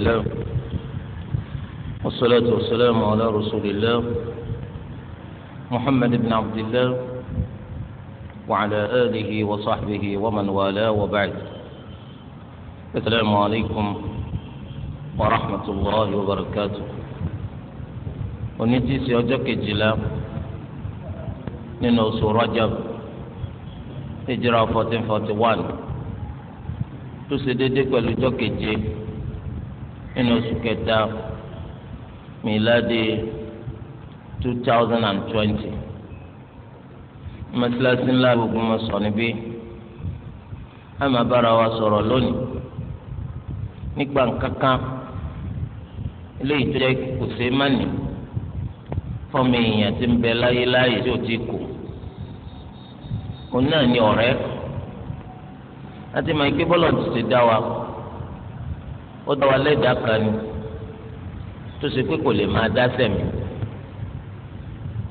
الله والصلاة والسلام على رسول الله محمد بن عبد الله وعلى آله وصحبه ومن والاه وبعد السلام عليكم ورحمة الله وبركاته onídìí sí ọjọ́ kejìlá رجب oṣù rajab hijra fourteen forty one nínú oṣù kẹta miladi two thousand and twenty mọ́tíláṣí ńlá gbogbo mọ́ sọ níbí a máa bára wa sọ̀rọ̀ lónìí nígbà kankan eléyìí tó jẹ́ kò ṣe é má fọ́ọ̀mù èèyàn ti ń bẹ láyé tí ò ti kù òun náà ni ọ̀rẹ́ àti màá ike bọ́lọ̀ ti ṣe dá wa ó dá wa lẹ́dàá kan ni tó ṣe pé kò lè máa dá sẹ̀mí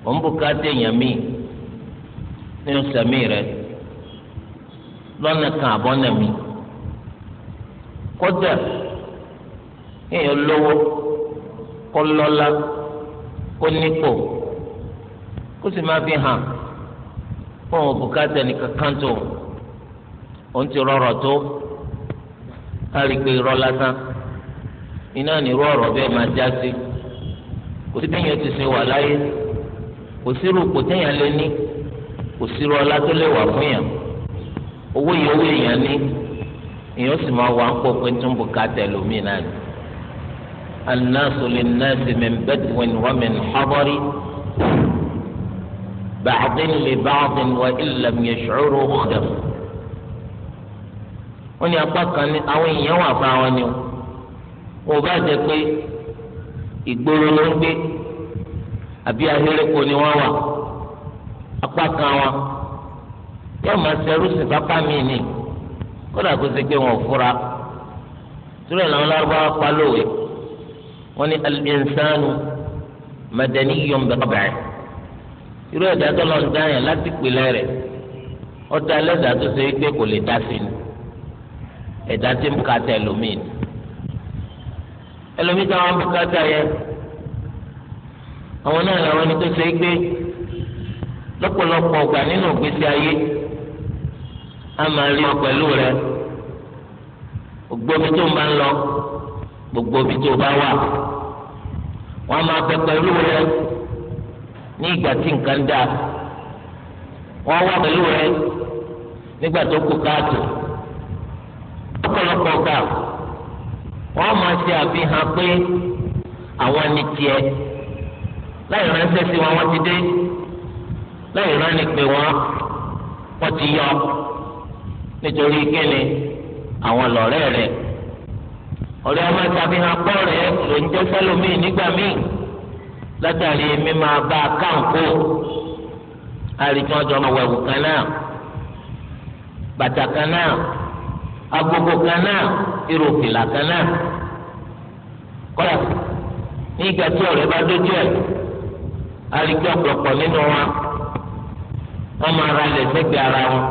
òun bùkátà èèyàn míì nínú sẹ̀mí rẹ lọ́nà kan àbọ̀nà mi kódà èèyàn lówó kó lọ́lá kó nípò kó sì máa fi hàn fún òun bùkátà nìkan kan tó òun ti rọrọ̀ tó a rí i pé irọ́ lásán iná nírú ọ̀rọ̀ bẹ́ẹ̀ máa já sí kò sí bẹ́yẹn ti sin wà láyé kò sí irú kò téèyàn lé ní kò sí irú ọlá tó lè wà fún yàn owó yìí owó èèyàn ní èèyàn sì máa wà ń pọ̀ pé tó ń bu kàtà ẹlòmíì náà ni. الناس للناس من بدو ومن حضر بعض لبعض وإن لم يشعروا خدم. wọ́n ní apá kan ní àwọn èèyàn wà fáwọn ni o kò bá jẹ́ pé ìgboro ló ń gbé àbí ahéreko ni wọ́n wà apá kan wọn yóò máa ṣerú sí pápá míì ni kódà kó ṣe pé wọn ò fura tura làwọn lárúbáwá pa lówe wọn ni al-insanu madaniyyun bi irú ẹ̀dá tó lọ ń dá yẹn láti pèlè rẹ̀ ọ̀dà ẹlẹ́dàá tó ṣe é gbé kò lè dá sí ni ẹ̀dá tí ń ka tẹ̀ lómìn ni ẹlòmíì táwọn bùkátà yẹ àwọn náà làwọn ẹni tó ṣe é gbé lọ́pọ̀lọpọ̀ ọgbà nínú ìgbésí ayé a máa rí ọ pẹ̀lú rẹ gbogbo ibi tó ń bá ń lọ gbogbo ibi tó bá wà wọ́n máa bẹ pẹ̀lú rẹ ní ìgbà tí nǹkan dáa wọ́n wà pẹ̀lú rẹ nígbà tó kù káàtó lọ́pọ̀lọpọ̀ ọgbà wọ́n máa ṣe àfihàn pé àwọn ni tiẹ̀ láì ránṣẹ́ sí wọn wọ́n ti dé láì ránni pé wọ́n wọ́n ti yọ nítorí kíni àwọn lọ́rẹ́ rẹ̀ ọ̀rẹ́ ọmọ ìṣàfihàn pọ̀ rẹ̀ ló ń jẹ́ sẹ́lómìn nígbà míì látàrí mímọ bá káńkó àríkí wọn jọ ọmọ wẹ̀wù kan náà bàtà kan náà agogo kan náà irú òkèlà kan náà kọ́lá ní ìgbà tí ọ̀rẹ́ bá dójú ẹ̀ àríkí ọ̀pọ̀lọpọ̀ nínú wa wọ́n máa ra ilẹ̀ sẹ́gbẹ̀ẹ́ ara wọn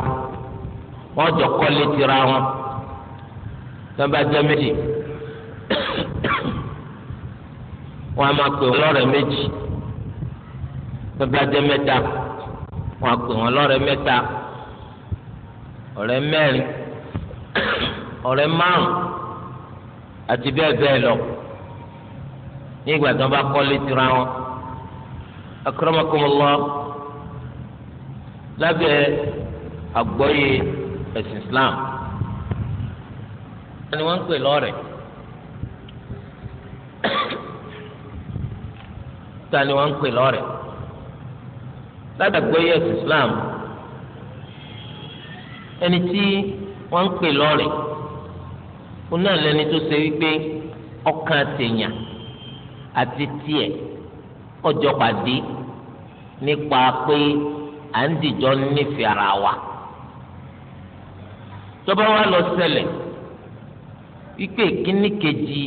wọ́n jọ kọ́lé tira wọn tó bá jẹ́ méjì wọ́n á máa pè wọ́n lọ́rẹ̀ẹ́ méjì tó bá jẹ́ mẹ́ta wọ́n á pè wọ́n lọ́rẹ̀ẹ́ mẹ́ta ọ̀rẹ́ mẹ́rin ọ̀rẹ́ márùn-ún àti bẹ́ẹ̀ bẹ́ẹ̀ lọ ní ìgbà tí wọ́n bá kọ́ létira wọn akramakumullah lábẹ́ àgbọ́yé ẹ̀sìn islam ni wọ́n ń pè lọ́rẹ̀ ta ni wọ́n ń pè lọ́rẹ̀ lábẹ́ àgbọ́yé ẹ̀sìn islam ẹni tí wọ́n ń pè lọ́rẹ̀ òun náà lẹni tó ṣe wípé ọkàn tèèyàn àti tiẹ̀ ọjọ́ pàdé nípa pé à ń dìjọ́ nífẹ̀ẹ́ ara wa tọ́ba wa lọ ṣẹlẹ̀ wípé kíní kejì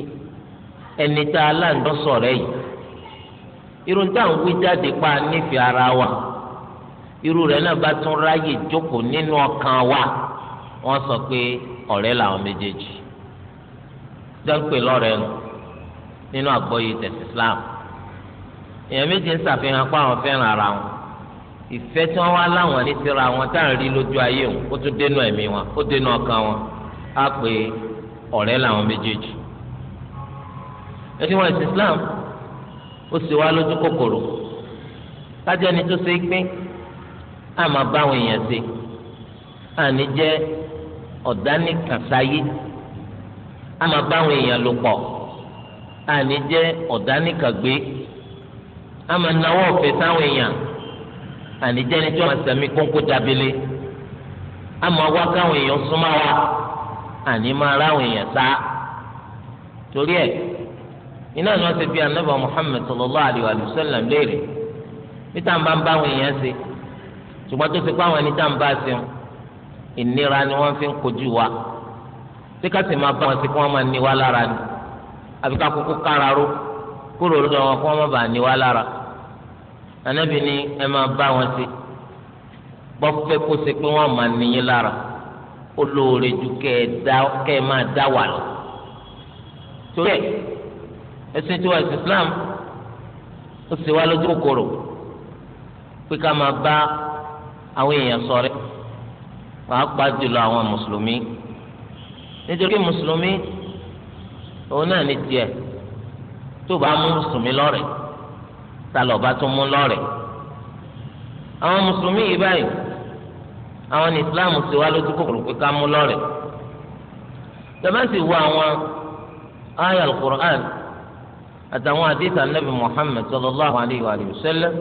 ẹni tá a láǹdọ́ sọ̀rọ̀ yìí irun tá à ń wí jáde pa nífẹ̀ẹ́ ara wa irú rẹ̀ náà bá tún ráyè jókòó nínú ọkàn wa wọ́n sọ pé ọ̀rẹ́ làwọn méjèèjì jẹ́ǹpẹ̀ lọ́rẹ̀ nù nínú àgbọ́yé tẹ̀sí Islam èèyàn méjì ń ṣàfihàn pé àwọn fẹ́ràn ara wọn ìfẹ́ tí wọ́n wá láwọn ní tira wọn tá à ń rí lójú ayé wọn ó tún dénú ẹ̀mí wọn ó dénú ọkàn wọn á pé ọ̀rẹ́ làwọn méjèèjì ẹtí wọn ẹ̀sìn Islam ó sì wá lójú kòkòrò kájẹ́ ni tó ṣe é pín àmọ́ báwọn èèyàn ṣe àní jẹ́ ọ̀dánìkànsáyé a máa bá àwọn èèyàn lò pọ̀ àní jẹ́ ọ̀dánìkàgbé a máa náwó ọ̀fẹ́ sáwọn èèyàn àní jẹ́ ẹni tí wọ́n kónkó dabele a wá káwọn èèyàn súnmọ́ wa àní máa ráwọn èèyàn sá torí ẹ̀ iná ni wọ́n ti fi anábọ̀ Muhammad sallallahu alayhi wa sallam léèrè níta bá ń bá àwọn èèyàn ṣe ṣùgbọ́n tó ti pa àwọn ẹni tá à ń bá ṣe ìnira ni wọ́n fi ń kojú wa ṣé ká sì máa bá wọn sí kí wọ́n máa ní wá lára ni àbí ká kúkú kára ró kúrò lọ́dọ̀ wọn kí wọ́n má bàa ní wá lára ànábì ni ẹ máa bá wọn sí gbọ́fẹ́ kó ṣe pé wọ́n máa ní yín lára ó ju kẹ́ ẹ máa dá wà lọ. torí ẹ ẹsìn tí wọ́n ẹ̀sìn Islam ó sì wá lójú kòkòrò pé ká máa bá àwọn èèyàn ṣọ̀rẹ́ pàápàá jùlọ àwọn mùsùlùmí nítorí mùsùlùmí òun náà ní tiẹ̀ tó bá mú mùsùlùmí lọ́rẹ̀ ta lọ́ba tó mú lọ́rẹ̀ àwọn mùsùlùmí yìí báyìí àwọn ní islam ti wá lójú kòkòrò pé ká mú lọ́rẹ̀ tẹ̀mẹ́sì wo àwọn ayé alukur'an àtàwọn àdìsí anabi muhammed sallallahu alayhi wa sallam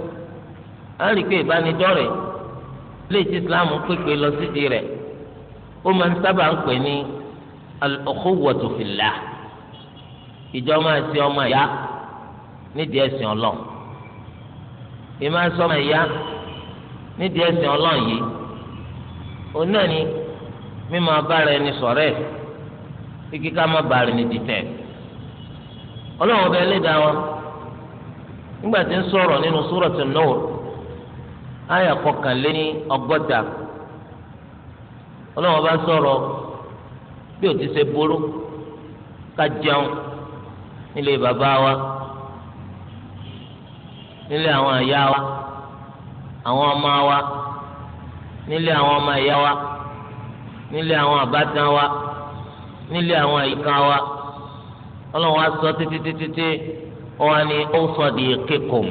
àríkè ìbánidọ́rẹ̀ lè ti islam pépè lọ sídìí rẹ̀ ó máa ń sábà ń pè ní al-ukhuwwatu fillah ìjọ máa ṣe ọmọ ìyá nídìí ẹ̀sìn ọlọ́run ìmáa ṣe ọmọ ìyá nídìí ẹ̀sìn ọlọ́run yìí òun náà ni mímọ abára ẹni sọ̀rẹ́ kíkí ká má bàa rìn dìtẹ̀ ọlọ́run ọba ẹlẹ́dàá wọn nígbà tí ń sọ̀rọ̀ nínú Suratul Nur àyà kọkànléní ọgọ́ta ọlọ́run ọba sọ̀rọ̀ bí o ti ṣe burú ká jẹun nílé bàbá wa nílé àwọn àyà wa àwọn ọmọ wa nílé àwọn ọmọ ìyá wa nílé àwọn àbátan wa nílé àwọn àyíká wa ọlọ́run wa sọ títí títí tí wọn ni ó sọ di kíkùn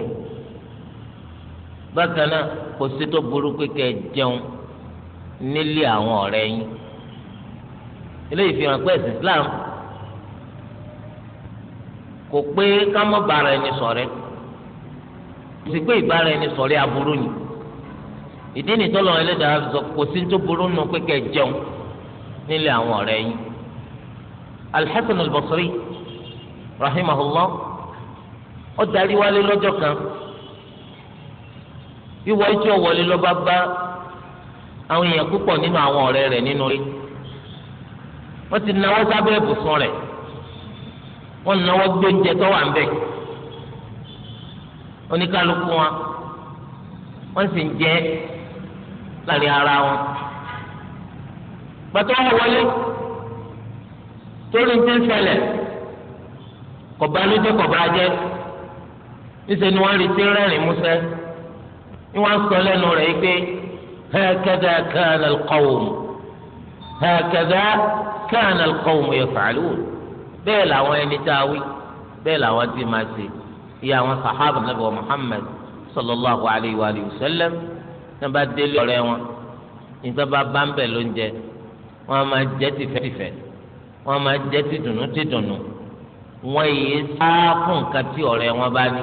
bákan náà kò sí tó burú pé kẹ́ jẹun nílé àwọn ọ̀rẹ́ yín eléyìí fi hàn pé ẹ̀sìn Islam kò pé ká mọ́ bára ẹni ṣọ̀rẹ́ kò sì pé ìbára ẹni ṣọ̀rẹ́ aburú ni ìdí ni tọ́lọ́ ẹlẹ́dàá sọ kò sí tó burú nù pé kẹ́ jẹun nílé àwọn ọ̀rẹ́ yín Al-Hasan Al-Basri rahimahullah ó darí wálé lọ́jọ́ kan wíwọ ijó wọlé lọ́ba bá àwọn èèyàn púpọ̀ nínú àwọn ọ̀rẹ́ rẹ̀ nínú rí wọ́n ti náwó sábẹ́ ibùsùn rẹ̀ wọ́n náwó gbé oúnjẹ tó wà ń bẹ̀ oníkálukú wọn wọ́n sì ń jẹ láàrin ara wọn gbàtọ́ wọn wọlé torí ti ń ṣẹlẹ̀ kọba ló jẹ kọba jẹ níṣẹ́ ni wọ́n retí rẹ́rìn músẹ́ ni wọ́n sọ lẹ́nu rẹ̀ yìí pé hakadha kana alqawm hakadha kana al-qawmu yaf'alun bẹ́ẹ̀ làwọn ẹni tá a wí bẹ́ẹ̀ làwọn ti máa ṣe ìyá àwọn sàhábà nàbẹ̀ wa Muhammad sallallahu alayhi wa sallam nàbà délé ọ̀rẹ́ wọn nígbà bá bá ń bẹ̀ ló ń jẹ wọn a máa jẹ tìfẹ́tìfẹ́ wọn a máa jẹ tìdùnnú tìdùnnú wọn yìí sáá fún nǹkan tí ọ̀rẹ́ wọn bá ní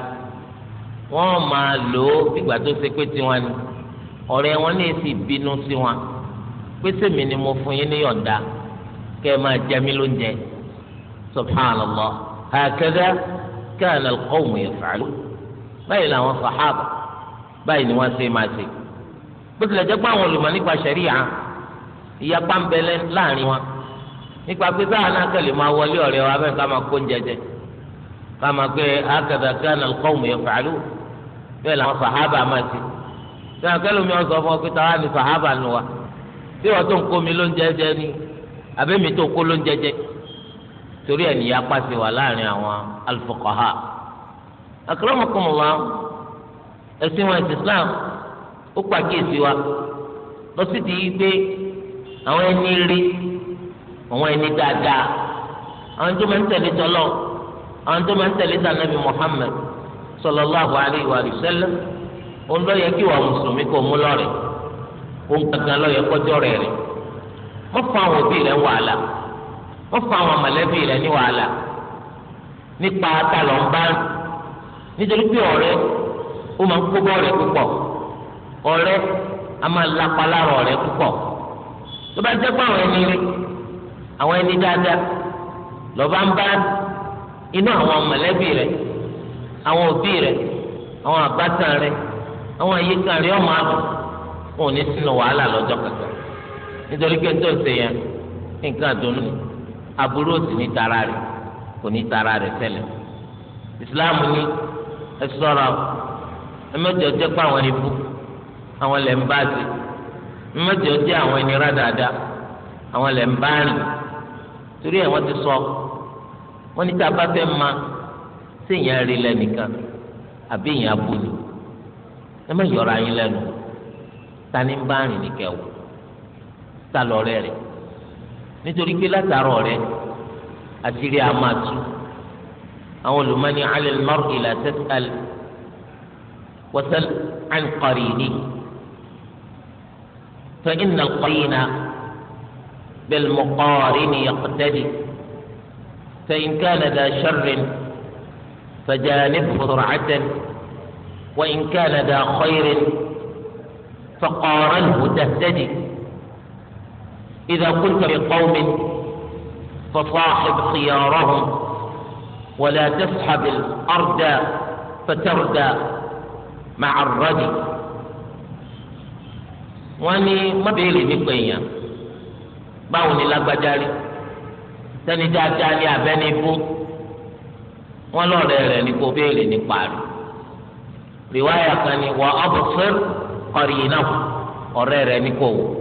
wọn máa lò ó fìgbà tó ṣe pé tiwọn ni ọ̀rẹ́ wọn ní èsì bínú sí wọn pé sèmi ni mo fún yín ní yọ̀ǹda kẹ́ ẹ máa jẹ mí lóúnjẹ subhanallah hakadha kana alqawm yaf'alun báyìí làwọn sàhábà báyìí ni wọ́n ṣe máa ṣe bó tilẹ̀ jẹ́ pé àwọn olùmọ̀ nípa ṣẹ̀ríyà ìyapa ń bẹ láàrin wọn nípa pé sáà náà kẹ́lẹ́ máa wọlé ọ̀rẹ́ wa bẹ́ẹ̀ ká máa kó oúnjẹ jẹ ká máa pé hakadha kana alqawm yaf'alun bẹ́ẹ̀ làwọn sàhábà máa ṣe sáà kẹ́lẹ́ mi ọ̀ sọ fún ọ pé táwa ni sàhábà nù wa tí wọ́n tó ń kó mi lóúnjẹ jẹ ni abẹ́mi tó kó ló ń jẹjẹ torí ẹ̀ nìyá pàṣẹ wà láàrin àwọn al-fuqaha akramakumullah ẹ̀sìn wọn ẹ̀sìn islam ó pàkíyèsí wa lọ sí ti yí pé àwọn ẹni rí àwọn ẹni dáadáa àwọn tó máa ń tẹ̀lé tọ́lọ́ àwọn tó máa ń tẹ̀lé tànàbí Muhammad sallallahu alayhi wa sallam òun ló yẹ kí wàá mùsùlùmí kò mú lọ́rẹ̀ òun kankan ló yẹ kọjọ́ rẹ̀ rẹ̀. wọ́n fa àwọn òbí rẹ̀ wàhálà wọ́n fa àwọn mọ̀lẹ́bí rẹ̀ ní wàhálà nípa atalọ̀ ń bá nítorí pé ọ̀rẹ́ ó máa ń kó bọ́ púpọ̀ ọ̀rẹ́ a máa lapa lára ọ̀rẹ́ púpọ̀ tó bá jẹ́ pé àwọn ẹni rí àwọn ẹni dáadáa lọ́ba ń bá inú àwọn mọ̀lẹ́bí rẹ̀ àwọn òbí rẹ̀ àwọn àbátan nítorí pé tó ṣe yẹn nǹkan àdùnnú ni aburú ò sì ní tara rẹ̀ kò ní tara rẹ̀ ṣẹlẹ̀ ìsìláàmù ni ẹ ṣọ́ra ẹ mẹ́jọ jẹ́ pé àwọn ẹni bú àwọn lẹ ń bá ṣe ẹ mẹ́jọ jẹ́ àwọn ẹni rà dáadáa àwọn lẹ ń bá rìn torí ẹ̀ wọ́n ti sọ wọ́n ní tá a bá fẹ́ ma sí ìyẹn rí lẹ́nìkan àbí ìyẹn abúlé ẹ ra yín lẹ́nu ta ni ń bá rìn ní kẹwàá. ta lọ́rẹ́ rẹ̀ nítorí pé látàrọ rẹ̀ àtìrí a máa tú àwọn olùmọ́ni alẹ́ lọ́rọ̀ ìlà tẹ́sán wọ́sẹ̀ ànkọ́rì ni tó ń tó na bẹ́ẹ̀ lọ́mọ ni فإن القرين بالمقارن يقتدي فإن كان ذا شر فجانبه سرعة وإن كان ذا ni wọ́n تهتدي إذا قلت لقوم فصاحب خيارهم ولا تسحب الأرض فتردى مع الردي واني ما بيلي نقيا باوني لا بجالي تاني جا جالي أبني بو ولا ليري نقو بيلي نقال رواية كاني وأبصر قرينه وريري نقوه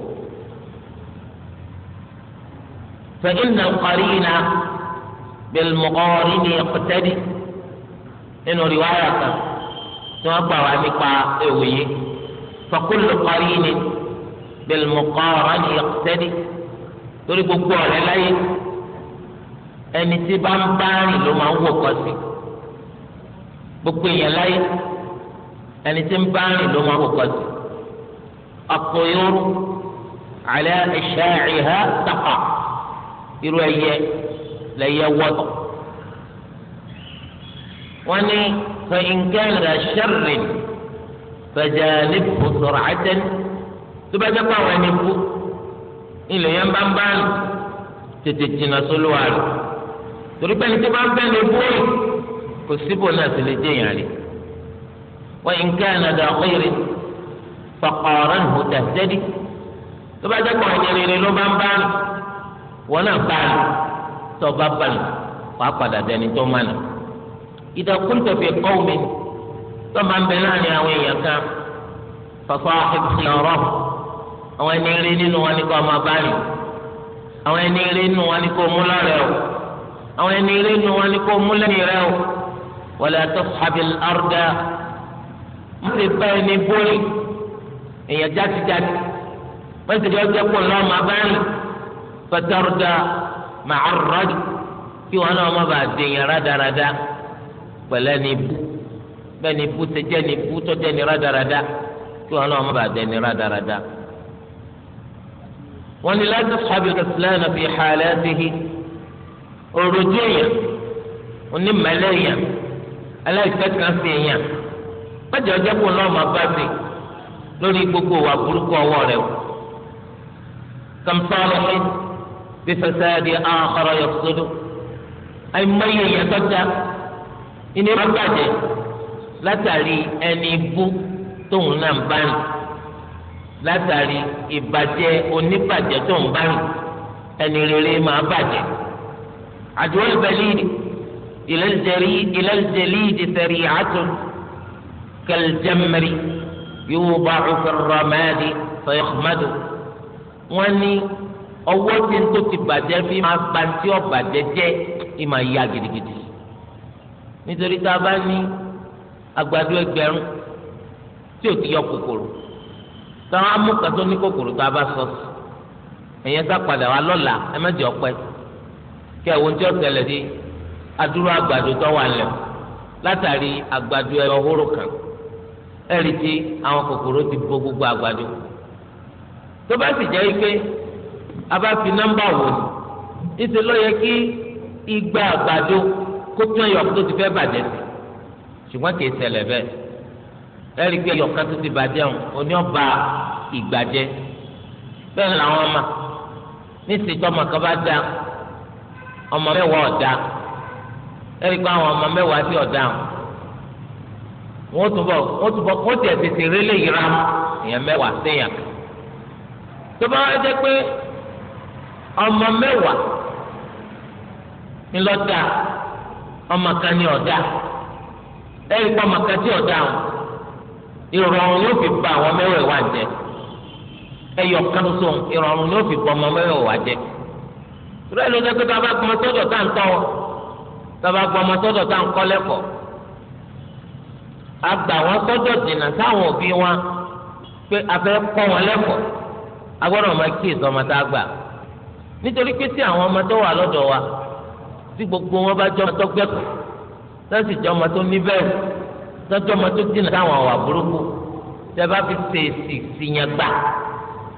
فإن القرين بالمقارن يقتدي nínú riwaayà kan tí wọn gbà wá nípa ewu yìí fakulu kọrìnì bilmuqarani yaqtadi torí gbogbo ọ̀rẹ́ láyé ẹni tí bá ń bá rìn ló máa ń wò kọ sí gbogbo èèyàn láyé ẹni tí ń bá rìn ló máa ń wò kọ sí ọkọ yòórù ala ashaa'iha taqa irú ẹyẹ lẹyẹ wọ́tọ̀ wọ́n ní fa nǹkan rẹ̀ ṣẹ́rìn fẹ̀jẹ̀lì bùsọ̀rọ̀ àjẹn tó bá jẹ́ pé àwọn ẹni kú ilẹ̀ yẹn bá ń bá lù tètè jìnnà sólúwa lù torí pé ní tí bá ń bẹ́ẹ̀ lè bú òyìn kò síbò náà sì lè jẹ́ ìyàn rẹ̀ wọ́n nǹkan rẹ̀ dà ọ̀kọ́yẹ̀rẹ̀ fọ̀kọ̀ọ̀rẹ́ nù tẹ̀sẹ́dì tó bá jẹ́ pé àwọn ẹni rẹ̀ ló bá ń bá lù wọn náà bá lò tó bá bá lò wàá padà dẹni tó má nà ìdàkúntò fi kọ́ omi tó máa ń bẹ láàrin àwọn èèyàn kan fàfà ìkìlọ̀rọ̀ àwọn ẹni rí nínú wọn ni kò máa bá rìn àwọn ẹni rí nínú wọn ni kò mú lọ́rẹ̀ o àwọn ẹni rí nínú wọn ni kò mú lẹ́yìn rẹ o wala tashabil arda mo lè bá ẹni bóyì èèyàn jáde jáde wọ́n ti di ọjọ́ pọ̀ lọ́ọ́ máa fataruda màcárọd kí wọn náà má bàa dènyàn rádaràda pẹlẹ ní ibú bẹ́ẹ̀ ní ibú tẹ jẹ ní ibú tó jẹ ní rádaràda kí wọn náà má bàa dènyàn rádaràda. wọn ni láti sábẹ kẹsìlẹ́nà fi xaalẹ́ sihi òròjú èèyàn òní mẹlẹ́ èèyàn aláìsẹ́ kan sí èèyàn wájà ọjọ́ kó náà má bá sí lórí gbogbo wa burúkú ọwọ́ rẹ o kàmsáàlù بفساد آخر يفسد أي ما يفسد إني مبادئ لا تري أني بو تون بان لا تري إبادئ أني بادئ تون بان أني رلي ما بادئ عدو البليد إلى الجليد إلى الجليد سريعة كالجمر يوضع في الرماد فيخمد واني ọwọ́ tí tó ti bàjẹ́ bí máa ba tí ó bàjẹ́ jẹ́ ìmọ̀ ya gidigidi nítorí tá a bá ní àgbàdo ẹgbẹ̀rún tí ò ti yọ kòkòrò táwọn amúkà tó ní kòkòrò tá a bá sọ sí ẹ̀yẹn sá padà wá lọ́la ẹ má jẹ́ ọpẹ́ kí ẹ̀wọ̀n tí ó tẹ̀lẹ̀ dé adúrú àgbàdo tó wà lẹ̀ látàrí àgbàdo ẹ̀rọ hóró kan ẹ̀rí tí àwọn kòkòrò ti bo gbogbo àgbàdo tó bá sì jẹ́ pé aba fi nọ́mbà wò ní ìṣe kí igba àgbàdo kó tún tó ti fẹ́ bàjẹ́ sí ṣùgbọ́n kì í bẹ́ẹ̀ ẹ̀rí pé kan tó ti bàjẹ́ oní ọba ìgbàjẹ́ bẹ́ẹ̀ làwọn ọmọ níṣẹ́ kan bá ọmọ mẹ́wàá ọ̀dá ẹ̀rí pé ọmọ mẹ́wàá sí wọ́n tẹ̀ tètè rélé yìí ọmọ mẹ́wàá ńlọ́dà ọmọ kan ní ọ̀dà ẹ̀rí pa ọmọ kan tí ọ̀dà wọn ìrọ̀rùn yóò fi ba àwọn mẹ́wàá wà jẹ́ ẹ̀yọ̀ kan tó ìrọ̀rùn yóò fi ba ọmọ wà ló pé a gbọmọ sọ́dọ̀ tá ń tọ́ wọn tá gbọmọ tá ń wọn sọ́dọ̀ dènà sáwọn nítorí pé tí àwọn ọmọ tó wà lọ́dọ̀ wa tí gbogbo wọn bá jọ ọmọ tó gbẹ́kọ̀ tó sì jọ ọmọ tó níbẹ̀rù tó jọ ọmọ tó dínà táwọn àwà burúkú tẹ bá fi ṣe èsì ìyẹn gbà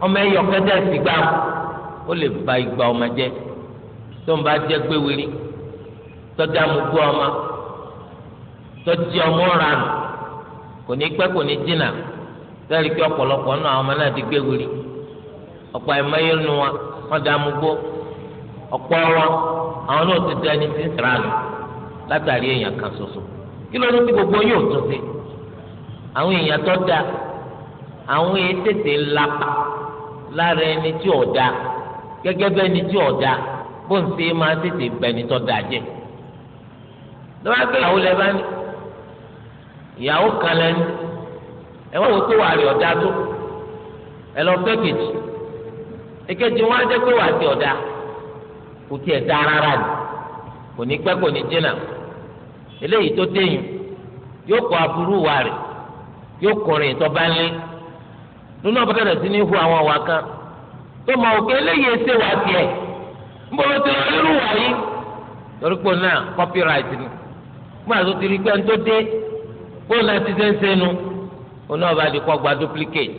ọmọ ẹyọ kẹtẹ ẹsì gbà ó lè ba ìgbà ọmọ jẹ tó ń bá jẹ gbéwìrì tó dá mu gbó ọmọ tó jẹ ọmọ ranù kò ní pẹ́ kò ní dínà lẹ́rìí ọ̀pọ̀lọpọ̀ náà ọmọ náà ti gbéwìrì ọ̀pọ̀ ẹ̀mọ́ yẹn nu wọn. wọn dà mú gbó ọ̀pọ̀ wọn àwọn náà ti dẹni tí ń sara kan kí ló gbogbo yóò tún sí àwọn èèyàn tó àwọn èèyàn tètè lápá lára ẹni tí ò dáa gẹ́gẹ́ bẹ́ẹ̀ ni tí ò bó ń máa tètè tó jẹ lọ́wọ́ pé kan lẹ́nu rí ọ̀dá tó ẹ lọ èkejì wọn á jẹ́ wà á ti ọ̀dà kò tiẹ̀ dá rárá ni kò ní pẹ́ kò ní jìnnà eléyìí tó déyìn yóò kọ aburú wa rẹ̀ yóò kọrin ìtọ́ba ńlẹ́ lónà bàtàdà sí ní hu àwọn ọ̀wà kan tó mọ òkè eléyìí ẹsẹ̀ wà wà yìí torí náà ni rí pé ń tó dé náà ti sẹ́nsẹ́ nu òun náà duplicate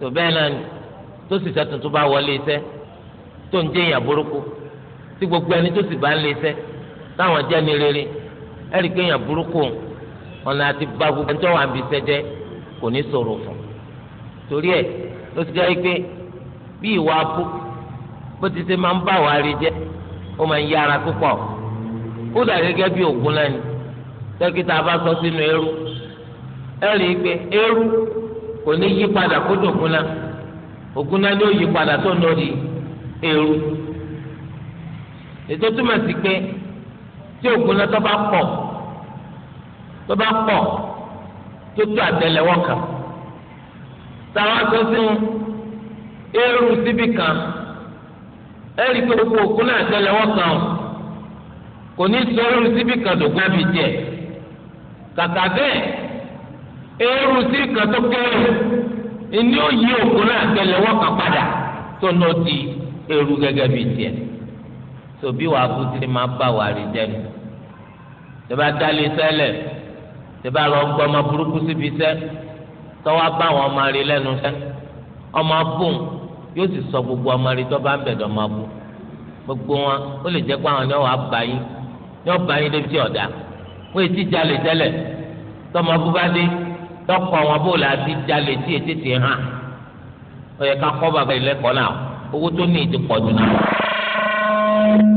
tó bẹ́ẹ̀ náà ni tó sì sẹ́ tuntun bá wọlé iṣẹ́ tó ń jẹ́ èèyàn burúkú tí gbogbo ẹni tó sì bá ń lé iṣẹ́ táwọn jẹ́ ní rere ẹ̀rí pé èèyàn burúkú ọ̀nà àti bá gbogbo ẹni tó wà níbi iṣẹ́ jẹ́ kò ní sọ̀rọ̀ fún torí ẹ̀ ló ti jẹ́ pé bí ìwà abú bó ti ṣe máa ń bá ni dókítà bá kò ní yí padà kó dùn kúnná òkúnná ni ó yí padà tó ń lórí èrú ètò túmọ̀ sí pé tí òkúnná tó bá pọ̀ tó bá pọ̀ tó tó àtẹ́lẹwọ́ kan táwọn tó sí èrú síbi kan ẹ̀rí pé gbogbo òkúnná àtẹ́lẹwọ́ kan kò ní sọ èrú síbi kan dògbà bìí jẹ kàkà bẹ́ẹ̀ eérú sí kan tó kéré ìní ó yí òkú náà tẹ́lẹ̀ wọn kàn padà tó náà di eérú gẹ́gẹ́ bíi tiẹ̀ tòbí wàá kú tí máa bá wàá rí jẹnu tẹ́bá dálé sẹ́lẹ̀ tẹ́bá lọ gbọ́ ọmọ burúkú síbi sẹ́ tọ́wọ́ bá àwọn ọmọ rí lẹ́nu sẹ́ ọmọ bùn yóò sì sọ gbogbo ọmọ rí tọ́ bá ń bẹ̀dọ̀ ọmọ bùn gbogbo wọn ó lè jẹ́ pé àwọn ni wọ́n bá yín ni bá yín débi tí ọ̀dà wọ́n èsì jalè tẹ́lẹ̀ tọ́mọ bú bá dé tọkọ wọn bó la ti jalè tí ètè ti hàn ó yẹ ká kọ́ bàbá ìlẹ́kọ̀ọ́ náà owó tó ní ìdí pọ̀jù náà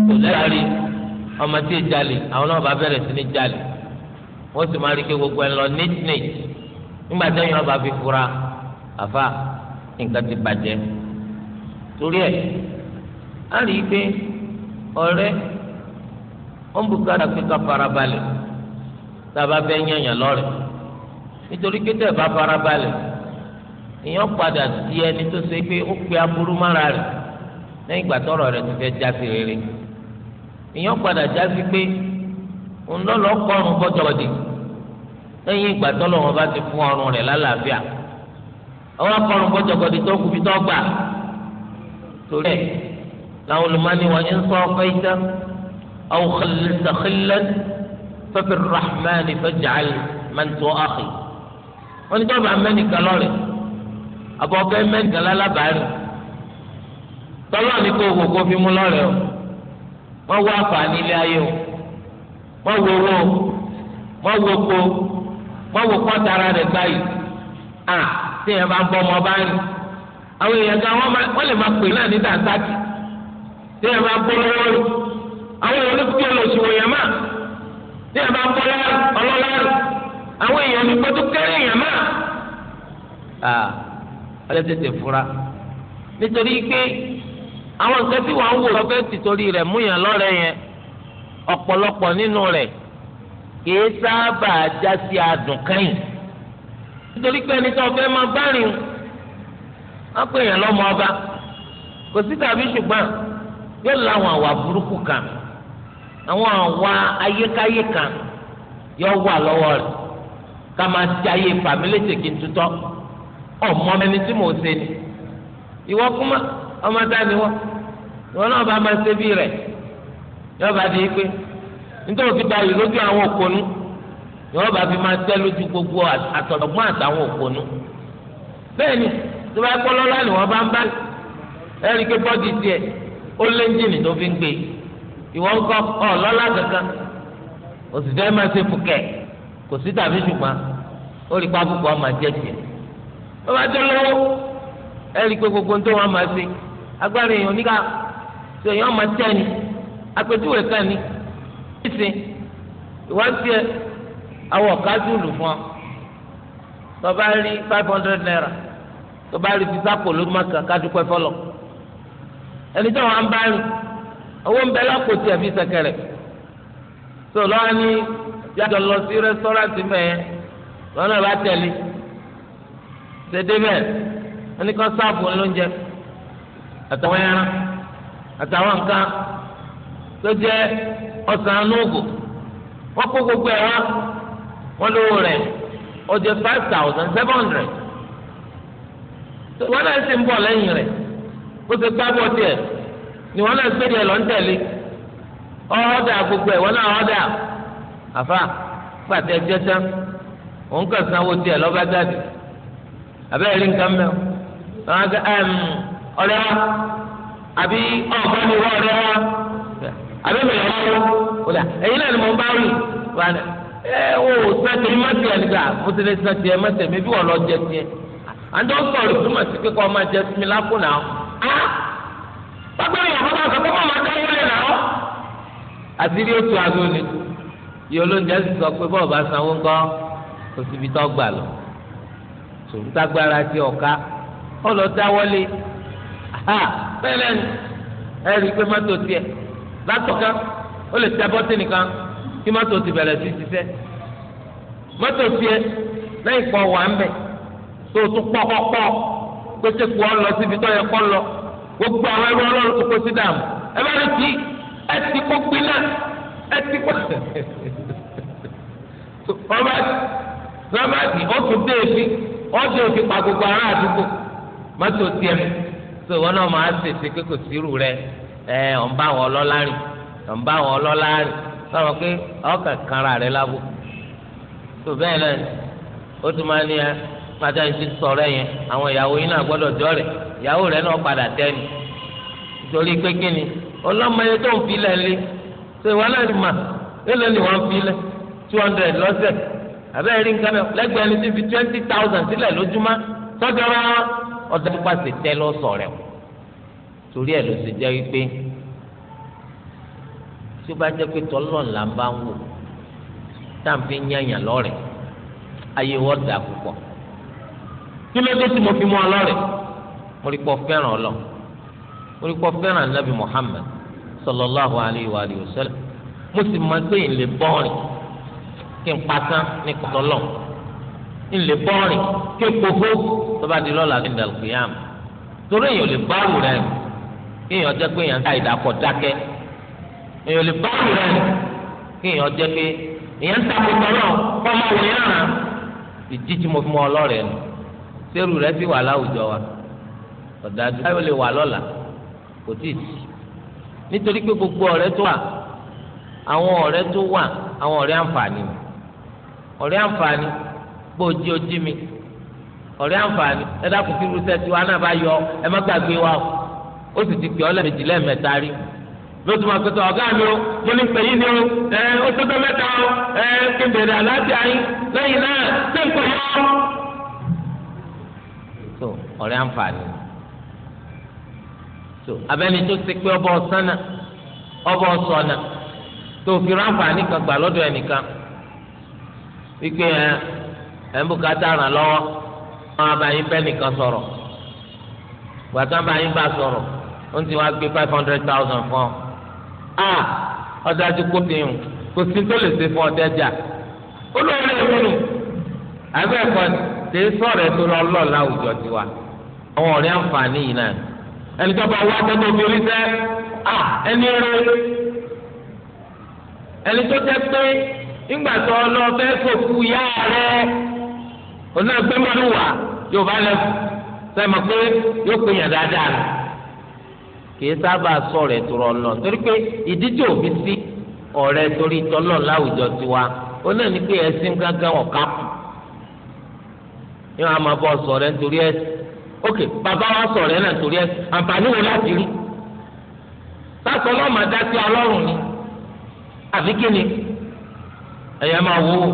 kò lẹ́yàrí ọmọ tí ì jalè àwọn náà bá bẹ̀rẹ̀ sí ní jalè wọ́n sì máa rí gbogbo ẹ̀ lọ nít nígbà tí ẹ̀yin ọba fi fura àfa nǹkan ti bàjẹ́ a bá nítorí pé tẹ̀ bá farabalẹ̀ èèyàn padà di ẹni tó ṣe pé ó pe aburú mára rẹ̀ lẹ́yìn ìgbà tọrọ rẹ̀ ti fẹ́ jásí rere èèyàn padà jásí pé òun lọ́lọ́ kọrùn bọ́jọ́bọ́dì lẹ́yìn ìgbà tọ́lọ̀ wọn bá ti fún ọrùn rẹ̀ lálàáfíà àwọn akọrùn bọ́jọ́bọ́dì tó kù fi tọ́ gbà torí ẹ̀ làwọn olùmọ́ni wọn ń sọ ọkọ ìtàn àwọn òkèlè fẹ́fẹ́ rahman fẹ́ jàálì mẹ́tọ́ àkìlẹ̀ wọn ní jọba mẹ́nìkan lọ́rẹ̀ àbọ̀fẹ́ mẹ́nìkan lálábàárẹ̀ tọ́lọ́ ní kó gbogbo fi mú lọ́rẹ̀ o wọ́n wá àǹfààní ilé ayé o wọ́n wo owó wọ́n wo po wọ́n wo kọ́tara rẹ̀ báyìí à tí yẹn bá ń bọ́ ọmọ báyìí àwọn èèyàn kan wọ́n lè máa pè náà ní dàńtàkì tí yẹn bá ń bọ́ lọ́wọ́ rẹ̀ àwọn olùkọ́ olùsùwòyàn máa tí yẹn bá ń bọ́ lọ́wọ́ àwọn èèyàn ní gbọ́dọ̀ kéré èèyàn máa ọlẹ́ tètè fura nítorí pé àwọn nǹkan tí wọ́n ń wò lọ́fẹ́ tìtorí rẹ̀ múyàn lọ́rẹ̀ yẹn ọ̀pọ̀lọpọ̀ nínú rẹ̀ kìí sábà já sí adùn kẹ́yìn nítorí pé ẹni tó fẹ́ máa bá rìn wọ́n pè yàn lọ́mọ ọba kò sí tàbí ṣùgbọ́n yóò láwọn àwà burúkú kan àwọn àwa ayékáyé kan yóò wà lọ́wọ́ rẹ̀ ka máa ti ayé fàmílẹ́sẹ̀ kí n tutọ́ ọmọ mi ni tí mo ni ìwọ kúmọ ọmọ ni náà bá rẹ yóò bá ikpe pé nítorí fi dayò lójú àwọn òpònú yóò fi gbogbo àtọ̀dọ̀gbọ́n àtàwọn òpònú bẹ́ẹ̀ la ni bá ń bá ó lé tó fi ń gbé kò sí tàbí ṣùgbọ́n ó rí pápákọ̀ ọmọ jẹ́ tiẹ̀ ó bá jẹ́ lọ́wọ́ ẹ rí i pé gbogbo tó wọn máa ṣe agbára èèyàn níka ṣe èèyàn máa tẹ́ ni àpèjúwe kan ni ìsìn ìwádìí ẹ àwọn ọ̀ká jùlù fún tó bá rí five hundred naira tó bá rí fisako ló má kà ká dúpẹ́ fọlọ́ ẹni tó wọn bá rìn owó ń bẹ lápò tí fi ṣẹ̀kẹ̀rẹ̀ tó lọ́wọ́ ní. jáde lọ sí rẹ́sítọ́rántì mẹ́ẹ̀ lọ́nà bá tẹ̀lé ṣe débẹ̀ wọ́n ní sáàbù lóúnjẹ àtàwọn ẹran àtàwọn nǹkan tó jẹ́ ọ̀sán anúgò wọ́n kó gbogbo ẹ̀ wá wọ́n lówó rẹ̀ ó jẹ́ five thousand seven hundred wọ́n náà sì ń bọ̀ lẹ́yìn rẹ̀ tiẹ̀ ni wọ́n náà gbé tiẹ̀ lọ́n ọ̀ọ́dà gbogbo ẹ̀ àfa pàtẹ jẹjẹ òun kàn sanwó tiẹ̀ lọba jáde abẹ́rẹ́ rí nǹkan mẹ́wọ́ àwọn akẹ́ ẹ̀m wa àbí ọ̀gbọ́n mi wa àbí mi náà ni mo bá rí ẹ o sẹ́tẹ̀ mẹ́tẹ̀ ẹ̀ nígbà mo ti lè sẹ́tẹ̀ mẹ́tẹ̀ mi bí wọ́n lọ jẹ àti ọmọ mi lápò náà bá yìí olóúnjẹ sì sọ pé bọ́ọ̀ bá sanwó ńkọ́ kò síbi tó gbà lọ sòmùtàgbára ti ọ̀ka ọlọ dáwọ́lé pẹlẹ ni ẹ rí i pé mọ́tò tiẹ̀ látọ̀ká ó lè tẹ bọ́tì nìkan kí mọ́tò ti bẹ̀rẹ̀ sí ṣiṣẹ́ mọ́tò tiẹ̀ lẹ́yìn pọ̀ wà ń bẹ̀ tó tún pọ́kọ́pọ́ pété kú ọ lọ síbi tó yẹ kọ́ lọ gbogbo àwọn ẹrú ọlọ́run tó kó sí dààmú ẹ bá rí kí ẹ ti kó gbin náà ẹtì pa ọba sábàtì ọtún dé efi ọdún efi pa gbogbo ará àdúgbò mọ́tò tiẹ̀ tó wọn náà máa ṣèṣe pé kò sírù rẹ ẹ ọ̀ bá wọn lọ́lá rìn ọ̀ bá wọn lọ́lá rìn sọ̀rọ̀ pé ọkàn rẹ lábò tó bẹ́ẹ̀ náà ó tún máa ní ẹ pátá ti sọ̀rọ̀ yẹn àwọn ìyàwó náà gbọ́dọ̀ jọ rẹ̀ ìyàwó rẹ̀ náà padà nítorí pé so ìwọ náà ti mà èlò ni wọ́n fi lẹ̀ two hundred lọ́sẹ̀ àbẹ́ rí nǹkan mẹ́wàá lẹ́gbẹ̀ẹ́ ní ti fi twenty thousand sílẹ̀ lójúmọ́ sọ́jọ́ rẹ̀ ọ̀dà pípa ṣe tẹ́ lọ́sọ̀ rẹ̀ torí ẹ̀ ló ṣe jẹ́ wípé tí ó bá jẹ́ pé tọ́lọ́n là ń bá ń wò tá à ń fi yányàn lọ́rẹ̀ ayé wọ́n dà púpọ̀ kí ló dé tí mo fi mú ọ lọ́rẹ̀ mo rí pọ̀ fẹ́ràn ọ lọ mo rí pọ̀ fẹ́ràn Nabi Muhammad sallallahu alayhi wa alihi wa sallam mo sì máa gbé ìlè bọ́ọ̀rìn kí n patán ní kọtọlọ ìlè bọ́ọ̀rìn kí n kófó tó bá di lọ́la ní dàlùkìyàm torí èèyàn lè báàrù rẹ kí èèyàn jẹ́ pé èèyàn dá ìdàkọ̀ dákẹ́ èèyàn lè báàrù rẹ kí èèyàn jẹ́ pé èèyàn ń takùtọ̀ náà kọ́ máa ìdí tí mo fi mọ ọlọ́rẹ̀ nù sẹ́rù rẹ sì wà láwùjọ wa ọ̀dájú ayọ̀ lè wà lọ́la kò tí ì nítorí pé gbogbo ọ̀rẹ́ tó wà àwọn ọ̀rẹ́ tó wà àwọn ọ̀rẹ́ àǹfààní ọ̀rẹ́ àǹfààní gbọ́ ojí ojí mi ọ̀rẹ́ àǹfààní ẹ dákun kí irúṣẹ́ tiwa náà bá yọ ẹ má gbàgbé wa ó sì ti pè ọ́ lẹ́ẹ̀mejì lẹ́ẹ̀mẹ́ta rí ló tún máa pẹ́ tó ọ̀gá mi o mo ní pẹ̀yì ni o ẹ ó tó tó mẹ́ta o ẹ kí n bèrè àlàáfíà yín lẹ́yìn náà ṣé n kò yọ. so so abẹ́ni tó ti pé ọba ọ̀sánà tó fi ráǹfà nìkan gbà lọ́dọ̀ ẹnìkan wípé ẹ ẹ ń bùkátà ràn lọ́wọ́ wọn abayín bẹ́ẹ̀ nìkan sọ̀rọ̀ gbàtà abayín bá sọ̀rọ̀ ó ti wá gbé five hundred thousand fún ọ a ọ̀dájú kó ti hùn kò sí tó lè ṣe fún ìwúlò abẹ́ẹ̀kọ́ sọ̀rọ̀ ẹ̀ tó àwọn ọ̀rẹ́ ẹni tó bá wá tẹ́tọ́ fi rí sẹ́ à ẹni rẹ ẹni tó jẹ́ pé ńgbà tó lọ fẹ́ sòkú yá rẹ oná gbé mọ́lú wà yóò bá lẹ́fù sẹ́mi pé yóò pè yàn dáadáa rẹ̀ kìí sábà sọ̀rọ̀ ẹ̀tùrọ̀ lọ torí pé ìdíje òbí sí ọ̀rẹ́ torí tọ́lọ̀ láwùjọ tiwa ó náà ní pé ẹ̀sìn gángan ọ̀ká kù ní wọn a máa bọ̀ sọ̀rọ̀ nítorí ẹ̀sìn ok bàbá wa sọ̀rọ̀ ẹ̀ náà torí ẹ̀ àǹfààní wo láti rí sásọ lọ́mọ ni àfi kí ni ẹ̀yà máa wò ó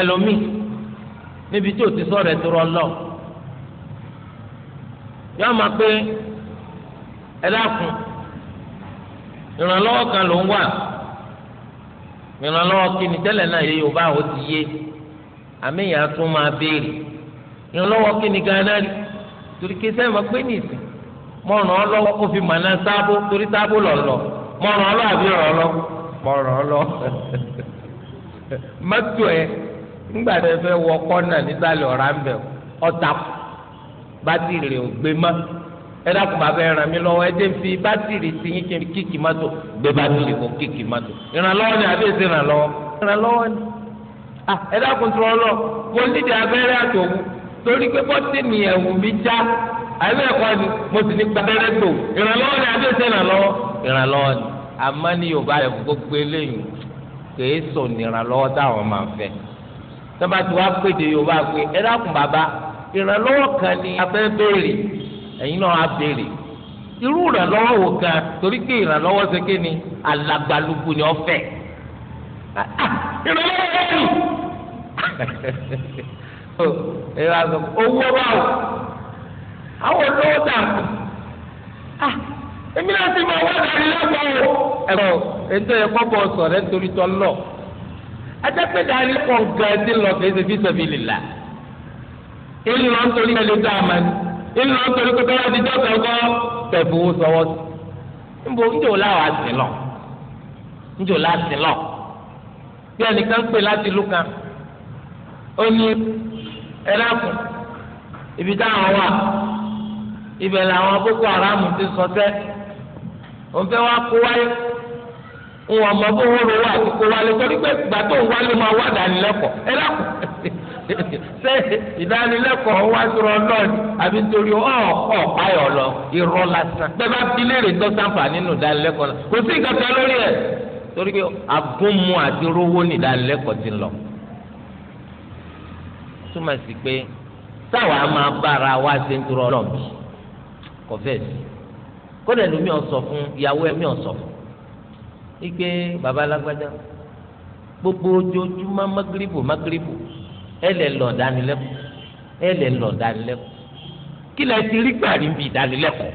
ẹlòmíì níbi tí ò ti sọ̀rọ̀ ẹ̀ lọ máa pé ẹ dákun ìrànlọ́wọ́ kan ló ń wà ìrànlọ́wọ́ kí ni tẹ́lẹ̀ náà ti yé àmì ìyá ìrànlọ́wọ́ kíni rí torí kí sẹ́yìn máa pé ní ìsìn mọ̀ràn ọlọ́wọ́ kó fi màná sábó torí sábó lọ̀lọ̀ mọ̀ràn àbí ràn ọlọ́ mọ̀ràn ọlọ́ mọ́tò ńgbà tẹ fẹ́ wọ kọ́nà ọ̀rá ń bẹ̀ ọ̀tà bátìrì ò gbé ẹ dákun bàbá ẹ ràn mí lọ́wọ́ ẹ dé fi bátìrì ti yín kí kíkì gbé bátìrì kíkì ìrànlọ́wọ́ ni àbí ni ah, ẹ dákun tó lọ torí pé bọ́tì mi ẹ̀wù mi já àbí ẹ̀kọ́ ni mo sì ní gbàdẹ́rẹ́ tó ìrànlọ́wọ́ ni àbí ẹ̀sẹ̀ ìrànlọ́wọ́ ìrànlọ́wọ́ ni àmọ́ ní yorùbá rẹ̀ gbogbo eléyìí kìí sọ ìrànlọ́wọ́ táwọn máa ń fẹ́ tọ́ba tí wàá péde yorùbá pé ẹ dákun bàbá ìrànlọ́wọ́ kan ni a fẹ́ béèrè ẹ̀yin náà á béèrè irú ìrànlọ́wọ́ wo kan torí pé ìrànlọ́wọ́ ṣe ké ni alagbalugbu ni ọ̀fẹ́ ah, ah, ìrànlọ́wọ́ ẹ wá sọ owó báwo àwọn olówó tà á ah, èmi náà ti máa wá láàrin lọ́gbọ̀ọ́ ẹ̀rọ ètò ẹ̀kọ́ bọ̀ sọ̀rọ̀ nítorí tọ́ lọ ajẹ́pẹ́ dání pọ̀ nǹkan ẹtí lọ kì í ṣe fi sọ̀bi lìlà ìlú lọ nítorí ẹlẹ́ tó àmà ní ìlú lọ nítorí pé káwọn ti dọ́kọ̀ ọkọ tẹ̀fù sọwọ́ sí níbo níjò láwọn àti lọ níjò láti lọ bí ẹnìkan pè láti lù kan ó ní. ẹ dákun ibi táwọn wà ibẹ̀ làwọn boko haram ti sọtẹ́ òun fẹ́ kó wáyé ń wọn mọ bóhó ló wà kó wálé torí pé ìgbà tó ń wálé máa wá dánilẹ́kọ̀ọ́ ìdánilẹ́kọ̀ọ́ wá sọ̀rọ̀ náà ni àbí lọ irọ́ lásán nínú ti lọ. túmọ̀ sí pé táwa máa bára wa ṣe ń turọ lọ́ọ̀bì kò fẹ́ sí kódà ẹlòmíì ọ̀sọ̀ fún ìyàwó ẹ̀mí ọ̀sọ̀ fún ike baba alágbádá gbogbo ojoojúmọ́ magiribu magiribu ẹ lè lọ dánilẹ́kọ̀ọ́ ẹ lè lọ dánilẹ́kọ̀ọ́ kí lẹ ti rí gbàrí bí ìdánilẹ́kọ̀ọ́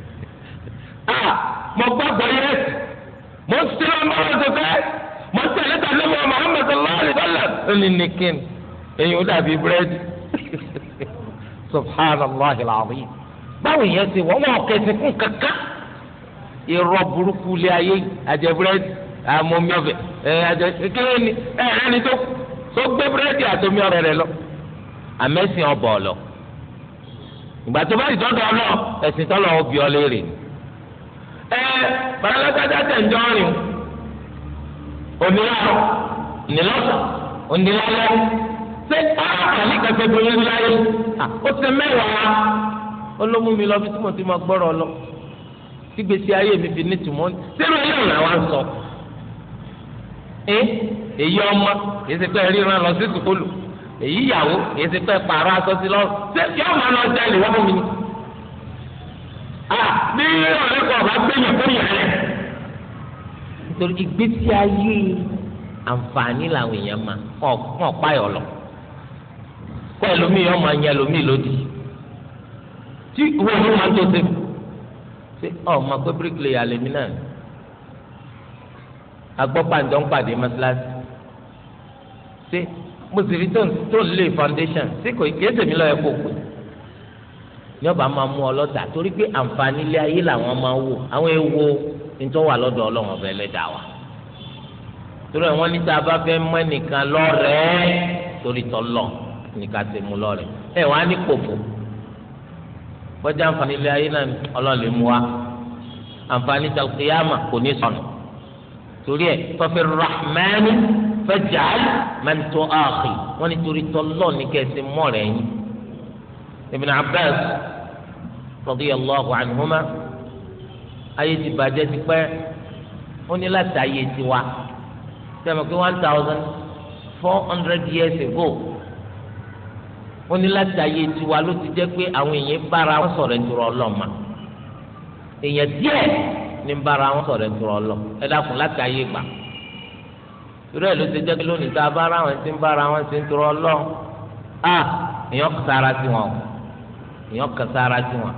ah mo gbàgbọ́ yẹn mo ń sinmi ọmọ ọdún fẹ́ mo ń tẹ̀lé tàbí ọmọ Muhammad sallallahu alaihi wasallam ẹyin ó dàbí búrẹ́dì subhanallah alazim báwo yẹn ṣe wọ́n wọ́n kẹsì fún kankan irọ́ burúkú lé ayé àjẹ búrẹ́dì àmọ́mí ọ̀fẹ́ ẹ̀ àjẹ kékeré ni ẹ̀ ẹni tó tó gbé búrẹ́dì àtọ́mí ọ̀rẹ́ rẹ lọ àmẹ́sìn ọ̀bọ̀ ọ̀lọ́ ìgbà tó bá ti tọ́jú ọ lọ ẹ̀sìn tọ́lọ̀ ọ bí ọ léèrè ni. ẹ bàrẹ́lẹ́gbẹ́dá tẹ̀ ń jọ́rin ònílàrọ̀ ònílọ́sà ònílàlẹ́ ṣé àkàlí kẹfẹ bẹ̀rẹ̀ ńlá yìí ó ṣe mẹ́wàá olómú mi lọ bí tí mo ti máa gbọ́rọ̀ lọ tí gbèsè ayé mi fi nítumọ̀ sínú ilé ìlà wa ń sọ ẹ èyí ọmọ èyí ti pẹ́ ríran lọ sí sùkúlù èyí ìyàwó èyí ti pẹ́ pààrọ̀ aṣọ sí lọ́rùn ṣé kí ọmọ náà jẹ́ ìwọ́n mi ni. Ah, bí ọ̀rẹ́ kan bá gbẹ̀yìn fún yàrá rẹ̀. nítorí ìgbésí ayé àǹfààní làwọn èèyàn máa kọ́ ọ̀pá ẹ̀ ọ̀lọ́ kọ́ ẹlòmíì ọmọ anyi ẹlòmíì lòdì tí wọ́n ní wọ́n tó ṣe ṣe ọmọ pé bíríkìlì àlèmí náà ni agbọ́ pàǹdọ́ ń pàdé mọ́sálásí ṣe mo sì rí tó ń lé foundation ṣé kò kí ẹsẹ̀ mi lọ́ọ́ ẹ̀kọ́ pé ní ọba máa mú ọ lọ́tà torí pé àǹfààní ilé ayé làwọn máa wò àwọn ewo nítorí wà lọ́dọ̀ ọlọ́run ọ̀bẹ ẹlẹ́dàá wa torí ẹ̀ wọ́n bá fẹ́ mọ́ ẹnìkan lọ́rẹ̀ẹ́ torí tọ́lọ́ọ̀ ní ká ti mú lọ́rẹ̀ ẹ wàá ní kpòfò bọ́jà àǹfààní ilé ayé náà ọlọ́ọ̀lẹ́ mu wa àǹfààní talqiyama kò ní sọnù torí ẹ tọ́fẹ́ rahmani faj'al man tu'akhi wọ́n ní torí tọ́lọ́ ní kẹ́sì mọ́rẹ̀ yín Ibn Abbas radiyallahu anhuma ayé ti bàjẹ́ ti pẹ́ ó ní láti ayé tiwa sẹ́mi pé one thousand four hundred years ago ó ní láti ayé tiwa ló ti jẹ́ pé àwọn èèyàn bára wọn sọ̀rọ̀ ìtura ọlọ́ọ̀ma èèyàn díẹ̀ ní bára wọn sọ̀rọ̀ ìtura ọlọ́ ẹ láti ayé gbà irú ẹ̀ ló ti jẹ́ pé lónìí tá a bára wọn ti ń bára wọn ti ń tura ọlọ́ a èèyàn kàsára sí wọn èèyàn kàsára sí wọn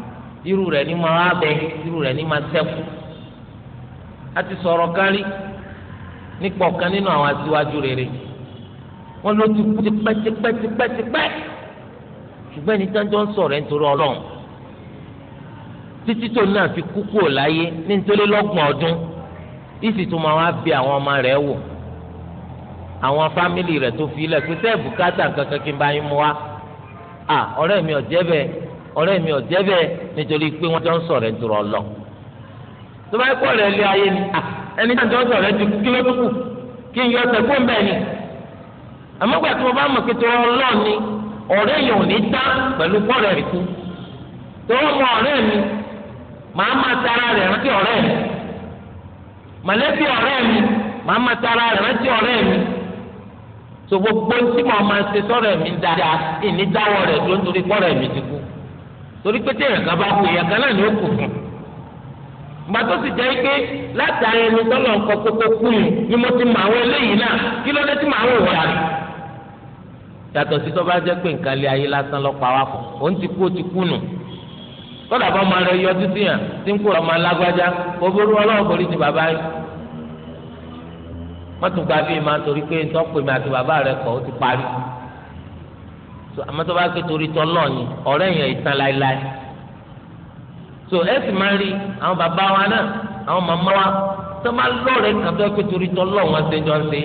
irú rẹ̀ ní máa bẹ irú rẹ̀ ní máa sẹ́kù a ti sọ̀rọ̀ kárí nípa ọ̀kan nínú àwọn aṣíwájú rere wọn ló ti kú tipẹ́tipẹ́tipẹ́tipẹ́ ṣùgbọ́n ẹni tán jọ ń sọ̀rọ̀ ẹni torí ọlọ́run títí tó náà fi kú kúrò láyé ní nítorí lọ́gbọ̀n ọdún ìsì tó máa wá bí àwọn ọmọ rẹ̀ wò àwọn fámìlì rẹ̀ tó fi ilẹ̀ pé sẹ́ẹ̀ bùkátà kankan kí n bá yín mu wá à ọ̀rẹ́ mi ò jẹ́ bẹ́ẹ̀ ọ̀rẹ́ mi ò jẹ́ bẹ́ẹ̀ nítorí pé wọ́n jọ ń sọ̀rọ̀ ẹni torí ọlọ́run tó bá kọ́ rẹ̀ lé ayé ni ẹni tí wọ́n sọ̀rọ̀ ti kí ló tó kù kí n yọ ọ̀sẹ̀ fún bẹ́ẹ̀ ni àmọ́ gbà tí mo bá mọ̀ pé tó ọlọ́ọ̀ ni ọ̀rẹ́ yẹn ò ní tán pẹ̀lú bọ́ọ̀rẹ́ rẹ̀ kú tó wọ́n mọ ọ̀rẹ́ mi màá máa tara rẹ̀ rántí ọ̀rẹ́ mi mọ̀lẹ́bí ọ̀rẹ́ mi màá máa tara rẹ̀ rántí ọ̀rẹ́ mi tó gbogbo tí mo máa ṣe sọ́rọ̀ mi dáadáa ìní rẹ̀ ń torí ló dé yàtọ̀ sí tó bá jẹ́ pé nǹkan lé ayé lásán lọ́ pa wá fún òun ti kú ó ti kú nù kódà bá ọmọ rẹ yọjú sí yàn tí ń kó ọmọ alágbájá òbúrú ọlọ́wọ́ kò rí ti bàbá yìí wọ́n tún gba bíi máa torí pé ntọ́pẹ́ mi àti bàbá rẹ kọ́ ó ti parí àmọ́ tó bá ké torí tọ́ náà ni ọ̀rẹ́ yẹn ìtàn láéláé so ẹ sì máa rí àwọn bàbá wa náà àwọn màmá wa tó máa lọ́ọ̀rẹ́ kàtó ẹ torí tọ́ náà wọ́n ṣe jọ ṣe é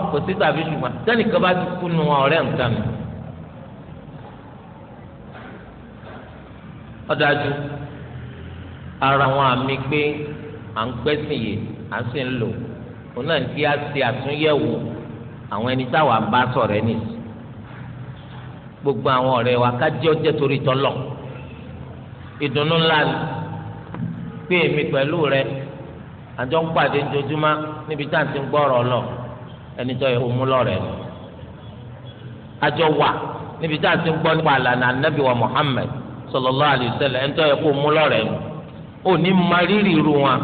kò sí tàbí ṣùgbọ́n tẹ́nìkan bá ti kú nu ọ̀rẹ́ nǹkan mi. ọ̀dájú ara wọn àmì pé à ń gbẹ́sìn yìí à ń sì ń lò òun náà kí á ṣe àtúnyẹ̀wò àwọn ẹni táwa bá sọ̀rọ̀ ẹni gbogbo àwọn ọ̀rẹ́ wa ká ọjẹ́ torí tọ́lọ̀ ìdùnnú ńlá ni pé èmi pẹ̀lú rẹ àjọ ń pàdé ojoojúmọ́ níbi tá à ń ti gbọ́ ọ̀rọ̀ ọlọ́ọ̀ ẹni tó yẹ kó mú lọ́rẹ̀ ni àjọ wà níbi tá a ti ń gbọ́ nípa àlànà anábì wa Muhammad sallallahu alaihi wasallam ẹni tó yẹ kó mú lọ́rẹ̀ ni ò ní ma rírì irú wọn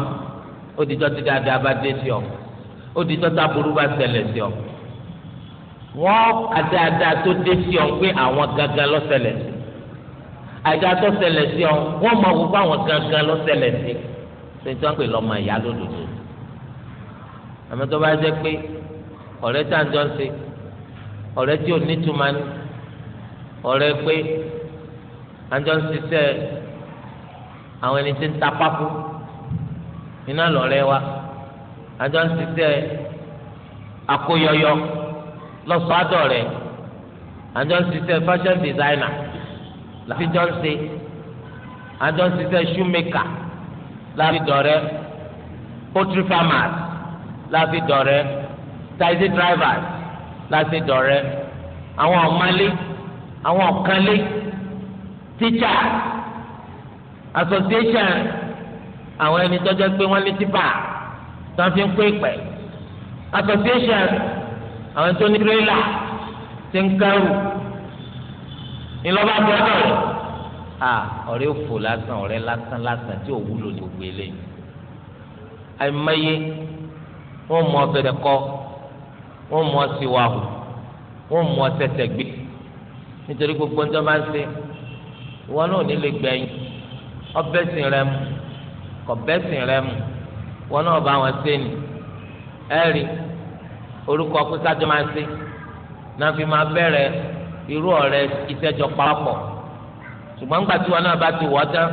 ó di tọ́ ti dáadáa bá dé sí ọ ó di tọ́ táburú bá ṣẹlẹ̀ sí ọ wọ́n tó dé sí pé àwọn gangan ló ṣẹlẹ̀ sí àìdáa tó ṣẹlẹ̀ sí ọ wọ́n wò pé àwọn gangan ló ṣẹlẹ̀ sí ṣe pè lọ́mọ ìyá lódodo àmọ́ tó bá jẹ́ pé ọ̀rẹ́ tá à ń jọ ń ṣe ọ̀rẹ́ tí ò nítumọ̀ ni ọ̀rẹ́ pé à ń jọ ń ṣiṣẹ́ àwọn ẹni tí ń ta pákó iná lọ̀rẹ́ wa à ń jọ ń ṣiṣẹ́ akóyọyọ lọ́sọ̀ádọ̀ rẹ̀ à ń jọ ń ṣiṣẹ́ fashion designer láti jọ ń ṣe à ń jọ ń ṣiṣẹ́ shoemaker láti dọ̀rẹ́ poultry farmers láti dọ̀rẹ́ taxi drivers láti dọ̀rẹ́ àwọn ọ̀málé àwọn ọ̀kánlé tíṣà association àwọn ẹni tọ́jú pé wọ́n ní tipa tí wọ́n fi ń pé pẹ̀ association àwọn tó ní tírélà ti ń kẹrù ńlọ́ba gbọ́dọ̀ rẹ̀ à ọ̀rẹ́ òfò lásán ọ̀rẹ́ lásán lásán tí ò wúlò ní gbogbo eléyìí àìmọye wọn mọ ọbẹ̀ rẹ̀ kọ́ wọ́n mú ọtí wa hù wọ́n nítorí gbogbo ń dọ́bà ń ṣe ìwọ náà ní lè ọbẹ̀ sìn rẹ mu kọ̀bẹ́ sìn rẹ mu ìwọ náà bá wọn ṣe ni ẹ̀rí orúkọ kúsájọ́ máa ṣe náà fi máa bẹ̀rẹ̀ irú ọ̀rẹ́ ìṣẹ́jọ papọ̀ ṣùgbọ́n gbà tí wọn náà bá ti wọ́ tán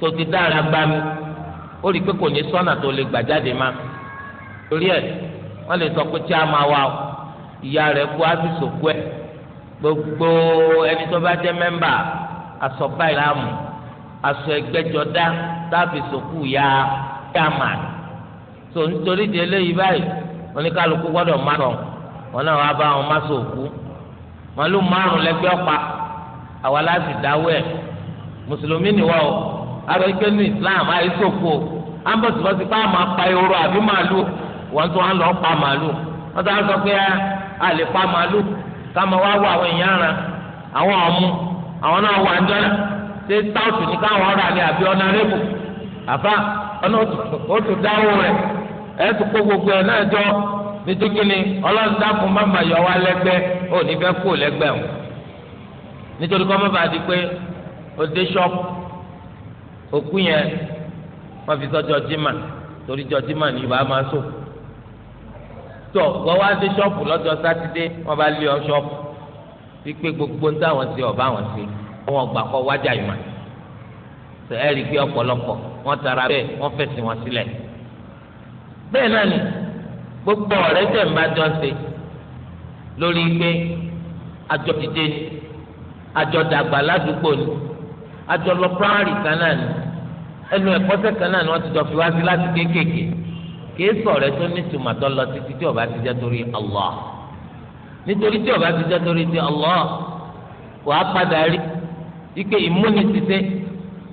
tó ti dára gbá ó rí i pé kò ní sọ́nà tó lè gbà jáde má torí ẹ̀ wọ́n lè sọ pé tí a máa wá o ìyá rẹ̀ kú á sì sòkú ẹ̀ gbogbo ẹni tó bá jẹ́ mẹ́mbà aṣọ báyìí láàmú aṣọ ẹgbẹ́jọdá táàbì sòkú ya chairman so nítorí di eléyìí báyìí oníkálukú gbọ́dọ̀ má sọ wọn náà wàá bá wọn má sòkú wọn lù márùn lẹ́gbẹ́ ọ̀pá àwa láti dáwọ́ ẹ̀ mùsùlùmí nìwọ o àgbẹ̀ ìgbẹ́nu Islam àìsòkú o ambos bọ́sí pa àmà pa ehoro àbí màálù wọ́n tún á lọ pa màálù wọ́n tún á sọ pé a lè pa màálù káma wá wọ àwọn èèyàn ara àwọn ọmú àwọn náà wà jọ́nà ṣé táwùtù ní káwọn ọ̀rọ̀ àlẹ́ àbí ọ̀nà rẹ́bù àbá ọ̀nà òtún dáwọ́ rẹ̀ ẹ̀ tún kó gbogbo ẹ̀ náà jọ o nítorí kọ́ mọ́ba di pé ó dé ṣọ́ọ̀pù òkú yẹn wọ́n fi torí ni tó wọ́n wá sí ṣọ́ọ̀pù lọ́jọ́ sátidé wọ́n bá lé ọ ṣọ́ọ̀pù wípé gbogbo ń táwọn ṣe ọ̀bá wọn ṣe wọn gbà kọ́ wájà ìmọ̀ ṣe ẹ rí i pé ọ̀pọ̀lọpọ̀ wọ́n tara bẹ́ẹ̀ wọ́n fẹ̀sìn wọn sílẹ̀ bẹ́ẹ̀ náà ni gbogbo ọ̀rẹ́ tẹ̀ ń bá jọ ṣe lórí pé àjọ dìde ni àjọ dàgbà ládùúgbò ni àjọ lọ primary kan náà ni ẹnu ẹ̀kọ́ṣẹ́ kan náà ni wọ́n ti jọ fi wá sí láti kéékèèké kìí sọ̀rọ̀ tó ní tòmátọ́ lọ títí tí ọba ti jẹ́ torí nítorí tí ọba ti jẹ́ torí ti wà á padà rí ike ìmúni títí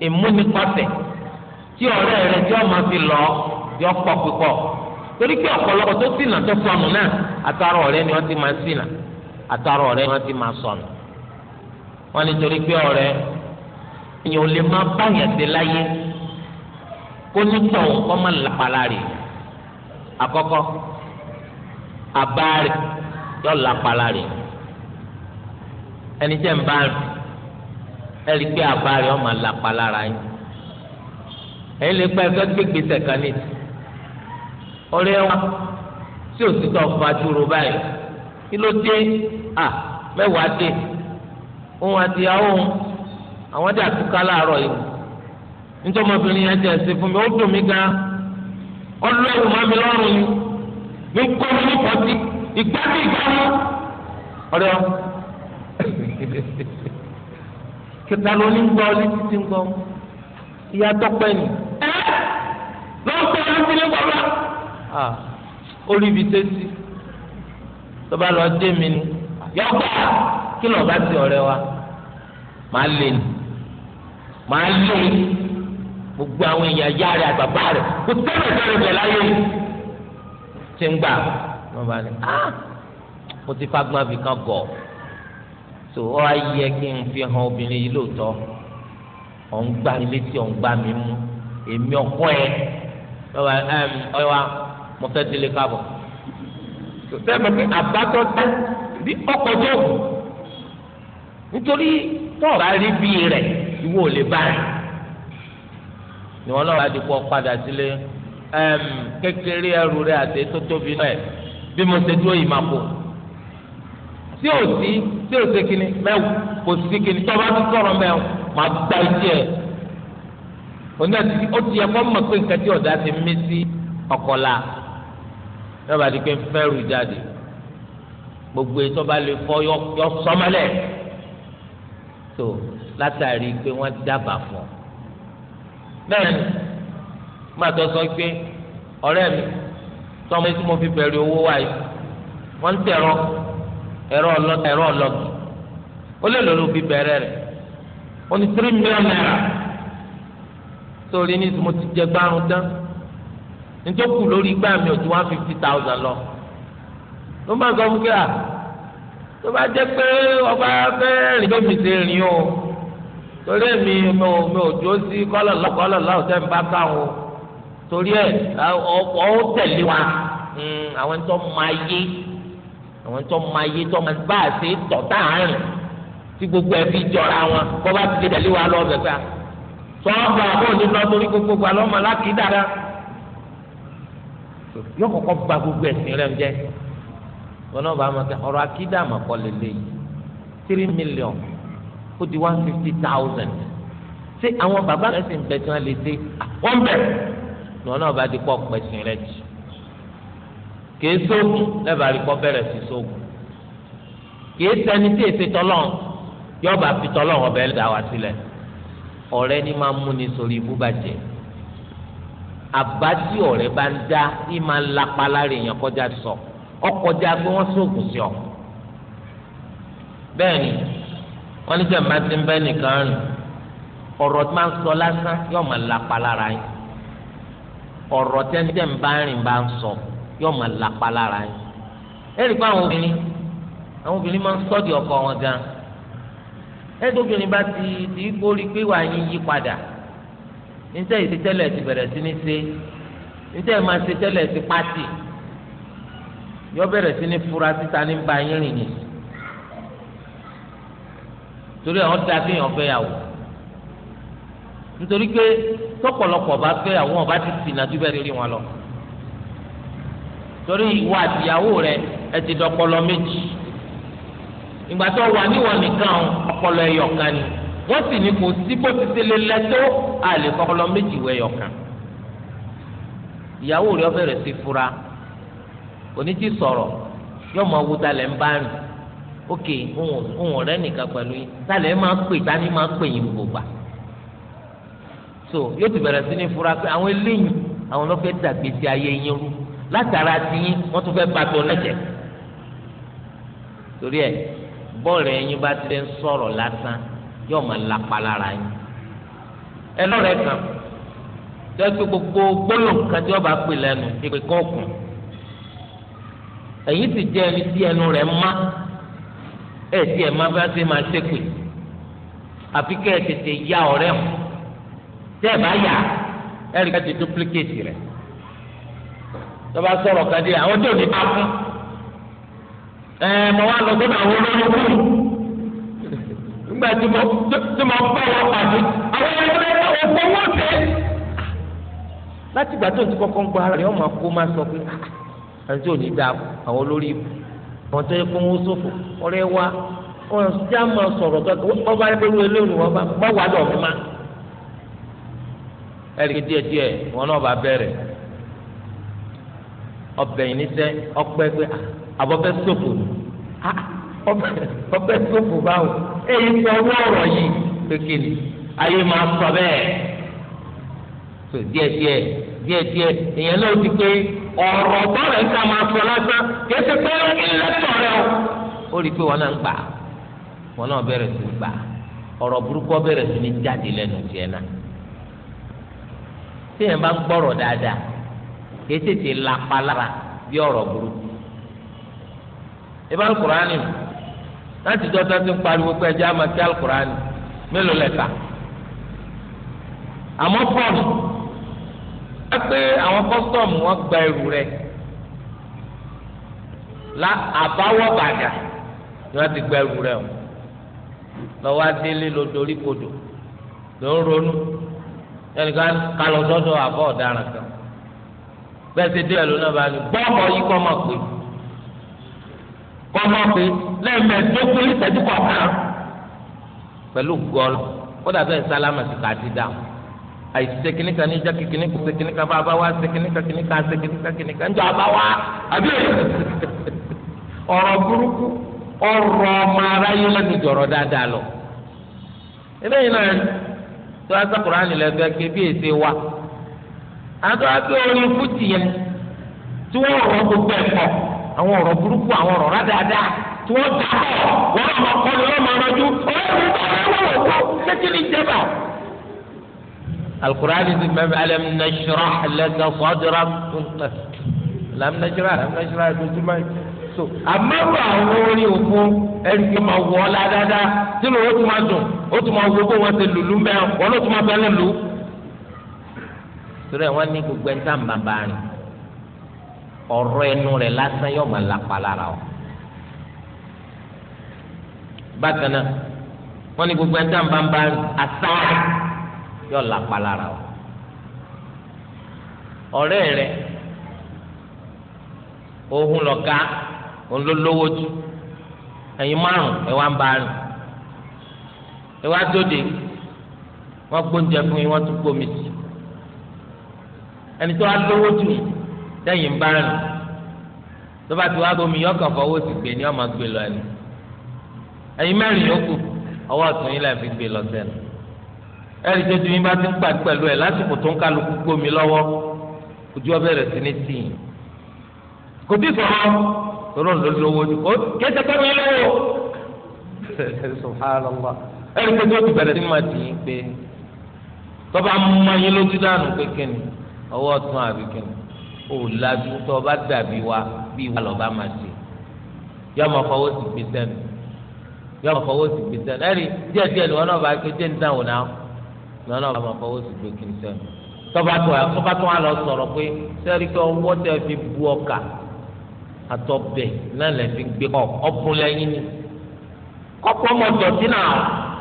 ìmúni pàtẹ́ tí rẹ tí ọmọ fi lọ yọ torí pé ọ̀pọ̀lọpọ̀ tó ṣìnà tó sọnù náà àtàrà ni wọn ti máa àtàrà ni ti máa sọnù torí pé ò lè máa dé àkọ́kọ́ abaari yọ lakpala rẹ ẹni tẹ n baari ẹni pé abaari ọmọ lakpala rẹ anyi ẹni lè pẹ ẹsẹ gbégbé sẹkánì ọ̀rẹ́ wa tí o ti tọ fàdúró báyìí kí ló dé a mẹwàá dé òun àti ìyàwó àwọn dàtúkà láàárọ̀ yìí nítorí ọmọbìnrin yẹn jẹ ẹsẹ fún mi ó dùn gan ọlọ́run máa mi lọ́rùn ni ní kó fún pọ́tì ìgbàdí ìgbàmú ọ̀rẹ́ ọ. kíta ló ní gbọ́ ní títí gbọ́ ìyá tọ́pẹ́ ni. ẹ lọ́pọ̀ ló ti lé bàbá. orí ibi tẹ́sí tọ́ba lọ dé mi ni yọgbà kí lọ́ba ti ọ̀rẹ́ wa máa lè ní máa lè ní gbogbo àwọn èèyàn ìyá rẹ̀ àgbàbá rẹ̀ kò tẹ́lẹ̀ tẹ́lẹ̀ bẹ̀ láyé ti ń gbà wọn bá ní ah mo ti fagbọn fi kan gọ̀ tó ọ ayẹ kí n fi hàn obìnrin yìí lóòótọ́ ọ̀ ń gbá mi létí ọ̀ ń gbá mi mú èmi ọkọ ẹ ọwọ ẹ ọwọ mo fẹ́ délé káàbọ̀ sẹ́mi pé àbátọ́ tẹ́ bí ọkọ̀ tó nítorí tọ́ọ̀rọ̀ àríbí rẹ̀ ìwọ ò lè bá rẹ̀ ni wọn náà wá di kọ padà sílé ẹm kékeré ẹrù rẹ àti tó tóbi náà ẹ bí mo ṣe dúró yìí máa kó tí o sí tí o ṣe kíni mẹwù kò sí kíni tí o bá ti sọ̀rọ̀ mẹwù máa gba iṣẹ́ ẹ oní ẹtì ó ti yẹ kó mọ̀ pé nǹkan tí ọ̀dà ti mí sí ọkọ̀la yóò bá di pé fẹ́rù jáde gbogbo ètò ọba lè fọ yọ sọmọlẹ tó látàrí pé wọ́n dábàá fún ọ bẹ́ẹ̀ ni má tọ́ sọ pé ọ̀rẹ́ mi tọ́mọ tí mo fi bẹ̀rẹ̀ owó wáyé wọ́n ń tẹ̀rọ ẹ̀rọ ọlọ́gì ẹ̀rọ ọlọ́gì ó lè lòlù fi bẹ̀rẹ̀ rẹ̀ ó ní tírí mílíọ̀nù náírà sórí ní mo ti jẹ gbárùn tán nítòkù lórí igbá mi ò one fifty thousand lọ ló máa sọ fún kí à tó bá jẹ́ pé ọba fẹ́ rìn bẹ́ẹ̀ mi rìn o torí mi mi ò mi ò jó sí kọlọlọ kọlọlọ ọsẹ ń bá káwọn torí ẹ ọ tẹ̀lé wa hmm, àwọn tó máa yé àwọn tó máa yé tó máa bá a ṣe tọ̀ tá a rìn tí gbogbo ẹ fi jọra wọn kó bá ti tẹ̀lé wa lọ bẹ̀fẹ̀ sọ́ọ̀bù àbọ̀ ní lọ torí gbogbo àlọ́ ọmọ aláàkí dára yóò kọ́kọ́ ba gbogbo ẹ̀sìn rẹ̀ jẹ́ wọn náà bá a máa kẹ́ ọ̀rọ̀ akídà àmọ̀kọ́ lélẹ́yìí tírí mílíọ̀nù ó di one fifty thousand ṣé àwọn bàbá rẹ̀ sì ń bẹ tí wọ́n lè dé wọ́n bẹ̀ lọ́wọ́ náà bá di pọ̀ pẹ̀sìn rẹ̀ jù kìí sóògùn lẹ́bàá rí pọ́ bẹ̀rẹ̀ sí sóògùn kìí sẹ́ni tí èsì tọ́lọ́n yọba fi tọ́lọ́n ọbẹ̀ dá wa sílẹ̀ ọ̀rẹ́ ni máa múni sórí ibú bàjẹ́ àbá tí ọ̀rẹ́ bá ń dá ní máa ń lapa lára èèyàn kọjá sọ ọkọjá pé wọ́n sóògùn sí ọ bẹ́ẹ̀ ni wọn ní sẹ́yìn máa ti ń bẹ́ nìkan rìn ọ̀rọ̀ tí máa ń sọ lásán yóò máa lapa lára yín ọ̀rọ̀ tí ẹni sẹ́yìn bá ń rìn bá ń sọ yóò máa lapa lára yín ẹ̀rí pé àwọn obìnrin àwọn obìnrin máa ń sọ́ọ̀dì ọkọ wọn gan ẹ̀rí tó obìnrin bá ti ti gbórí pé wàá yín yí padà níta ìṣe tẹ́lẹ̀ ti bẹ̀rẹ̀ sí ní ṣe níta ìmọ̀ ṣe tẹ́lẹ̀ ti pátì yóò bẹ̀rẹ̀ sí ní fura títa ní ba yín rìn nìyí torí àwọn da kéèyàn fẹ́ yàwó nítorí pé tọ̀pọ̀lọpọ̀ bá fẹ́ àwọn ọba ti sìn náà dúbẹ lórí wọn lọ torí ìwà àtìyàwó rẹ ẹ ti dọpọlọ méjì ìgbà tó wà níwọ nìkan ọpọlọ ẹyọ ni wọ́n sì ní kò sí bó ti ṣe lè lẹtọ àlè kọpọlọ méjì wọ ẹyọ ìyàwó rẹ ọbẹ̀rẹ̀ sí fura oníjì sọ̀rọ̀ yọmọ wúdalẹ̀ ń bá rìn ókè òun ọ̀rẹ́ nìkan pẹ̀lú yín sálẹ̀ máa pè tani máa pè yín gbogbo gbà so yóò ti bẹ̀rẹ̀ sí ní fura pé àwọn eléyìí àwọn ló fẹ́ dàgbé sí ayé yín rú látara ti yín wọ́n tún fẹ́ ba tó lẹ́jẹ̀ torí ẹ bọ́ọ̀lù ẹ̀yin bá ti ń sọ̀rọ̀ lásán yóò máa lapa lára yín ẹ lọ́rẹ̀ kan tẹ́gbẹ́ gbogbo gbólóhùn kan tí wọ́n bá pè lẹ́nu ìpè kọ́ọ̀kùn ẹ̀yin ti jẹ́ ẹni tí ẹnu rẹ̀ má ẹ tí ẹ máa bá ṣe máa àfi ya ọrẹ hàn tẹ́ ẹ bá yà ẹ rí ká ti duplicate rẹ̀ tọ́ba sọ̀rọ̀ kadì àwọn tó ní bá fún ẹ mọ wá lọ sọ́dọ̀ àwọn olórí fún nígbà tí mo tí mo bá wọn pàdé àwọn ẹgbẹ́ ọ̀pọ̀ wọn láti gbà tó ti ń ara ọmọ akó sọ pé àti ah, ah, òní dáa àwọn olórí ibù. wọn tó yẹ kó wọn sófò ọ̀rẹ́ wa wọn já máa sọ̀rọ̀ tó wọn bá rẹ pẹ̀lú eléyìí wọn bá má wà lọ mi má. ẹ̀rí díẹ̀ díẹ̀ wọn náà bá bẹ̀rẹ̀ ọbẹ̀ yìí níṣẹ́ ọpẹ́ pé ah, àbọ̀fẹ́ sófò ni ah, ọbẹ̀ sófò báwo èyí sọ owó ọ̀rọ̀ yìí kékeré ayé máa sọ bẹ́ẹ̀ tó díẹ̀ díẹ̀ díẹ̀ ìyẹn náà ti pé. ọ̀rọ̀ bọ́ọ̀lù ńta máa sọ lásán kìí ṣe pé ẹlẹ́tọ̀ rẹ o. ó rí i pé wọn náà ń gbà wọn náà bẹ̀rẹ̀ sí gbà ọ̀rọ̀ burúkú bẹ̀rẹ̀ sí ní jáde lẹ́nu tiẹ̀ náà. tí bá ń gbọ́rọ̀ dáadáa kìí tètè bí ọ̀rọ̀ burúkú. alukurani láti ti ń pariwo pé àwọn kọ́sítọ́ọ̀mù wọn gba ẹrù rẹ la àbáwọ̀ bàdà ni wọ́n ti gba ẹrù rẹ o lọ́wọ́ adélé ló dorí kodò ló ń ronú ẹnìkan kalọ̀ dọ́dọ̀ àbọ̀ ọ̀daràn kan bẹ́ẹ̀ ti dé ẹ̀ lónà bá ní bọ́ọ̀mù yìí kọ́ máa pè kọ́ máa pè lẹ́ẹ̀mẹ́ẹ̀dógún ìṣẹ́jú kọ̀ọ̀kan pẹ̀lú gọ́ọ̀lù kódà bẹ́ẹ̀ sálámà ti kà á ti dáhùn àìsísẹ kìnìkà ní ìjà kìnìkà ṣe kìnìkà bá a bá wá kan? kìnìkà kìnìkà ṣe kìnìkà kìnìkà ń jọ a bá wá àbí ọ̀rọ̀ burúkú ọ̀rọ̀ ọmọ aráyé lẹnu jọrọ dáadáa lọ eléyìí náà tó a sọ kuraani lẹsọ ẹ kébí èsè wa àti wàá pé orin fújì yẹn tí wọn rọ gbogbo ẹ pọ àwọn ọ̀rọ̀ burúkú àwọn ọ̀rọ̀ rádáadáa tí wọn dà pọ wọn lọ kọ máa rọjú alukur'ani ti mẹ́mi alam nashrah laka sadrak alam nashrah alam nashrah lójúmọ́ yìí so àmọ́rò àwọn orí òkú ẹni tó máa wọ ọ́ ládáadáa tí lóò tún máa dùn ó tún máa wọ bó wọn ti lùlù mẹ́ wọn ló tún máa bẹ́ẹ̀ lù. torí ẹ wọn ní gbogbo ẹni tá à ń bàbá rìn ọ̀rọ̀ ẹnu rẹ̀ lásán yóò máa lápá lára o. bákan náà wọn ní gbogbo ẹni tá à ń bàbá rìn àsáà yóò lápá lára wa ọ̀rẹ́ rẹ ohun lọ̀gá òun ló lówó jù ẹ̀yin márùn ẹ̀ wá ń bá rìn ẹ̀ wá dóde wọ́n gbóúnjẹ fún yín wọ́n tún gbómi sí ẹni tó wá lówó jù lẹ́yìn ń bá rìn tó bá ti wá gbómi yọkàn fọwọ́ sí gbé ni ọmọ gbé lọ ẹni ẹ̀yin mẹ́rin yòókù ọwọ́ ọ̀tún yín lẹ́ẹ̀ gbé lọ sẹ́nu ẹni tó ti yín bá ti ń pàdé pẹ̀lú ẹ̀ lásìkò tó ń kálukú gbómi lọ́wọ́ ojú ọbẹ̀ rẹ̀ sí ní tìǹ kò tí sọ̀rọ̀ tọ́lọ́ ló lówó o kẹ́sẹ̀ pẹ́ mi lówó subhanallah ẹni tó tó ti bẹ̀rẹ̀ sí máa tìǹ pé tọ́ba mọ́yìn lójú dànù pé kíni ọwọ́ ọ̀tún àbí kíni ò lajú tọ́ba dàbí wa bí wa lọ́ba máa ṣe yọọ ma gbé sẹ́nu yọọ ma gbé sẹ́nu lọ́nà ọ̀bà fọwọ́ sí gbé kiri sẹ́nu tọ́ba tó a tọ́ba tó a lọ sọ̀rọ̀ pé sẹ́ẹ̀rì pé ọwọ́ tẹ fi bu ọkà àtọ̀bẹ̀ náà lẹ́ fi gbé kọ́ ọ̀pọ̀ lẹ́yìn ni kọ́pọ̀ mọ̀ dọ̀tí náà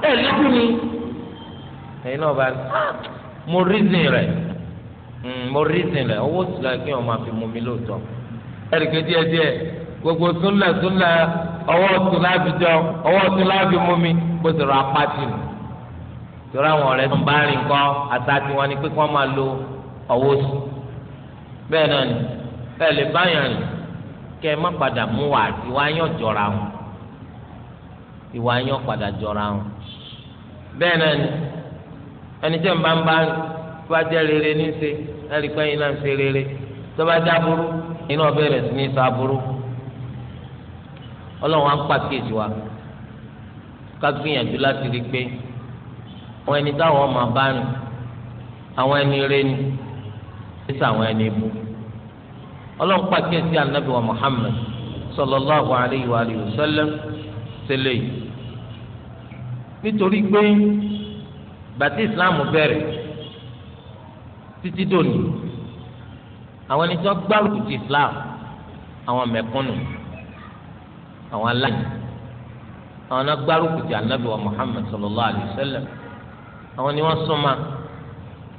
ẹ̀ lẹ́kùn ni ẹ̀yin náà bá ah, mo rízìn rẹ̀ hmm, mo rízìn rẹ̀ owó sùlá kí máa fi mú mi lóòótọ́ ẹ̀rì kejì ẹ̀ gbogbo súnlẹ̀ súnlẹ̀ ọwọ́ ọ̀tún láàbì jọ ọwọ́ ọ̀tún láàbì mú mi bó torí àwọn ọ̀rẹ́ tó ń bá rìn kọ́ àṣà tiwọn ni pé kí wọ́n máa lo ọwọ́ sí bẹ́ẹ̀ náà ni ẹ lè báyàn rìn kẹ́ ẹ má padà mú wà ìwà yàn jọra wọn ìwà yàn padà jọra wọn bẹ́ẹ̀ náà ni ẹni tẹ́ ń bá ń bá tó bá jẹ́ rere ní ṣe ẹ pé ẹ̀yin náà ń ṣe rere tó bá jẹ́ aburú ẹ̀yin náà bẹ̀rẹ̀ sí ní sọ aburú ọlọ́run á ń pàkíyèsí wa ká gbìyànjú láti rí i pé àwọn ẹni táwọn ọmọ bá nù àwọn ẹni rẹ ni ẹsẹ àwọn ẹni bú ọlọ́run pàkíyèsí anabi wa muhammed sallallahu alayhi wa alihi wa sallam tẹ́lẹ̀ yìí nítorí pé bàtí islam bẹ̀rẹ̀ títí dòní àwọn ẹni tó gbárùkù ti islam àwọn mẹ̀kúnnù àwọn aláìní àwọn náà ti anabi wa muhammed sallallahu alayhi wa sallam àwọn ni wọ́n súnmọ́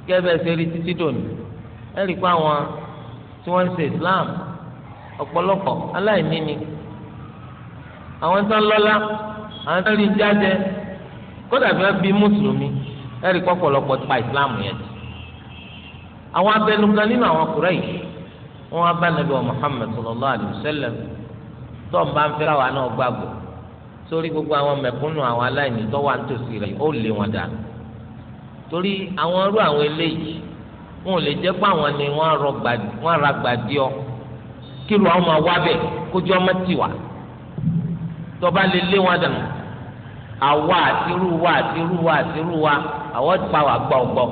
gẹ́gẹ́ ṣe rí títí dòní ẹ rí i pé àwọn tí wọ́n ń ṣe Islam ọ̀pọ̀lọpọ̀ aláìní ni àwọn tó ń lọ́lá àwọn tó ń rí jáde kódà bí wọ́n bí mùsùlùmí ẹ rí i pé ọ̀pọ̀lọpọ̀ ti pa Islam yẹn ti àwọn abẹnugan nínú àwọn Quraysh wọn wá bá nàbẹ wa Muhammad sallallahu alayhi sallam tó ń bá ń fẹ́ràn àwọn náà gbàgbọ́ sórí gbogbo àwọn mẹ̀kúnnù àwọn aláìní tó wà nítòsí rẹ̀ ó lé wọn dànù torí àwọn irú àwọn eléyìí wọn ò lè jẹ́ pé àwọn ni wọ́n ra gbàdí ọ kí lu àwọn máa wá bẹ̀ kójú ọmọ tì wá tọba lè lé wọn dànù àwa àtirú wa àtirú wa àtirú wa àwọn pa wà gbọgbọ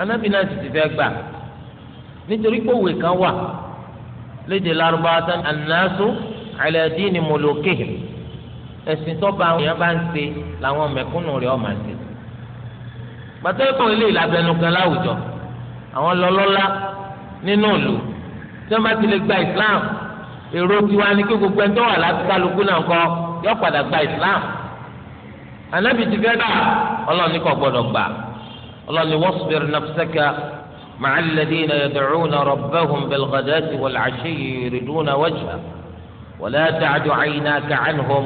anábì náà sì ti fẹ́ gbà nítorí pé kan wà léde lárúbáwá tán ànásù àlẹ́dínì mọ̀lọ́kè ẹ̀sìn tọ́ba àwọn èèyàn bá ń ṣe làwọn mẹ̀kúnnù rẹ̀ ọ̀ máa pàtó ìkọ̀ ilé ìlàbẹ̀nu kan láwùjọ àwọn lọ́lọ́lá nínú ìlú tí wọ́n bá ti lè gba islam èrò tiwa ni kí gbogbo ẹni tó wà láti kálukú náà kọ́ yọ padà gba islam anabi ti fẹ́ gbà ọlọ́ọ̀ni kò gbọ́dọ̀ gbà ọlọ́ọ̀ni wasbir nafsaka ma'a alladhina yad'una rabbahum bilghadati wal'ashiyyi yuriduna wajha wala ta'du 'aynaka 'anhum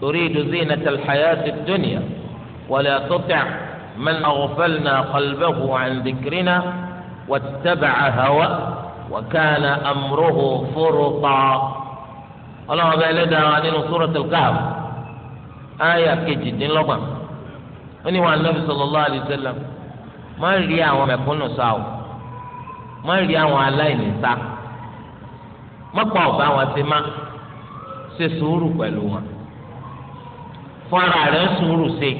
turidu zinata alhayati ad من أغفلنا قلبه عن ذكرنا واتبع هوى وكان أمره فرطا الله بلدا عن سورة الكهف آية كجد لغم أني وعن النبي صلى الله عليه وسلم ما ريا وما يكون ساو ما ريا وعلى نساء ما قوبا وسما سسورو pẹ̀lú wọn fọ́nra rẹ̀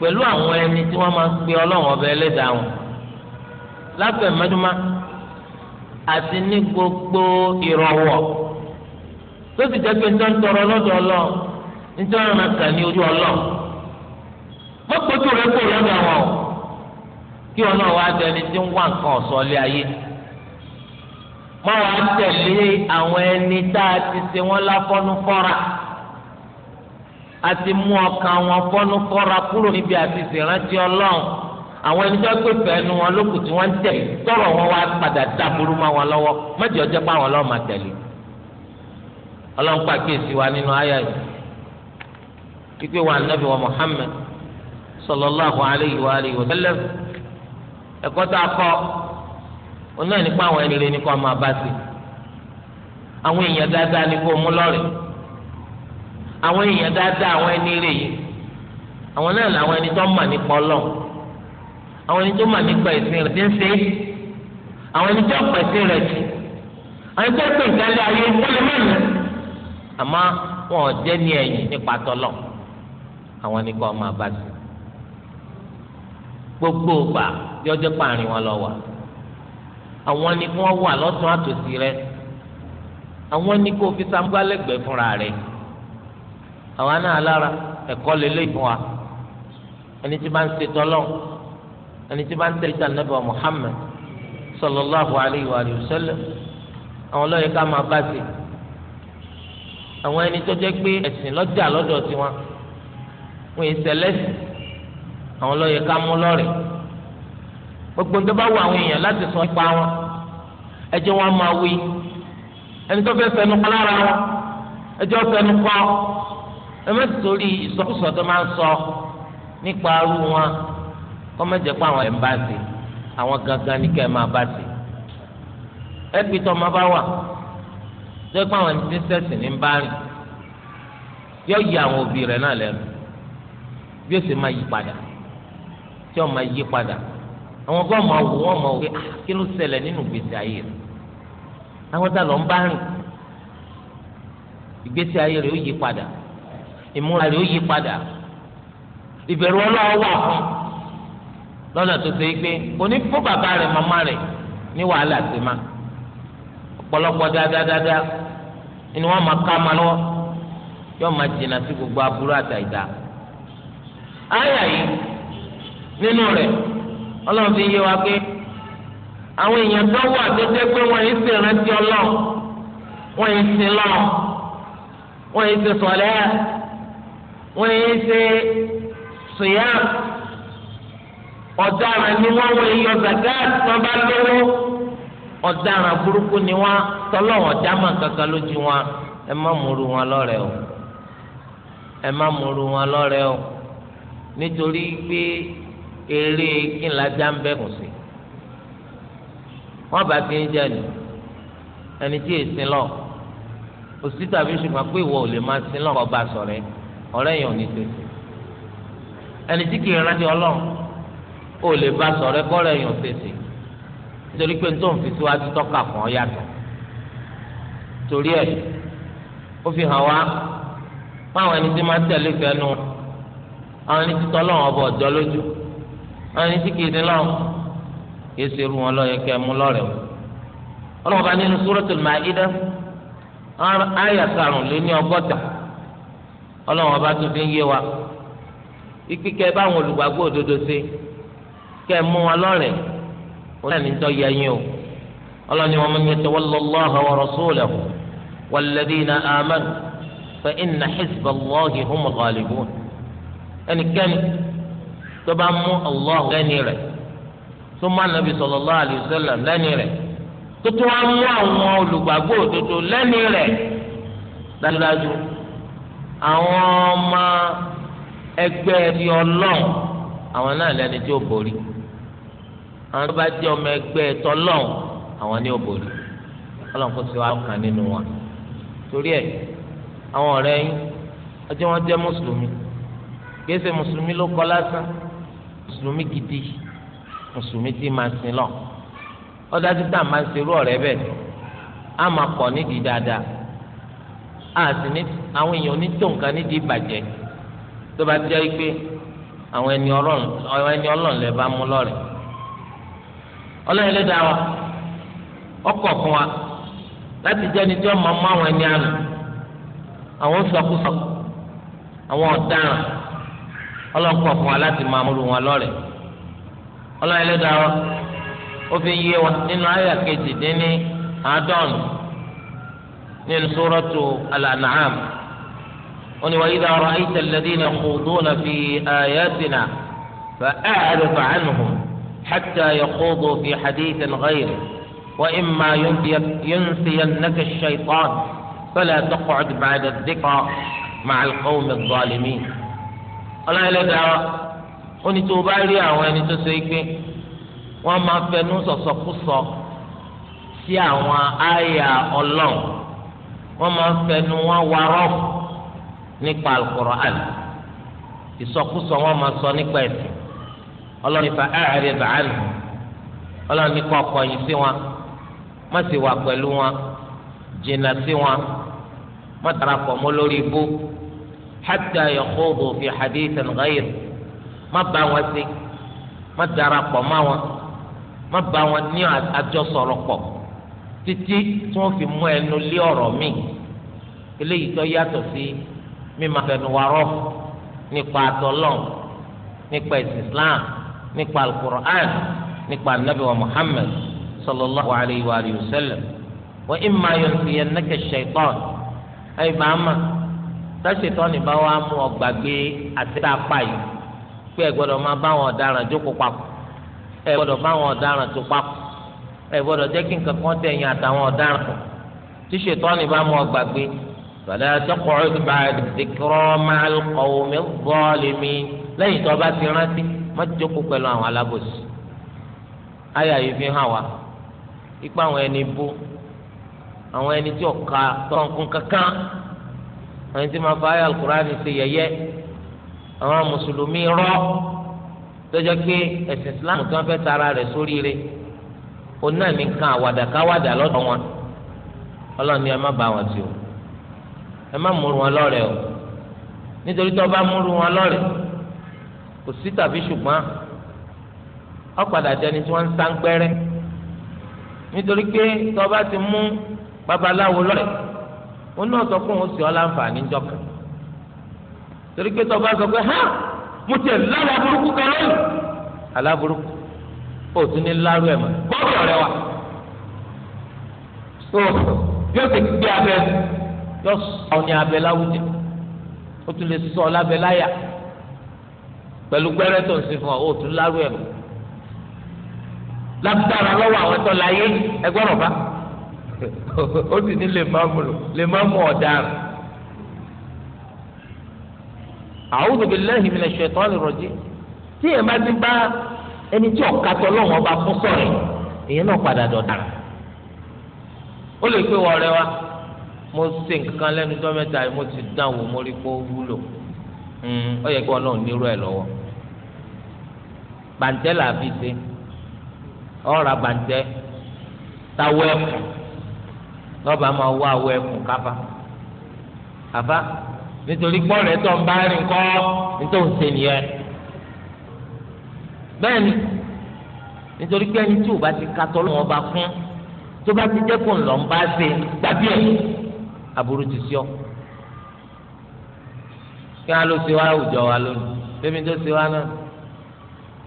pẹ̀lú àwọn ẹni tí wọ́n máa ń pe ọlọ́run ọba ẹlẹ́dàá wọn lábẹ́ mẹ́dúmá àti ní gbogbo ìrọ̀wọ́ tó sì jẹ́ pé nítorí tọrọ lọ́dọ̀ ọlọ́run nítorí wọn kà ní ojú ọlọ́run mọ́kòtò rẹ̀ kò lọ́dọ̀ wọn o kí ọlọ́run wá tí ń wá nǹkan lé ayé tẹ̀lé àwọn ẹni a ti mú ọkàn wọn fọ́nú fọ́ra kúrò níbi àti ìsìnrántí ọlọ́run àwọn ẹni tó gbé fẹ́ẹ́nu wọn lókù tí wọ́n ń tẹ̀ tọrọ wọn wá padà dáburú mọ́ wọn lọ́wọ́ mẹ́jọ jẹ́ pé àwọn ọlọ́run máa tẹ̀lé ọlọ́run pàkíyèsí wa nínú àyà yìí pípé wa nàbì wa Muhammad sallallahu alayhi wa alihi wa sallam ẹ̀kọ́ tá a kọ́ ọ náà nípa àwọn ẹni rẹ ní kó máa bá sí àwọn èèyàn dáadáa ní kó mú lọ́rẹ̀ẹ́ àwọn èèyàn dáadáa àwọn ẹni rè yìí àwọn náà làwọn ẹni tó mà nípa Ọlọ́run àwọn ẹni tó mà nípa ẹ̀sìn rẹ̀ ti ń ṣe àwọn ẹni tó pẹ̀sìn rẹ̀ jù àwọn ẹni tó pè ìdálé ayé wọlé mẹ́rin àmọ́ wọn ò jẹ́ ní ẹ̀yìn nípa tọ́lọ̀ àwọn ẹni kọ́ máa bá gbogbo ògbà yọjọ́ pààrin wọn lọ wà àwọn ẹni kọ́ wà lọ́tún àtòsí rẹ̀ àwọn ẹni kọ́ fi sàmúgbálẹ́gbẹ̀ẹ́ fúnra rẹ̀ àwa náà lára ẹ̀kọ́ lélẹ̀ fún wa ẹni tí bá ń ṣe tọ́lọ́ ẹni tí bá ń tẹ̀lé tànàbà Muhammad sallallahu alayhi wa sallam àwọn lọ́yẹ̀ ká máa bá sí àwọn ẹni tó jẹ́ pé ẹ̀sìn lọ́jà lọ́dọ̀ tiwọn wọn yìí sẹlẹ́sì àwọn lọ́yẹ̀ ká mú lọ́rẹ̀ gbogbo tó bá wù àwọn èèyàn láti sọ ipa wọn ẹ wọn máa wí ẹni tó fẹ́ fẹnu kọ́ lára wọn ẹ wọn fẹnu kọ́ ọ ẹ má torí ìsọkúsọ tó máa ń sọ nípa arú wọn kọ́ má jẹ́ pé àwọn ẹ̀mbáàsì àwọn gangan ní kẹ́ ẹ máa bá sí ẹ pé tọ́ ọmọ bá wà tó pé àwọn ẹni tí ń sẹ̀sìn ní bá rìn yóò yí àwọn òbí rẹ̀ náà lẹ́nu bí ó sì máa yí padà tí wọn máa yí padà àwọn gbọ́ máa wò wọ́n máa wò ah, kí ló ṣẹlẹ̀ nínú ìgbésí ayé rẹ̀ àwọn tá lọ ń bá rìn ìgbésí ayé rẹ̀ ó yí padà ìmúra rẹ̀ ó yí padà ìbẹ̀rù ọlọ́wọ́ wà fún lọ́nà tó ṣe pé òní fún bàbá rẹ̀ màmá rẹ̀ ní wàhálà sí ma ọ̀pọ̀lọpọ̀ dáadáa ni wọ́n máa ká ma lọ́wọ́ yóò máa jìnnà sí gbogbo aburú àtàìdá. àyà yìí nínú ọlọ́run fi yé wa pé àwọn èèyàn tó wà pé wọ́n yìí sì rántí ọlọ́run wọ́n yìí sì wọ́n yé ṣe siyam ọ̀daràn ni wọ́n wọ iyọ̀ zakat tó bá lówó ọ̀daràn burúkú ni wọ́n tọ́lọ́wọ̀n dámà kankan lójú wọn ẹ má múru wọn lọ́rẹ̀ o ẹ má múru wọn lọ́rẹ̀ o nítorí pé eré kínlájà ń bẹ̀ kùn sí wọ́n bá ti ń jẹ ẹni tí èsì lọ ọ̀rẹ́ yẹn ò ní tètè ẹni tí kì í rántí ọlọ́run ó lè bá sọ̀rọ̀ kọ́rẹ́ yẹn ò tètè nítorí pé nítorí òun fi síwájú tọ́ka kan yàtọ̀ torí ẹ̀ ó fi hàn wá fáwọn ẹni tí máa tẹ̀lé fẹ́nu àwọn ẹni tí tọ́lọ́run ọba ọ̀dọ́ lójú àwọn ẹni tí kì í dín lọ́run kì í ṣerú wọn lọ́yẹ kẹ́ mú lọ́rẹ̀ o ọlọ́run bá nínú Suratul Ma'idah ayà karùn-ún lé ní ọgọ́ta ọlọ́run ọba tún fi ń yé wa ikú kẹ báwọn olùgbàgbọ́ òdodo ṣe kẹ mú wọn lọ́rẹ̀ wọn náà ní tọ́ yẹ yín o ọlọ́run ni wọn mú yẹn tọwọ́ lọ́lọ́ àwọn rasulahu walladhina amanu fa inna hizballahi humul ghalibun ẹnikẹ́ni tó bá mú allah lẹ́ni rẹ̀ tó má nàbì sallallahu alayhi lẹ́ni rẹ̀ tó tó wá mú àwọn olùgbàgbọ́ òdodo lẹ́ni rẹ̀ dájúdájú àwọn ọmọ ẹgbẹ́ ẹni ọlọ́run àwọn náà lẹni tí ó borí àwọn tó bá jẹ́ ọmọ ẹgbẹ́ tọ́lọ́run àwọn ni ó borí ọlọ́run kò sí wa kàn nínú wọn torí ẹ̀ àwọn ọ̀rẹ́ yín ọjọ́ wọn jẹ́ mùsùlùmí gbèsè mùsùlùmí ló kọ́ lásán mùsùlùmí gidi mùsùlùmí tí máa sin lọ ọ̀dájú tá a máa ń serú ọ̀rẹ́ bẹ́ẹ̀ á máa kọ̀ nídìí dáadáa. àti ní àwọn èèyàn onítòǹkà nídìí ìbàjẹ́ tó bá jẹ́ pé àwọn ẹni ọlọ́run lè bá mú lọ́rẹ̀ ọlọ́run lè wa ọkọ̀ fún wa láti jẹ́ ẹni tí wọ́n máa mú àwọn ẹni àná àwọn sọkúsọ àwọn ọ̀daràn ọlọ́run kọ̀ fún wa láti máa wọn lọ́rẹ̀ ọlọ́run lè wa ó fi yé wa nínú ayé àkejì dín من سورة الأنعام وني وإذا رأيت الذين يخوضون في آياتنا فأعرض عنهم حتى يخوضوا في حديث غيره وإما ينسينك الشيطان فلا تقعد بعد الذكرى مع القوم الظالمين ọlọ́run ẹlẹ́dàá ó ní tó o bá o تسيكي àwọn ẹni tó so ike wọ́n máa fẹnu sí àwọn àyà ọlọ́run wọ́n máa ń fẹnu wọn warọ́ nípa alukur'an ìsọkúsọ wọ́n máa sọ nípa ẹ̀sìn ọlọ́run ìfà ẹ̀rẹ́ bàálù ọlọ́run ní kọ́ kọ̀yìn sí wọn má sì wà pẹ̀lú wọn jìnnà sí wọn má darapọ̀ mọ́ lórí ibú hatta yakhudu fi hadithin ghayr má bá wọn sí má darapọ̀ mọ́ wọn má bá wọn ní àjọsọ̀rọ̀ pọ̀ títí tí wọ́n fi mú ẹnu lé ọ̀rọ̀ mi eléyìí tó yàtọ̀ sí mímọ fẹnuwarọ nípa àtọlọ nípa Islam nípa alukur'an nípa anabi wa Muhammad sallallahu alayhi wa alayhi wa sallam wa imma yunsiyannaka shaitan ayi maama táṣetán ni bá wà mú ọgbàgbé àtẹ́tà páyì pé ẹ gbọ́dọ̀ máa bá wọn ọ̀daràn jókòó papọ̀ ẹ gbọ́dọ̀ bá wọn ọ̀daràn tó papọ̀ ẹ gbọ́dọ̀ jẹ́ kí nǹkan kan tẹ ẹ̀yin àtàwọn ọ̀daràn kan tí ṣètọ́ni bá mú ọ gbàgbé fala taq'ud ba'da dhikra ma'al qawmi adh-dhalimin lẹ́yìn tó bá ti rántí má jókòó pẹ̀lú àwọn alábòsí. ayé àyè fi hàn wá ipa àwọn ẹni bó àwọn ẹni tí ọ̀ka tọ̀nkún kankan àwọn ẹni tí máa fa ayé alukurani ṣe yẹ̀yẹ́ àwọn mùsùlùmí rọ́ tó pé ẹ̀sìn islam tó ń fẹ́ tara rẹ̀ sóríire. So oná mi kan àwàdà káwàdà lọ́dọ̀ wọn ọlọ́run ni ẹ má bá wọn sí o ẹ má múru wọn lọ́rẹ̀ o nítorí tó bá múru wọn lọ́rẹ̀ kò sí tàbí ṣùgbọ́n ọ̀padà jẹni tí wọ́n ń nítorí pé tó bá ti mú babaláwo lọ́rẹ̀ O náà sọ fún òun sí ọ láǹfààní jọkà torí pé tó bá sọ pé ha mo tẹ̀ burúkú kan lọ́yìn aláburúkú ó tún ní lárú ẹ̀ mọ́ bọ́ọ̀lù ọ̀rẹ́ wa so yóò ti gbé abẹ yóò sọ ní abẹ láwùjọ ó tún lè sọ lábẹ láyà pẹ̀lú gbẹ́rẹ́ tó ń sin fún ọ ó tún lárú ẹ̀ mọ́ lágbára lọ́wọ́ àwọn ẹ̀tọ́ láyé ẹgbọ́n ọ̀bá ó sì ní lè má mú lè má mú ọ̀daràn. a'udhu billahi minash shaitani rajim tí èèyàn bá ti bá ẹni tí ọ̀ka tọ́ lọ́wọ́n bá fún sọ̀rọ̀ èyí náà padà dọ̀dà ó lè pé wọ́n rẹ wa mo ṣe nǹkan lẹ́nu tó mẹ́ta yìí mo ti dán wò mo rí pé ó wúlò hmm, ó yẹ kí wọn náà nírú ẹ̀ lọ́wọ́ bàǹtẹ́ là á fi ṣe ọ̀rà bàǹtẹ́ táwọ́ ẹ̀kùn lọ́ba máa wá àwọ̀ ẹ̀kùn káfa àfa nítorí gbọ́rẹ̀ tó ń bá rìn kọ́ nítorí ṣe nìyẹn bẹ́ẹ̀ ni nítorí pé ẹni tí ò bá ti ka tọ́lọ́ ọba fún tó bá ti jẹ́ kó ń lọ ń bá ṣe gbàbí ẹ̀ aburú ti sọ. kí wọn ló ṣe wá àwùjọ wa lónìí bẹ́ẹ̀ni tó ṣe wá náà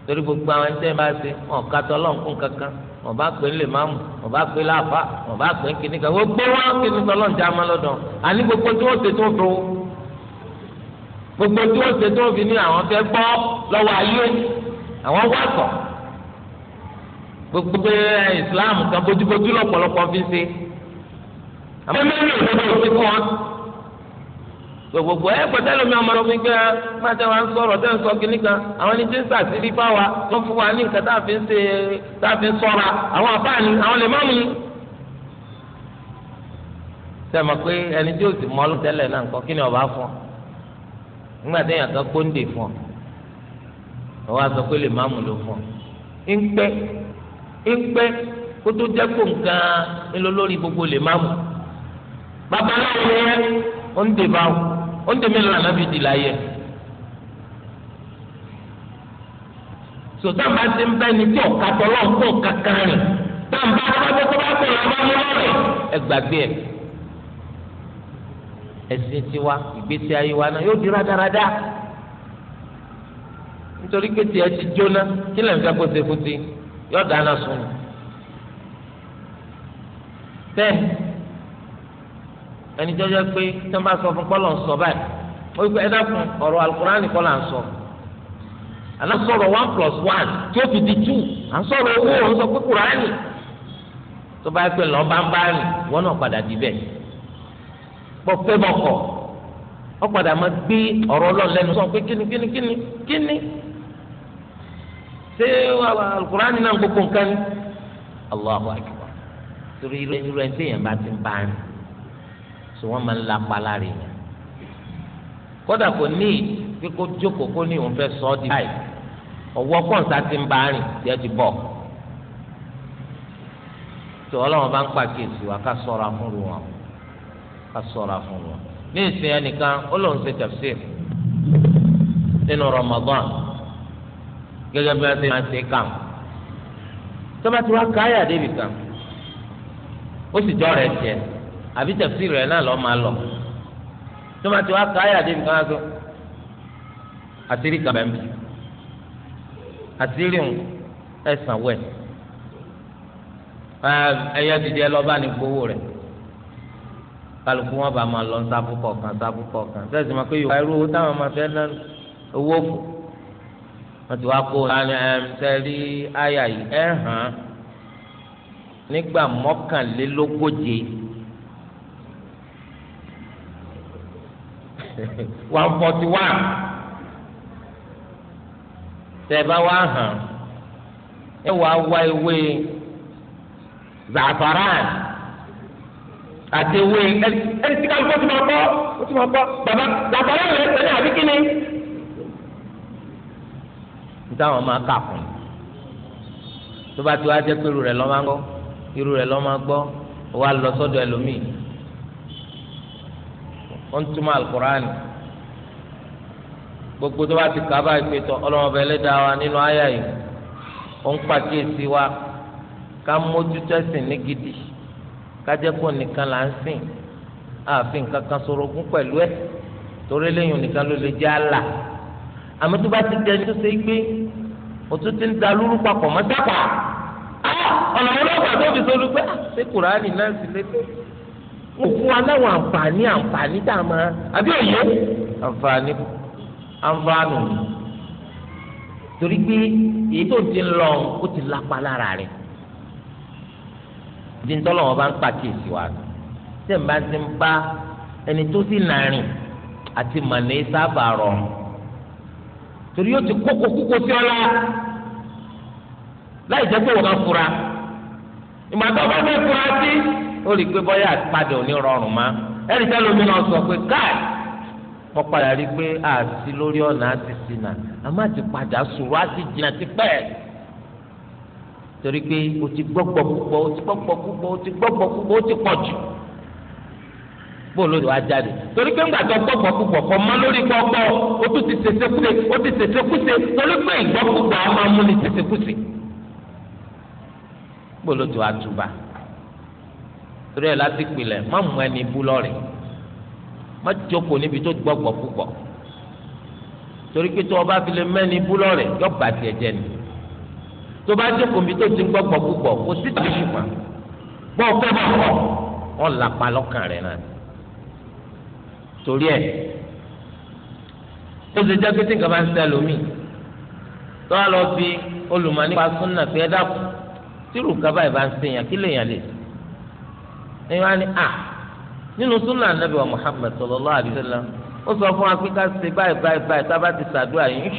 torí gbogbo àwọn ẹ̀ńtẹ́ bá ṣe wọn ka tọ́lọ́ nǹkan kankan wọn bá pè é lè máàmù wọn bá pè é láàfà wọn bá pè é kíní kan wọn gbé wọn kíní tọ́lọ́ ń já má lọ́dọ̀ àní gbogbo tí wọ́n ṣe tó do gbogbo tí wọ́n ṣe tó fi ní àwọn fẹ́ gbọ́ lọ́wọ́ ayé àwọn wá sọ gbogbo eh, islam kan bójúbójú lọ́pọ̀lọpọ̀ fi ṣe àmọ́ mẹ́rin ò lọ́dọ̀ òfin fún wọn gbogbo ẹ lómi ọmọdé wa ń sọ̀rọ̀ ń sọ kínní kan àwọn ẹni tí ń sàṣírí tó fún wa ní nǹkan tá a fi ń ṣe tá a fi ń ṣọ́ra àwọn àbá ni àwọn lè má pé ẹni tí ó àwọn aṣọ pé lè má mú ló fún ọ ńpẹ ńpẹ kó tó jẹ kó nǹkan ńlọlórí gbogbo lè má mú babaláwo yẹ ó ń dè báwò ó ń dè mélòó ànábì dì láyé sòtá bá ti ń bẹ ní tí ọ̀ka tọ́lọ́ ń kó kankan rìn táǹbà tó bá tó tó bá tó lọ́wọ́ mú lọ́rẹ̀ ẹ gbàgbé ẹ ẹsìn tiwa ìgbésí ayé wa náà yóò di rádaràda nítorí pé tiẹ̀ ti jóná kí lẹ́yìn fẹ́ kó ṣe fún ti yọ dáná sun ni. bẹ́ẹ̀ ẹni jẹ́jẹ́ pé tí wọ́n bá sọ fún kọ́lọ̀ ń sọ báyìí ó yí pé ẹ dákun ọ̀rọ̀ alukurani kọ́ là ń sọ àná sọ̀rọ̀ one plus one tí ó fi di two à ń sọ̀rọ̀ owó ò ń sọ pé kurani tó bá pè lọ́ọ́ bá ń bá rìn wọ́n náà padà di bẹ́ẹ̀ bọ́ pé bọ́kọ̀ ọ padà máa gbé ọ̀rọ̀ ọlọ́run lẹ́nu sọ pé kíni kíni kíni kíni ṣé alukurani náà gbogbo nǹkan ni allahu akbar torí irú irú ẹni tí èèyàn bá ti ń bá ní so wọn máa ń lapa lára èèyàn kódà kò ní pé jókòó kó ní òun fẹ́ sọ ọ́ di báyìí ọwọ́ kọ́ńtà ti ń bá rìn jẹ́ ti bọ̀ tó ọlọ́run bá ń pàkíyèsí wa ká sọ̀rọ̀ afúnru wọn ká sọ̀rọ̀ afúnru wọn ní ìsìn ẹnìkan ó lóun ṣe tafsir nínú Ramadan gẹ́gẹ́ bí wọ́n ṣe máa ṣe kàn tọ́ba tí wọ́n ká yà débi kan ó sì jọ rẹ̀ tiẹ̀ àbí tẹ̀sí rẹ̀ náà lọ́ máa lọ tọ́ba tí wọ́n ká yà débi kan sọ àtìrí kan bẹ́ẹ̀ mi àtìrí ń ẹ̀sán wẹ̀ ẹ̀yẹ dìde ẹ lọ́ọ́ bá ní gbowó rẹ̀ kálukú wọn bá máa lọ sáfù kọ̀ọ̀kan sáfù kọ̀ọ̀kan sẹ́sìn pé yorùbá irú owó táwọn máa fẹ́ náà owó fò wọ́n ti wá kó sẹ́rí àyà yìí ẹ̀ hàn nígbà mọ́kànlélógóje one forty one tẹ̀ bá wá hàn ẹ wàá wá ewé zafaran àti ewé ẹni tí kálukọ́ ti máa kọ́ ó ti máa kọ́ bàbá zafaran rẹ̀ sẹ́ni àbí kíni nítawọn máa kà fún un tó bá ti wá jẹ́ pé irú rẹ̀ lọ́ máa ń gbọ́ irú rẹ̀ lọ́ máa gbọ́ ó lọ sọ́dọ̀ ẹlòmíì ó ń túmọ̀ alukur'ani gbogbo tó bá ti kà á báyìí tọ ọlọ́mọbẹ ẹlẹ́dàá wa nínú àyà yìí ó ń pàkíyèsí wa ká mójútó ẹ̀sìn ní gidi ká jẹ́ kó nìkan là ń sìn àfi nǹkan kan sorogún pẹ̀lú ẹ̀ torí lẹ́yìn nìkan ló lè jẹ́ àlà àmọ́ tó bá ti dẹ tó ṣe gbé òtún ti ń da lóru papọ̀ mọ́ sápà ah, ọ̀nà ọlọ́pàá tó fi sọ́dún pé ah, ṣé kùránì náà sì lélẹ̀ mo fún wa láwọn àǹfààní àǹfààní tá a máa àbí òye àǹfààní àǹfààní torí pé èyí tó ti ń lọ ó ti lápá lára rẹ̀ di ntọ́lọ̀ wọn bá ń pàkíyèsí wa nù tẹ̀ ń bá ti ń bá ẹni tó sì nàárín àti mànà sábà rọrùn. torí yóò ti kókó kókó sí ọ la láì jẹ́ pé wọ́n bá fura ìgbà tó bá fẹ́ fura sí ó lè gbé bọ́yá àtìpadà òní rọrùn má ẹnì tẹ́ lómi náà sọ pé káì padà rí i pé àti lórí ọ̀nà àti a má ti padà sùúrù àti jìnnà ti pẹ́ torí pé o ti gbọ́gbọ́ púpọ̀ o ti o ti púpọ̀ o ti pọ̀ jù. bóòlù ló wá jáde torí pé ńgbà tó gbọ́gbọ́ púpọ̀ kọ́ mọ́ lórí gbọ́gbọ́ ó tún ti ṣèṣe kúse ó ti ṣèṣe kúse torí pé ìgbọ́kúgbà á máa mú ni ṣèṣe kúse bóòlù tó wá túba torí ẹ̀ láti pilẹ̀ má mú ẹni bú lọ́rẹ̀ má jókòó níbi tó gbọ́gbọ́ púpọ̀ torí pé tó o bá fi lè mẹ́ni bú lọ́rẹ̀ yọ bàtì ẹ̀jẹ̀ ni tó bá jókòó níbi tó ti gbọ́gbọ́ púpọ̀ kò sí torí ẹ̀ ó ti jẹ́ pé tí nǹkan bá ń sẹ́ lómi tó wá lọ bí súnà pé ẹ dákun tí rúkà báyìí bá ń kí lè ṣe wá ní à nínú súnà nàbì wa Muhammad sallallahu ó sọ fún wa pé ká ṣe báyìí báyìí báyìí tá a bá ti ṣàdúrà yìí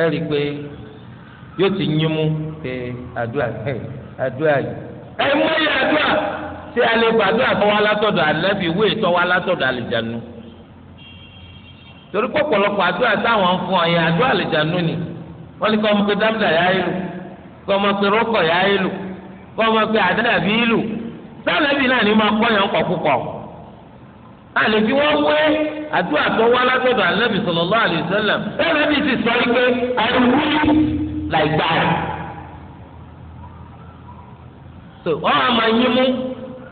ẹ rí i pé yóò ti mú pé àdúrà ṣé a lè gbàdúrà tó wá látọ̀dọ̀ ànábì ìwé tó wá látọ̀dọ̀ àlìjánu torí pọ̀pọ̀lọpọ̀ àdúrà táwọn ń fún ọ yẹn àdúrà àlìjánu ni wọ́n ní kọ́ ọmọ pé dámdà yá ìlú kọ́ ọmọ pé rọ́kọ̀ yá ìlú kọ́ ọmọ pé àdàbí ìlú sálẹ̀bì náà ni máa kọ́ yẹn ń kọ̀kúkọ̀ àlè tí wọ́n wé àdúrà látọ̀dọ̀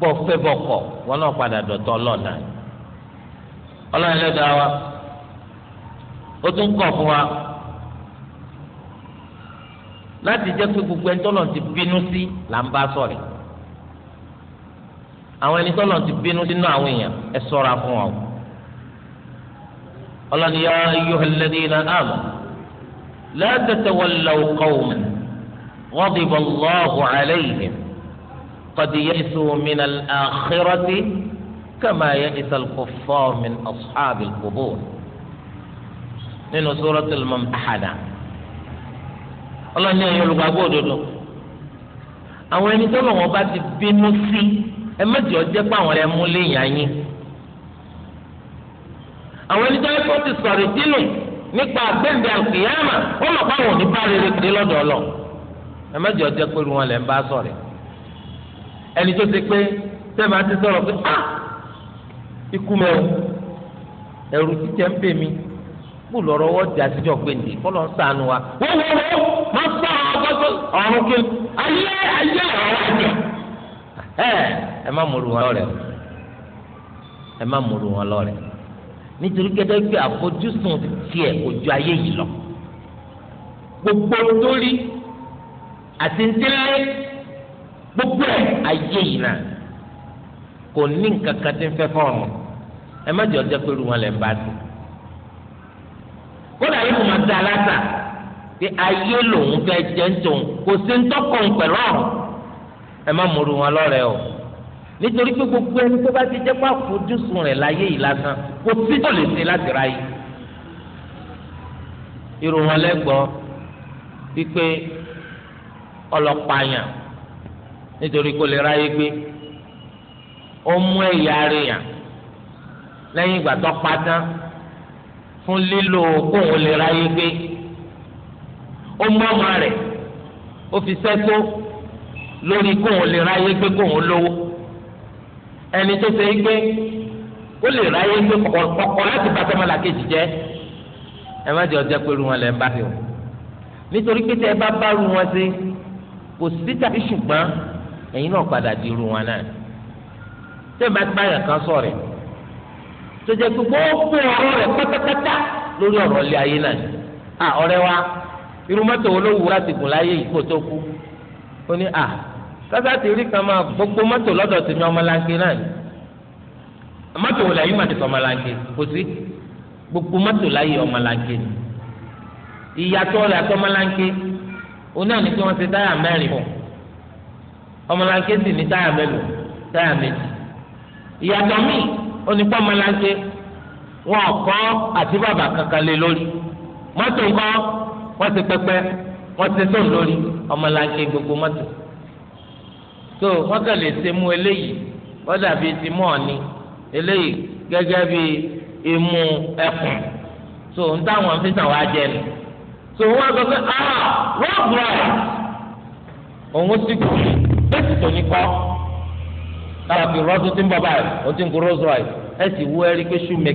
bọ́ fẹ́ bọ́ kọ wọn náà padà dọ̀tọ̀ ọlọ́ọ̀nà ọlọ́ọ̀nà lẹ́dàá wa ó tún kọ̀ fún wa láti pé gbogbo ẹni tọ́lọ̀ ti bínú sí là ń bá sọ̀rọ̀ àwọn ẹni tọ́lọ̀ ti bínú sínú àwọn èèyàn ẹ sọ̀ra fún wa o ọlọ́ni yá ayyuhal ladhina amanu la tatawallaw qawman ghadiba Allahu قد يئس من الآخرة كما يئس الكفار من أصحاب القبور من suratul mumtahana الله ẹ̀yin olùgbàgbọ́ òdodo àwọn ẹni tó lọ́wọ́ bá ti bínú sí ẹ méjì ọjẹ́ pé àwọn ẹ̀ mú léyìn ayín àwọn ẹni tó yẹ kó ti sọ̀rọ̀ ìdílù nípa àgbẹ̀ǹdẹ̀ àkìyàmà ó mọ̀ pé àwọn ní bá rere kiri lọ́dọ̀ ọlọ́ ẹ méjì ọjẹ́ pé wọn lẹ́ ń bá sọ̀rọ̀ ẹni tó ṣe pé sẹ́mi àti sọ̀rọ̀ pé ah ikú mẹ́ o ẹ̀rù títẹ̀ ń pè mí kú lọ́rọ́ wọ́n di àtijọ́ gbèǹdé kọ́lọ́ ń sànù wa. wọ́n wọ́n wọ́n má sọ àgọ́sọ ọ̀run kí ayé ayé ọ̀rọ̀ àjẹ. ẹ ẹ má múru wọn lọ́rẹ̀ ẹ má múru wọn lọ́rẹ̀ nítorí gẹ́gẹ́ bí àfojúsùn tiẹ̀ kò ayé yìí lọ. gbogbo torí àti ntẹ́lẹ́ gbogbo ẹ̀ ayé yìí náà kò ní nǹkan kan tí ń fẹ́ fọ́ọ̀mù ẹ má jẹ́ pẹ̀lú wọn lẹ́ ń bá ti kódà yìí mo máa da aláta pé ayé lòun fẹ́ jẹ́ ń tòun kò sí ń tọ́kọ̀ ń pẹ̀lú ọ̀run ẹ má múru wọn lọ́rẹ̀ẹ́ o nítorí pé gbogbo ẹni tó bá ti jẹ́ pé àfojúsùn rẹ̀ láyé yìí lásán kò sí tó lè ṣe láti ráyè irun wọn lẹ́gbọ́n wípé ọlọ́pàá yàn nítorí kó lè ráyé gbé ó mú ẹ̀yà ara yàn lẹ́yìn ìgbà tó pa tán fún lílo kóun lè ráyé gbé ó mú ọmọ rẹ̀ ó fi sẹ́tó lórí kóun lè ráyé gbé kóun lówó ẹni tó ṣe é gbé ó lè ráyé gbé kọ̀kọ̀ láti bá sọ́mọ́lá kejì jẹ́ ẹ má jẹ́ ọjọ́ pé irú wọn lẹ́ ń bá sí o nítorí pé tẹ́ ẹ bá bá irú wọn ṣe kò sí tàbí ṣùgbọ́n ẹ̀yin náà padà di irú wọn náà tẹ́ bá báyà kan sọ̀rọ̀ tó jẹ́ pé gbogbo ọ̀rọ̀ rẹ̀ pátápátá lórí ọ̀rọ̀ ilé ayé náà à ọ̀rẹ́ wa irú mọ́tò wo ló wù láti gùn láyé yìí kó tó kú ó ní à kásá ti rí kan máa gbogbo mọ́tò lọ́dọ̀ tèmi ọmọlanke náà ni mọ́tò wo lẹ́yìn màtí ọmọlanke kò sí gbogbo mọ́tò láyé ọmọlanke ni ìyàtọ̀ rẹ̀ àtọmọlanke ó náà ní kí wọ́n ṣe táyà mẹ́rin fún un ọmọlanke sì ní táyà mélòó táyà méjì ìyàtọ̀ míì onípọ̀ ọmọlanke wọn kọ́ àti bàbà kankan lé lórí mọ́tò ńkọ́ wọ́n ti pẹ́pẹ́ wọ́n ti tó lórí ọmọlanke gbogbo mọ́tò tó wọ́n kàn lè ṣe mú eléyìí wọ́n dàbí ti mọ́ ọ̀ni eléyìí gẹ́gẹ́ bí imú ẹkùn tó ń táwọn fi wá jẹ nù tó wọ́n sọ pé ah rock right òun ti kù bẹ́ẹ̀sì tó ní kọ́ táwọn fi tí ń bọ̀ báyìí ó ti ń kó ẹ sì wú pé ni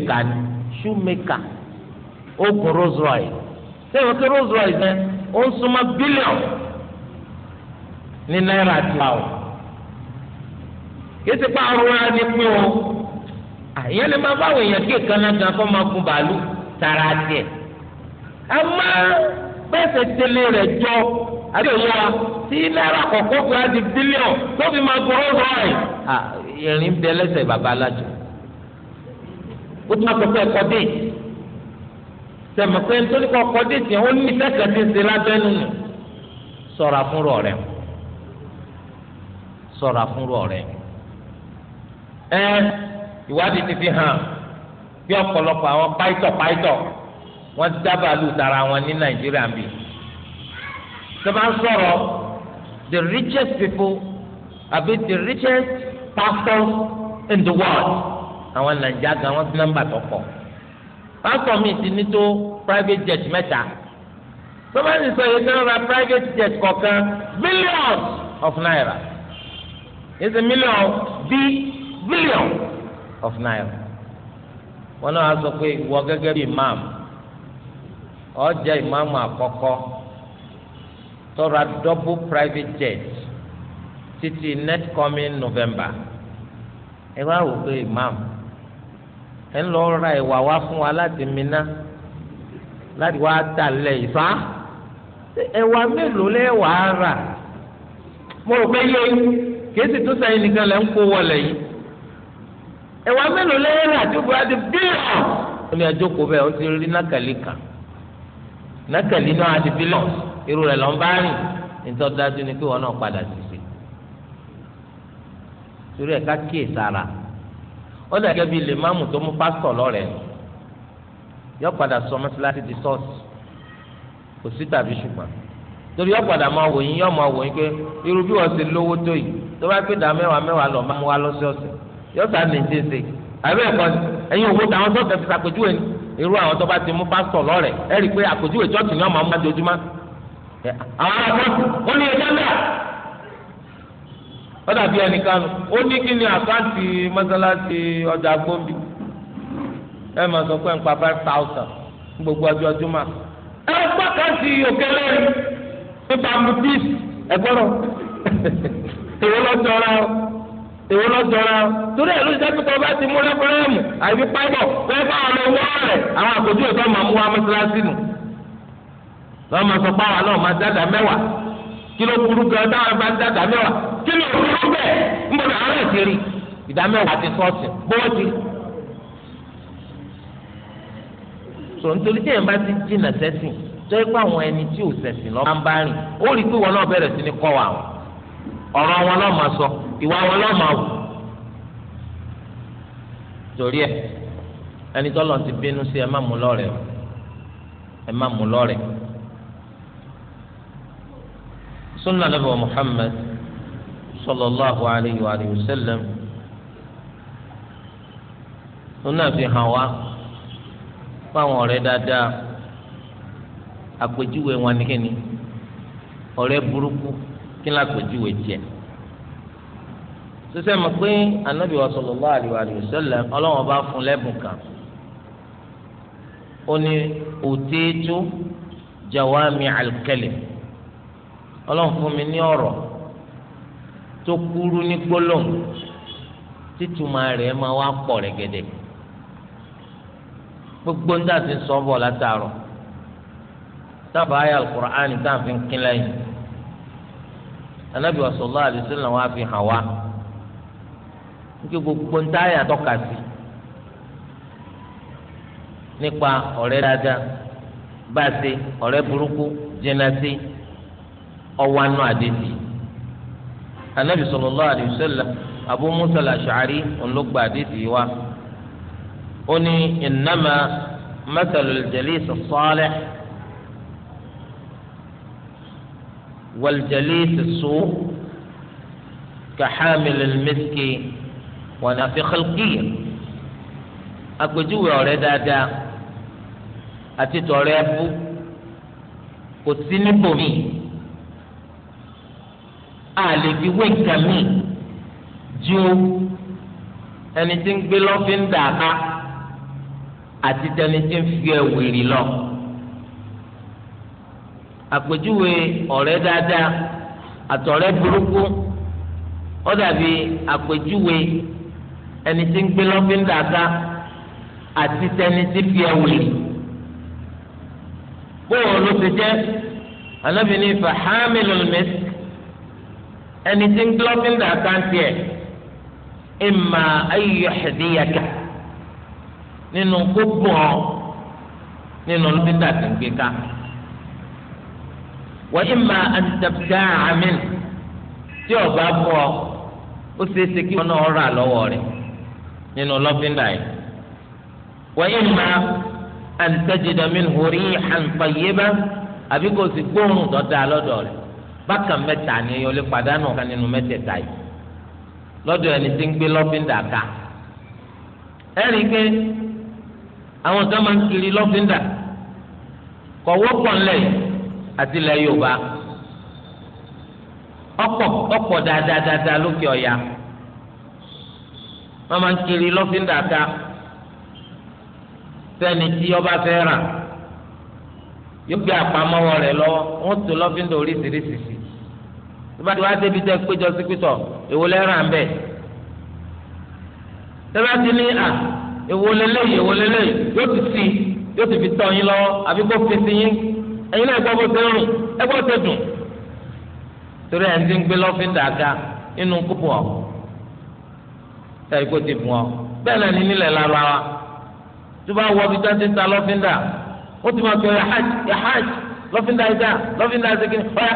shoemaker ó kún rose Royce sẹ́wọ̀n kí Rolls Royce yẹn ó ń súnmọ́ bílíọ̀n ní náírà ti pa ní pín o lè máa báwọn èèyàn kí tara tiẹ̀ àmọ́ bẹ́ẹ̀ sẹ́ tẹ́lẹ̀ rẹ̀ jọ àbí tí náírà kọ̀ọ̀kọ́ fi á di bílíọ̀n tó fi máa gbọ́ ọ́sọ́ rẹ̀. ìrìn bẹ lẹ́sẹ̀ bàbá alájọ ó tún sọ pé ẹ̀kọ́ dé sẹ̀mọ̀ pé nítorí kọ́ ọkọ̀ dé tiẹ̀ ó ní ìtẹ́kẹ̀ tí ń ṣe lábẹ́ nínú ṣọ́ra fúnrọ̀ rẹ̀ ṣọ́ra fúnrọ̀ rẹ̀ ẹ ìwádìí ti fi hàn bí ọ̀pọ̀lọpọ̀ àwọn páìtọ̀ páìtọ̀ wọ́n dábàá lù tara wọn ní nàìjíríà bíi tó the richest people àbí the richest pastor in the world àwọn nàìjíríà gan wọn ti nọ́mbà tó pọ̀ pastor mi ti ní tó private jet mẹ́ta sọmọdé sọ yìí kí wọn ra private jet kọ̀ọ̀kan billions of naira it's a million b billion of naira wọn náà wá sọ pé ìwọ gẹ́gẹ́ bí imam ọ jẹ́ imam àkọ́kọ́ tó ra double private jet títí next coming November ẹ wá wò pé imam ẹ ń lọ ra ìwà wá fún wa láti Mina láti wá dalẹ̀ ìfá ẹwà mélòó lẹ́wà á rà mo rò pé yé kéésì tó sẹ́yìn nìkan lẹ́ ń kó wọlé yìí ẹwà mélòó lẹ́yìn rà tó bá di bílíọ̀nù. ó ní ẹjọ́ kó bẹ́ẹ̀ ó ti rí nákàlí kan nákàlí náà á bílíọ̀nù irú rẹ̀ lọ́n bá rìn nítorí dájú ni pé wọn náà padà sí sí torí ẹ̀ ká kíyè sára ó dà gẹ́gẹ́ bí lè máàmù tó mú pásítọ̀ lọ́rẹ̀ẹ́ yọ padà sọ mọ́sálásí di sọ́ọ̀sì kò sí tàbí ṣùgbọ́n torí yọ padà máa wò yín yọ máa wò yín pé irú bí wọ́n ṣe lówó tó yìí tó bá pé dà mẹ́wàá mẹ́wàá lọ máa wá lọ́sọ̀ọ̀sẹ̀ yọ sá ní ṣe ṣe àbẹ́ ẹ̀kọ́ ẹ̀yin òwò táwọn sọ́ọ̀tẹ̀ fi ṣàpèjúwe ni irú àwọn tó bá ti mú pásítọ̀ lọ́rẹ̀ẹ́ ẹ̀ rí i pé àpèjúwe chọ́ọ̀tì ni wọ́n máa mú àwọn akọ́tù ó ní ẹja náà ó ní kí ni àkáǹtì mọ́sálásí ọjà gbòǹbì ẹ máa sọ pé five thousand gbogbo ọjọ́ jùmọ̀ ẹ gbọ́ àkáǹtì òkè lẹ́yìn ní bambú tíìs ẹ gbọ́dọ̀ èwo lọ́jọ́ ra ọ èwo lọ́jọ́ ra torí ẹ̀ ló ṣe pé ti mú lẹ́kọ̀ọ́ lẹ́mù lọ́wọ́ máa sọ pé àwọn aláwọ̀ máa dáadáa mẹ́wàá kí ló burú gan dáhùn máa dáadáa mẹ́wàá kí ló burú bẹ́ẹ̀ ń bọ̀ náà rẹ̀ kiri ìdá mẹ́wàá ti sọ́ọ̀tì bóòtì. sọ nítorí tí èèyàn bá ti jìnnà sẹ́sìn tó yẹ pé àwọn ẹni tí ò sẹ̀sìn lọ́ọ́ máa ń bá rìn ó rí i pé wọn náà bẹ̀rẹ̀ sí ní kọ́ wa àwọn ọ̀rọ̀ wọn náà máa sọ ìwà wọn náà máa wù. torí ẹ ẹni tọ́lọ́ ti bínú sí ẹ má mú lọ́rẹ̀ ẹ má mú lọ́rẹ̀ sunna nabi wa muhammad sallallahu alayhi wa وسلم. sunna fi hàn wá fáwọn ọ̀rẹ́ dáadáa àpèjúwe wọn ni kíni ọ̀rẹ́ burúkú kí ni àpèjúwe tiẹ̀ sísẹ́ mi pé anabi wa sallallahu alayhi wa sallam ọlọ́wọ́n bá fún lẹ́bùn kan ó ní òtítú jawami al ọlọ́run fún mi ní ọ̀rọ̀ tó kúrú ní gbólóhùn títúmọ̀ rẹ̀ máa wá pọ̀ rẹ̀gẹ̀dẹ̀ gbogbo ń dàtí sọ́bọ̀ látàrọ̀ tábà ayé tá a fi ń kín lẹ́yìn anabi wa fi hàn wá nígbà gbogbo ń táyà tọ́ka sí ọwọ́ anú àdéhì anabi sallallahu alayhi wa sallam abu musa al-ash'ari ọlọgba àdéhì wa ó ní innama mathalul jalis as-salih wal jalis as-su' ka hamil al-miski wa àpèjúwe ọ̀rẹ́ dáadáa àti tọ̀rẹ́ ẹ̀fú kò sí nípò a lè fi wé nǹkan míì ju ẹni tí ń gbé lọ́fíńdà ká àti tẹni tí ń fi ẹ̀wìrì lọ. àpèjúwe ọ̀rẹ́ dáadáa àtọ̀rẹ́ burúkú ó dàbí àpèjúwe ẹni tí ń gbé lọ́fíńdà ká àti tẹni tí ń fi ẹ̀wìrì. bóòlù ti jẹ́ anábìíní fàhámìlì mẹ́sì. ẹni tí ń gbọ́ fíńdà àkáǹtì ẹ̀ ìmà ayọ̀ ẹ̀dínyàkà nínú gbogbo ọ nínú fíńdà tí ń gbé ká wọ́n ìmà àtàbíkà àmín tí ọba ọ ó ṣeé ṣe kí wọn náà rà lọ́wọ́ rẹ̀ nínú lọ́fíńdà yìí wọ́n ìmà àtàjìdàmín hùrí àǹfàyébá àbí kò bákan mẹta ni èèyàn lè pàdánù ọ̀kan nínú mẹ́tẹ̀ẹ̀ta yìí lọ́dọ̀ ẹni tí ń gbé lọ́fíńdà ká pé àwọn máa ń kiri lọ́fíńdà kọ̀ wọ́pọ̀ ńlẹ̀ àti ilẹ̀ Yorùbá ọ̀pọ̀ ọ̀pọ̀ dáadáa lókè ọ̀yà máa ń kiri lọ́fíńdà ká tí ọba yóò gbé tó tọ́ba tí wàá débi tẹ́ péjọ sí pítọ̀ èwo lẹ́ràn án bẹ́ẹ̀ tọ́ba ti ní à èwo lélẹ́yìí èwo lélẹ́yìí yóò ti sí yóò ti fi tọ́ yín lọ́wọ́ àbí kó fi sí yín ẹ̀yin náà gbọ́ bó ṣe rìn ẹ gbọ́ ṣe dùn torí ẹ̀ ń ti ń gbé lọ́fíńdà ga nínú kúpù ọ̀ tàbí kó ti bùn ọ́ bẹ́ẹ̀ náà ní nílẹ̀ lára wa tó bá wọ ibi tó ń ti ta lọ́fíńdà ó ti máa sọ yahaj yahaj lọ́fíńdà ìdá lọ́fíńdà ìdá kìíní ọ̀yà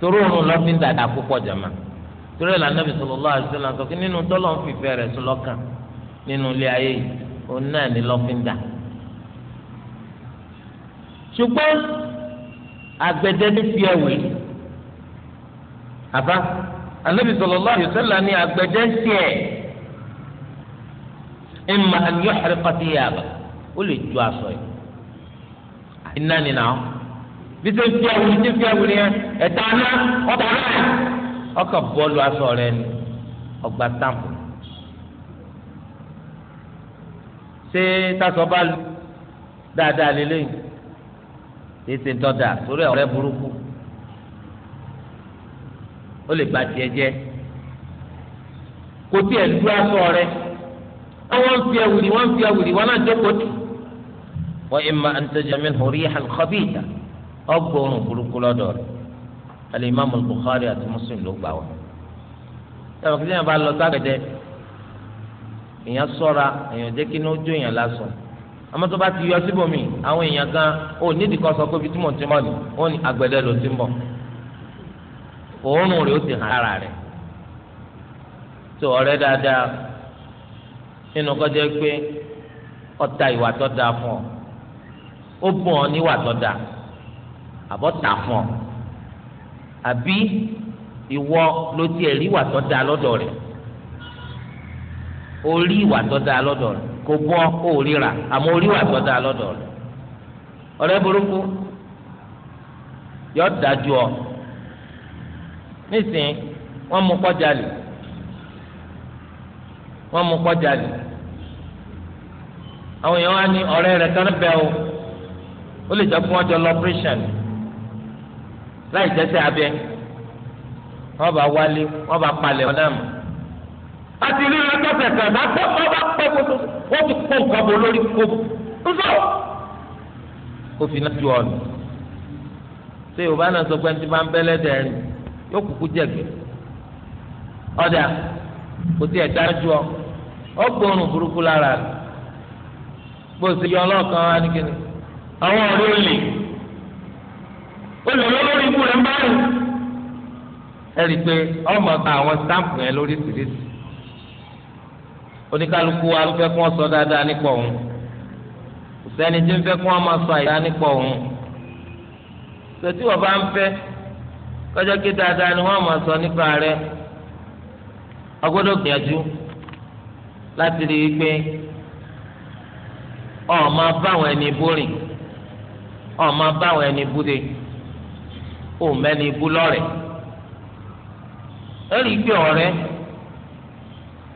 torí òun lọ fi ń dàda púpọ̀ jàmá torí ẹ̀ lànà bisọ̀ lọ́wọ́ àdìsọ́lá sọ pé nínú tọ́lọ́ ń fìfẹ́ rẹ̀ sọ lọ́kàn nínú ilé ayé yìí òun náà ní lọ́fíńdà. ṣùgbọ́n àgbẹ̀dẹ ní fi ẹ̀wẹ̀ àbá Ànábì sallallahu alaihi wasallam ní àgbẹ̀dẹ sí ẹ̀ imma an yuhriqa thiyaba ó lè ju aṣọ yìí iná nínú àwọn bí ṣe ń fi ẹwù ní fi ẹwù ní ẹ ẹ̀ta ná ọ̀tá rẹ̀ ọkọ̀ bọ́ọ̀lù aṣọ rẹ̀ ni ọgbà táàpù ṣé tásọ bá lu dáadáa lélẹ́yìn ètè ńtọ́dà torí ọ̀rẹ́ burúkú ó lè ba tiẹ̀ jẹ́ kò tiẹ̀ lu aṣọ rẹ̀ wọ́n ń fi ẹwù ní wọ́n ń fi ẹwù ní wọ́n náà jókòó tù wọ́n ìmọ̀ àǹtẹ̀jẹ̀mí hùrí hàn kọ́bí ìta ọgbọrun burúkú lọ́dọ̀ rẹ̀ alimami Bukhari àti Muslim ló gbà wá ẹ̀rọ kìí yẹn bá lọ sábẹ̀dẹ èèyàn sọ́ra èèyàn jẹ́ kí ní ó jó èèyàn lásán àmọ́ tó bá ti yọ síbòmí àwọn èèyàn gan ò nídìí kan sọ pé ibi tí mò ni ó ní agbẹ̀dẹ ló ti ń bọ̀ òórùn rẹ̀ ó ti hàn ara rẹ̀ tó ọ̀rẹ́ dáadáa nínú kọjá pé ọta ìwà tó dáa fún ọ ó bùn ọ níwà tó dáa àbọ̀ tà fún ọ àbí ìwọ ló tiẹ̀ rí ìwà tó dáa lọ́dọ̀ rẹ̀ o rí ìwà tó dáa lọ́dọ̀ rẹ̀ kò bọ́ kó o ríra àmọ́ o rí ìwà tó dáa lọ́dọ̀ rẹ̀ ọ̀rẹ́ burúkú yọ dájú ọ nísìnyí wọ́n mú kọjá lè wọ́n mú kọjá lè àwọn èèyàn wá ní ọ̀rẹ́ rẹ̀ kan bẹ́ẹ̀ o ó lè jẹ́ fún ọjọ́ lọ́pẹ́rẹ́sàn ni láì tẹ́sẹ̀ abẹ wọ́n bá wálé wọ́n bá palẹ̀ wọn náà mọ̀. àti ilé lọ́tọ̀ọ̀tẹ̀ kan látọ̀ wọ́n bá pẹ́ kótó wọ́n ti kó nǹkan bọ̀ lórí kó nsọ́ kó fi náà ju ọ̀nà. ṣé yorùbá náà sọ pé ní ti ọ ọgbọ̀nrún burúkú lára rẹ̀ gbòòsì yọ ọlọ́ọ̀kan wá ní kíni àwọn ọ̀rẹ́ olùlọ́lọ́rí ikú rẹ̀ ń bá rìn. ẹ rí i pé ọmọ gba àwọn sáǹpù yẹn lórí sírísì oníkálukú wa ló fẹ́ kí wọ́n sọ dáadáa nípa òun sẹ́ni tí ń fẹ́ kí wọ́n máa sọ àyíká nípa òun sọtí wọ́n bá ń fẹ́ kọjá kí dáadáa ni wọ́n máa sọ nípa rẹ̀ ọgbọ́dọ̀ gbìyànjú láti rí i pé ọ̀ máa báwọn ẹni bórìn ọ̀ máa báwọn ẹni búde. kó o mẹ́ni ibú lọ́rẹ̀ ẹ̀rí gbé ọ̀rẹ́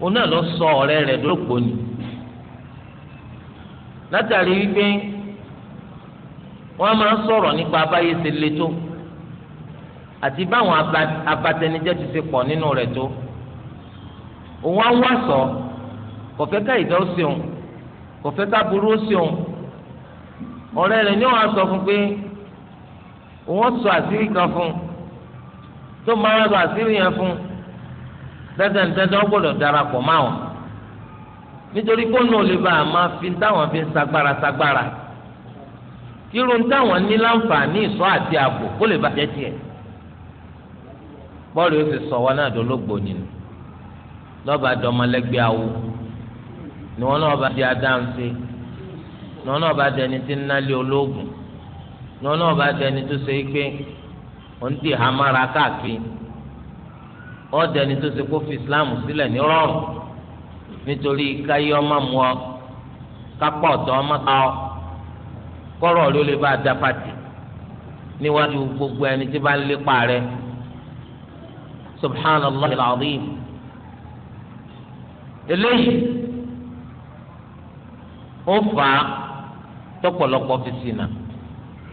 o náà lọ sọ ọ̀rẹ́ rẹ̀ dọ́gbò ni látàrí wípé wọ́n máa ń sọ̀rọ̀ nípa abáyé ṣe le tó àti báwọn abatẹnijẹ́ ti ṣe pọ̀ nínú rẹ̀ tó òun á wá sọ kọ̀fẹ́ ká ìdá ó ṣeun kọ̀fẹ́ ká burú ó ṣeun ọrẹ rẹ ni wọ́n á sọ fún pé. wọ́n sọ àṣírí kan fún un tó máa sọ àṣírí yẹn fún un dandan dandan wọ́n gbọ́dọ̀ darapọ̀ mọ́ àwọn nítorí kó nù lè bá a máa fi táwọn fi ń sagbára sagbára irun táwọn ní láǹfààní ìsọ àti ààbò kó lè bàjẹ́ tiẹ̀ bọ́ọ̀lù yóò ti sọ wọn náà dológbò nínú lọ́ba dọmọlẹ́gbẹ́ awo ni wọn náà bá di adáhùn sí ni wọn náà bá dẹni tí ń nálé ológun ní ọlọ́run bá dẹni tó ṣe pé òun ti hamara káàkiri ọ dẹni tó ṣe kó fi islam sílẹ̀ ní rọrùn nítorí káyé ọmọ mu ọ kápá ọ̀tọ̀ ọmọ ká ọ kọ́rọ̀ ló lè bá a dá níwájú gbogbo ẹni tí bá lépa rẹ subhanallah al-azim eléyìí ó fà á fi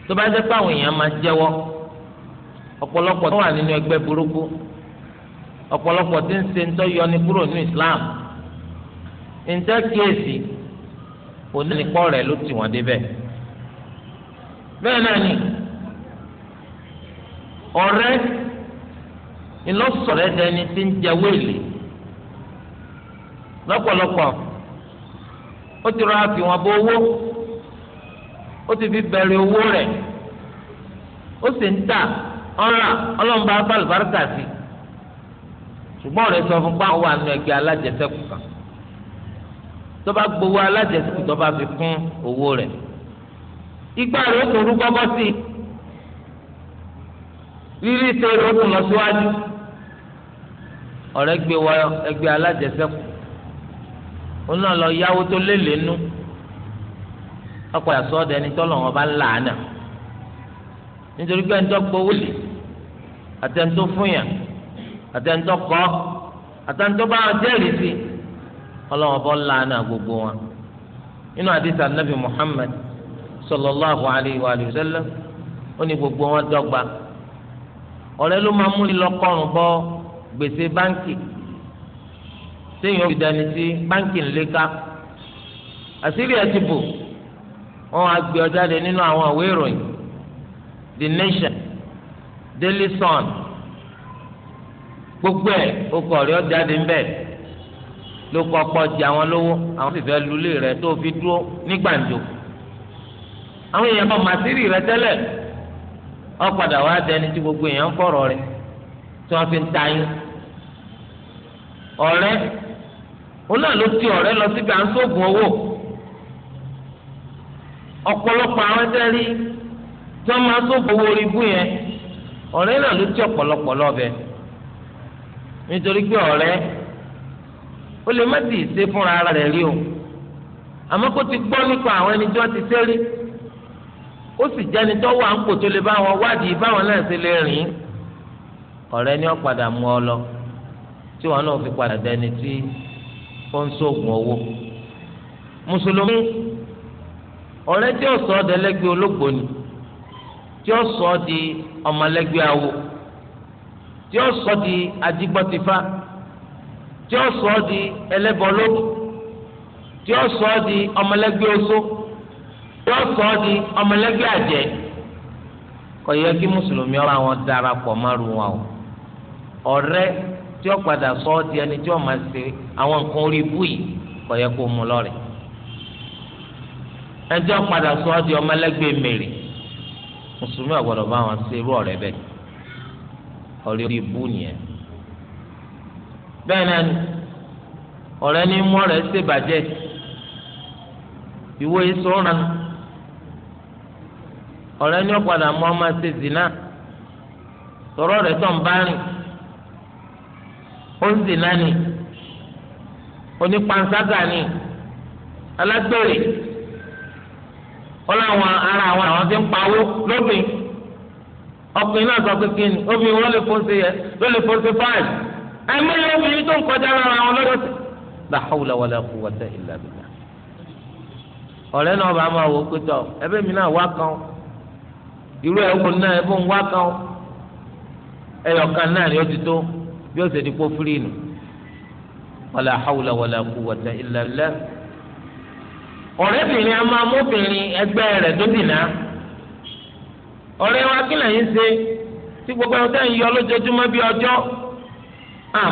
tó bá jẹ́ pé àwọn èèyàn máa jẹ́wọ́ ọ̀pọ̀lọpọ̀ tó wà nínú ẹgbẹ́ burúkú ọ̀pọ̀lọpọ̀ tí ń ṣe ń tọ́yọ ni kúrò ní Islam ǹjẹ́ kíyèsí onílẹ̀kọ́ rẹ̀ ló tì wọ́n débẹ̀ bẹ́ẹ̀ náà ni ọ̀rẹ́ ìlọsọ̀rẹ́ dẹni tí ń jẹ wéèlì lọ́pọ̀lọpọ̀ ó ti rọra fi wọn bọ owó ó ti fi bẹ̀rẹ̀ owó rẹ̀ ó sì ń tà ọ̀rà ọlọ́mọba abálùbáríkà sí ṣùgbọ́n rẹ̀ sọ fún báwọn wà nínú ẹgbẹ́ alájẹsẹ́kù kan tó bá gbowó alájẹsẹ́kù tó bá fi kún owó rẹ̀ igbá rẹ̀ ó tún rú gbọ́gbọ́ sí i rírí ìṣe ó tún lọ síwájú ọ̀rẹ́ gbé wọ ẹgbẹ́ alájẹsẹ́kù ó náà lọ yáwó tó lélẹ̀ ọkọ̀yà sọ́ọ̀dọ̀ ẹni tọ́lọ̀ wọn bá làánà nítorí pé ẹni tó gbowó lè àtẹni tó fún yàn àtẹni tó kọ́ àtẹni tó bá wọn jẹ́rìí sí ọlọ́wọ́n bọ́ làánà gbogbo wọn nínú àdìsá nàbì Muhammad sallallahu alayhi wa sallam ó ní gbogbo wọn dọ́gba ọ̀rẹ́ ló máa mú lílọ́kọ́rùn bọ́ gbèsè báńkì téèyàn fi dání sí báńkì ńlẹ́ka àṣírí ẹ̀ ti bò wọn á gbé ọ jáde nínú àwọn àwé ìròyìn the nation daily sun gbogbo ẹ o kọ ọrẹ ọ jáde ń bẹ ló kọ pọ jẹ àwọn lówó àwọn sì fẹ́ lulẹ rẹ tó fi dúró ní gbàǹjo àwọn èèyàn bá màsírì rẹ tẹ́lẹ̀ ọ padà wá dẹni tí gbogbo èèyàn ń fọ̀rọ̀ rẹ tí wọ́n fi ń ta yín ọ̀rẹ́ òun náà ló ti ọ̀rẹ́ lọ síbi à ń sóògùn owó. ọ̀pọ̀lọpọ̀ àwọn tẹ́lí tí wọ́n máa sófo orí ibú yẹn ọ̀rẹ́ náà ló tí ọ̀pọ̀lọpọ̀ lọ́bẹ̀ nítorí pé ọ̀rẹ́ ó lè má ti ṣe fúnra ara rẹ̀ rí o àmọ́ kó ti gbọ́ nípa àwọn ẹni tí ti sẹ́rí ó sì jẹ́ni tó wà ń kò tó lè bá wọn wádìí báwọn náà ṣe lè rìn ọ̀rẹ́ ni ó padà mú ọ lọ tí wọn náà fi padà dẹni tí ó ń mùsùlùmí ọ̀rẹ́ tí ó sọ ọ́ dẹlẹ́gbẹ́ ológbò ni tí ó sọ ọ́ di ọmọlẹ́gbẹ́ awo tí ó sọ ọ́ di adigbọ́tifá tí ó sọ ọ́ di ẹlẹ́bọ̀lógún tí ó sọ ọ́ di ọmọlẹ́gbẹ́ oṣó tí ó sọ ọ́ di ọmọlẹ́gbẹ́ àjẹ́ kò yẹ kí mùsùlùmí ọ̀rọ̀ àwọn darapọ̀ márùn wọn o ọ̀rẹ́ tí ó padà sọ ọ́ di ẹni tí ó máa ṣe àwọn nǹkan orí ibú yìí kò kó mú lọ́rẹ̀ẹ́ ẹjọ́ padà sọ ọ́ di ọmọlẹ́gbẹ̀ẹ́ mèrè mùsùlùmí ọ̀gbọ́dọ̀ bá wọn ṣe irú ọ̀rẹ́ bẹ́ẹ̀ ọ̀rẹ́ orí ibú nìyẹn bẹ́ẹ̀ náà ọ̀rẹ́ ní mú ọ̀rẹ́ ṣèbàjẹ́ ìwé ìṣọ́ra ọ̀rẹ́ ní ọ̀padà mú ọmọ ṣe zina tọ̀rọ̀ rẹ̀ tọ̀ ń bá rìn ó ń zina ni onípanṣágà ni alágbèrè ọlọ́wọ́n ara àwọn àwọn ti ń pawó lóbìn ọkùnrin náà sọ pé kí ni obìnrin wọn lè fọ́n ṣe yẹ ló lè fọ́n ṣe fáìn ẹ̀mí yóò obìnrin tó ń kọjá lára àwọn lọ́dọ̀tì. la hawla wala quwwata illa billah. ọ̀rẹ́ náà bá máa wò pé tọ́ ẹbẹ́ mi náà wá kan irú ẹ̀kún náà ẹ̀bùn ń wá kan ẹ̀yọ̀kan náà ni ó ti tó bí ó ṣe ti kó fúlíìnù. wala hawla wala quwwata illa billah. ọ̀rẹ́bìnrin a máa mọ́bìnrin ẹgbẹ́ rẹ̀ tó dìnnà ọ̀rẹ́ wa kí lẹ́yìn ṣe tí gbogbo ẹ̀rọ tẹ́ ń yọ lójoojúmọ́ bíi ọjọ́ kan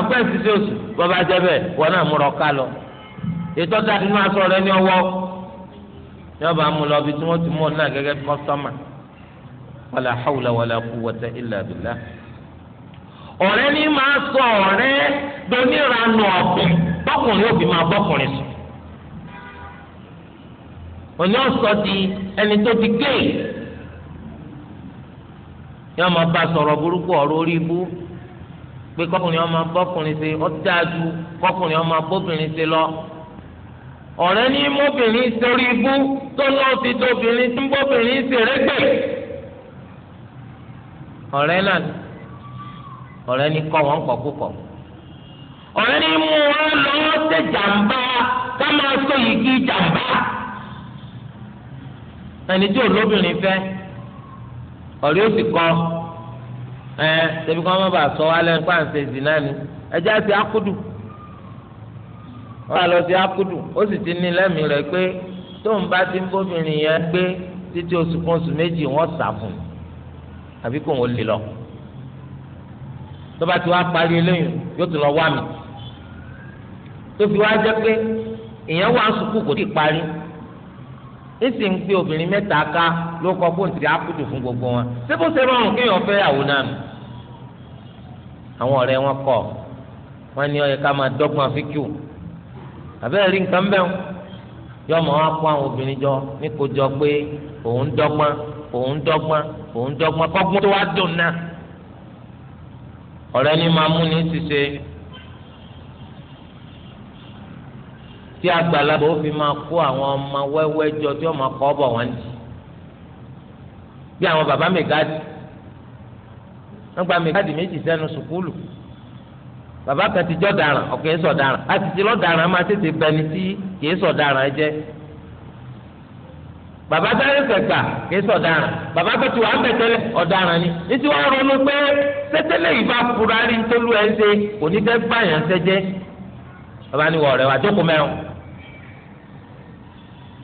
oṣù wọn náà múra lọ ètò ọjà rẹ ní ọwọ́ mú lọ bí tí wọ́n ti mú ọ náà gẹ́gẹ́ bí kọ́sọ́mà wàlà ọ̀rẹ́ ni máa sọ ọ̀rẹ́ bọ́kùnrin òbí máa bọ́kùnrin sùn. òní ọsọ di ẹni tó ti gé yọọ máa bá sọ̀rọ̀ burúkú ọ̀rọ̀ orí ibú pé kọkùnrin ọmọ bọkùnrin ṣe ó dáadu kọkùnrin ọmọ bóbìnrin ṣe lọ ọ̀rẹ́ ní mọ́bìnrin sórí ibú tó lọ fi tóbìnrin tí mọ́bìnrin ṣe rẹ́gbẹ̀ ọ̀rẹ́ náà ọ̀rẹ́ ní kọ́ wọn kọ́ púpọ̀ ọ̀rẹ́ ní mú wọn lọ́wọ́ tẹ jàǹbá ká máa sọ yìí kí jàǹbá ẹni tí olóbìnrin fẹ́ ọ̀rẹ́ ó sì ẹ tẹ̀bí kọ́ má bàa sọ wá lẹ́nu pàǹsẹ̀ ìdìnnà ni ẹjẹ́ àti akudu wọ́n lọ sí akudu ó sì ti ní lẹ́mìí rẹ̀ pé tóun bá ti ń bóbìnrin yẹn gbé títí oṣù kan oṣù méjì wọ́n sà fún un àbí kò ń lè lọ tó bá ti wá parí eléyìí yóò tún lọ wá mi tó fi wá jẹ́ pé ìyẹn wà sùkúù kò tí ì parí èsì ń gbé obìnrin mẹ́ta ká ló kọ bóun ti akutu fún gbogbo wọn ṣé bó ṣe rọrùn kéèyàn fẹ́ yàwó náà nù. àwọn ọ̀rẹ́ wọn kọ̀ wọ́n ní ó yẹ ká máa dọ́gbọ́n fíkìú àbẹ́rẹ́ rí nǹkan bẹ́ẹ̀ yọ ọmọ wa kó àwọn obìnrin jọ ní kó jọ pé òun dọ́gbọ́n òun dọ́gbọ́n òun dọ́gbọ́n kọ́gbọ́n tó wá dùn náà ọ̀rẹ́ ni máa mú ní ṣiṣẹ́ tí àgbàlagbà ó fi máa kó àwọn ọmọ wẹ́wẹ́ jọ tí wọ́n máa kọ́ bọ̀ wọ́n di bí àwọn bàbá mẹ́gáàdì wọ́n gba mẹ́gáàdì méjì sẹ́nu sùkúlù bàbá kan ti jọ dáràn ọ̀kẹ́ sọ̀ dáràn àtìtì lọ́ máa tètè bẹni tí kìí sọ̀ jẹ́ bàbá fẹ̀gbà kìí sọ̀ bàbá ti wà mẹ́tẹ́lẹ̀ ọ̀daràn ni títí wọ́n ronú pé tẹ́tẹ́lẹ̀ yìí bá ẹ̀ ṣe kò ní fẹ́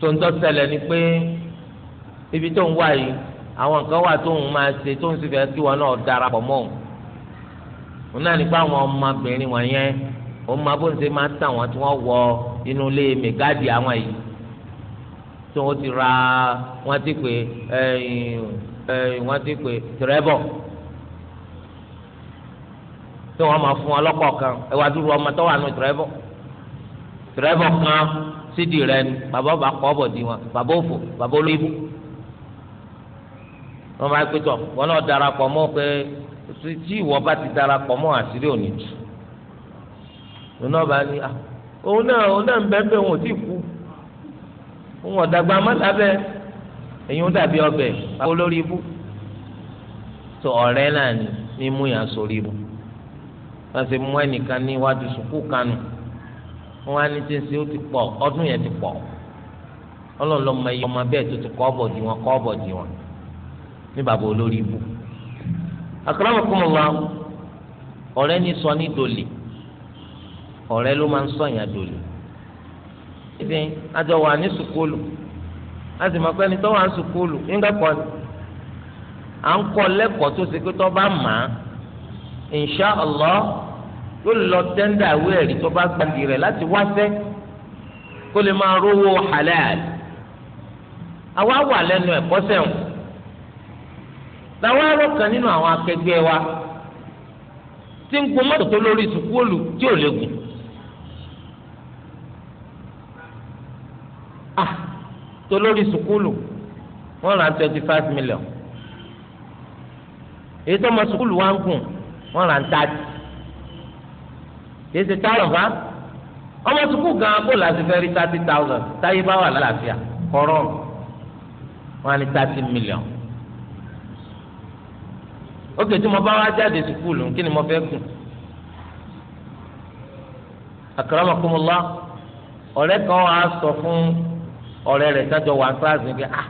tó ń tọ́ ṣẹlẹ̀ ni pé ibi tó ń wá yìí àwọn nǹkan wà tó ń máa ṣe tó ń sì fẹ́ kí wọn náà darapọ̀ mọ́ òun náà nípa àwọn ọmọbìnrin wọn yẹn òun máa bó ń ṣe máa tàn wọn tí wọ́n wọ inú ilé mẹgáàdì àwọn yìí tó wọ́n ti ra wọ́n ti pè eh, eh, wọ́n ti pè tìrẹ́bọ̀ tí wọ́n máa fún ọlọ́kọ̀ kan ẹ̀wà dúró ọmọ tó wà nù tìrẹ́bọ̀ tìrẹ́bọ̀ kan sídìí rẹ ni bàbá ọba kọ́ ọ̀bọ̀ di wọn bàbá òfò bàbá olóyìnbó wọn máa pé tọ wọn náà darapọ̀ mọ́ pé tí ìwọ bá ti darapọ̀ mọ́ àṣírí òní tù lónà ọba ni ah, òun náà òun náà ń bẹ́ẹ̀ bẹ́ẹ̀ wọn ò tí ì kú wọn ọ̀dàgbà má lábẹ́ ẹ̀yin ó dàbí ọbẹ̀ báwo lórí tó ọ̀rẹ́ náà ni mímú yàn sórí ibú wọ́n ti mú ẹnìkan níwájú sùkúù kanu wọn á ní tí ń ṣe ó ti pọ̀ ọdún yẹn ti pọ̀ Ọlọ́run ló mọ iye ọmọ bẹ́ẹ̀ tó ti kọ ọbọ di wọn kọ ọbọ di wọn ní bàbá olórí ibù akramakumullah ọ̀rẹ́ ní sọ ní dòlè ọ̀rẹ́ ló máa ń sọ yẹn dòlè ibi àjọ wà ní sùkúlù a sì mọ̀ pé ẹni tó wà ní nígbà kan à ń kọ́ lẹ́kọ̀ọ́ tó ṣe pé tó bá mà á insha Allah yóò lọ tẹ́ńdà ìwé ẹ̀rí tó bá gbàdì rẹ̀ láti wáṣẹ́ kó lè máa rówó halal àwa wà lẹ́nu ẹ̀kọ́ sẹ́wọ̀n làwọn arọ kan nínú àwọn akẹgbẹ́ wa ti ń gbọ́ mọ́tò tó lórí sùkúlù tí ò lè gùn. Ah, tó lórí sùkúlù wọ́n ra twenty five million èyí tó mọ sùkúlù wá ń gùn wọ́n ra thirty kìí ṣe táyọ̀ ọmọ sukùl gan kó láti fẹ́ rí thirty thousand táyé bá wà lálàáfíà kọ́rọ́ wọn thirty million ó kè tí mo bá wá jáde sukùl kí ni mo fẹ́ kù akramakumullah ọ̀rẹ́ kan wàá sọ fún ọ̀rẹ́ rẹ̀ sájọ wà kíláàsì pé ah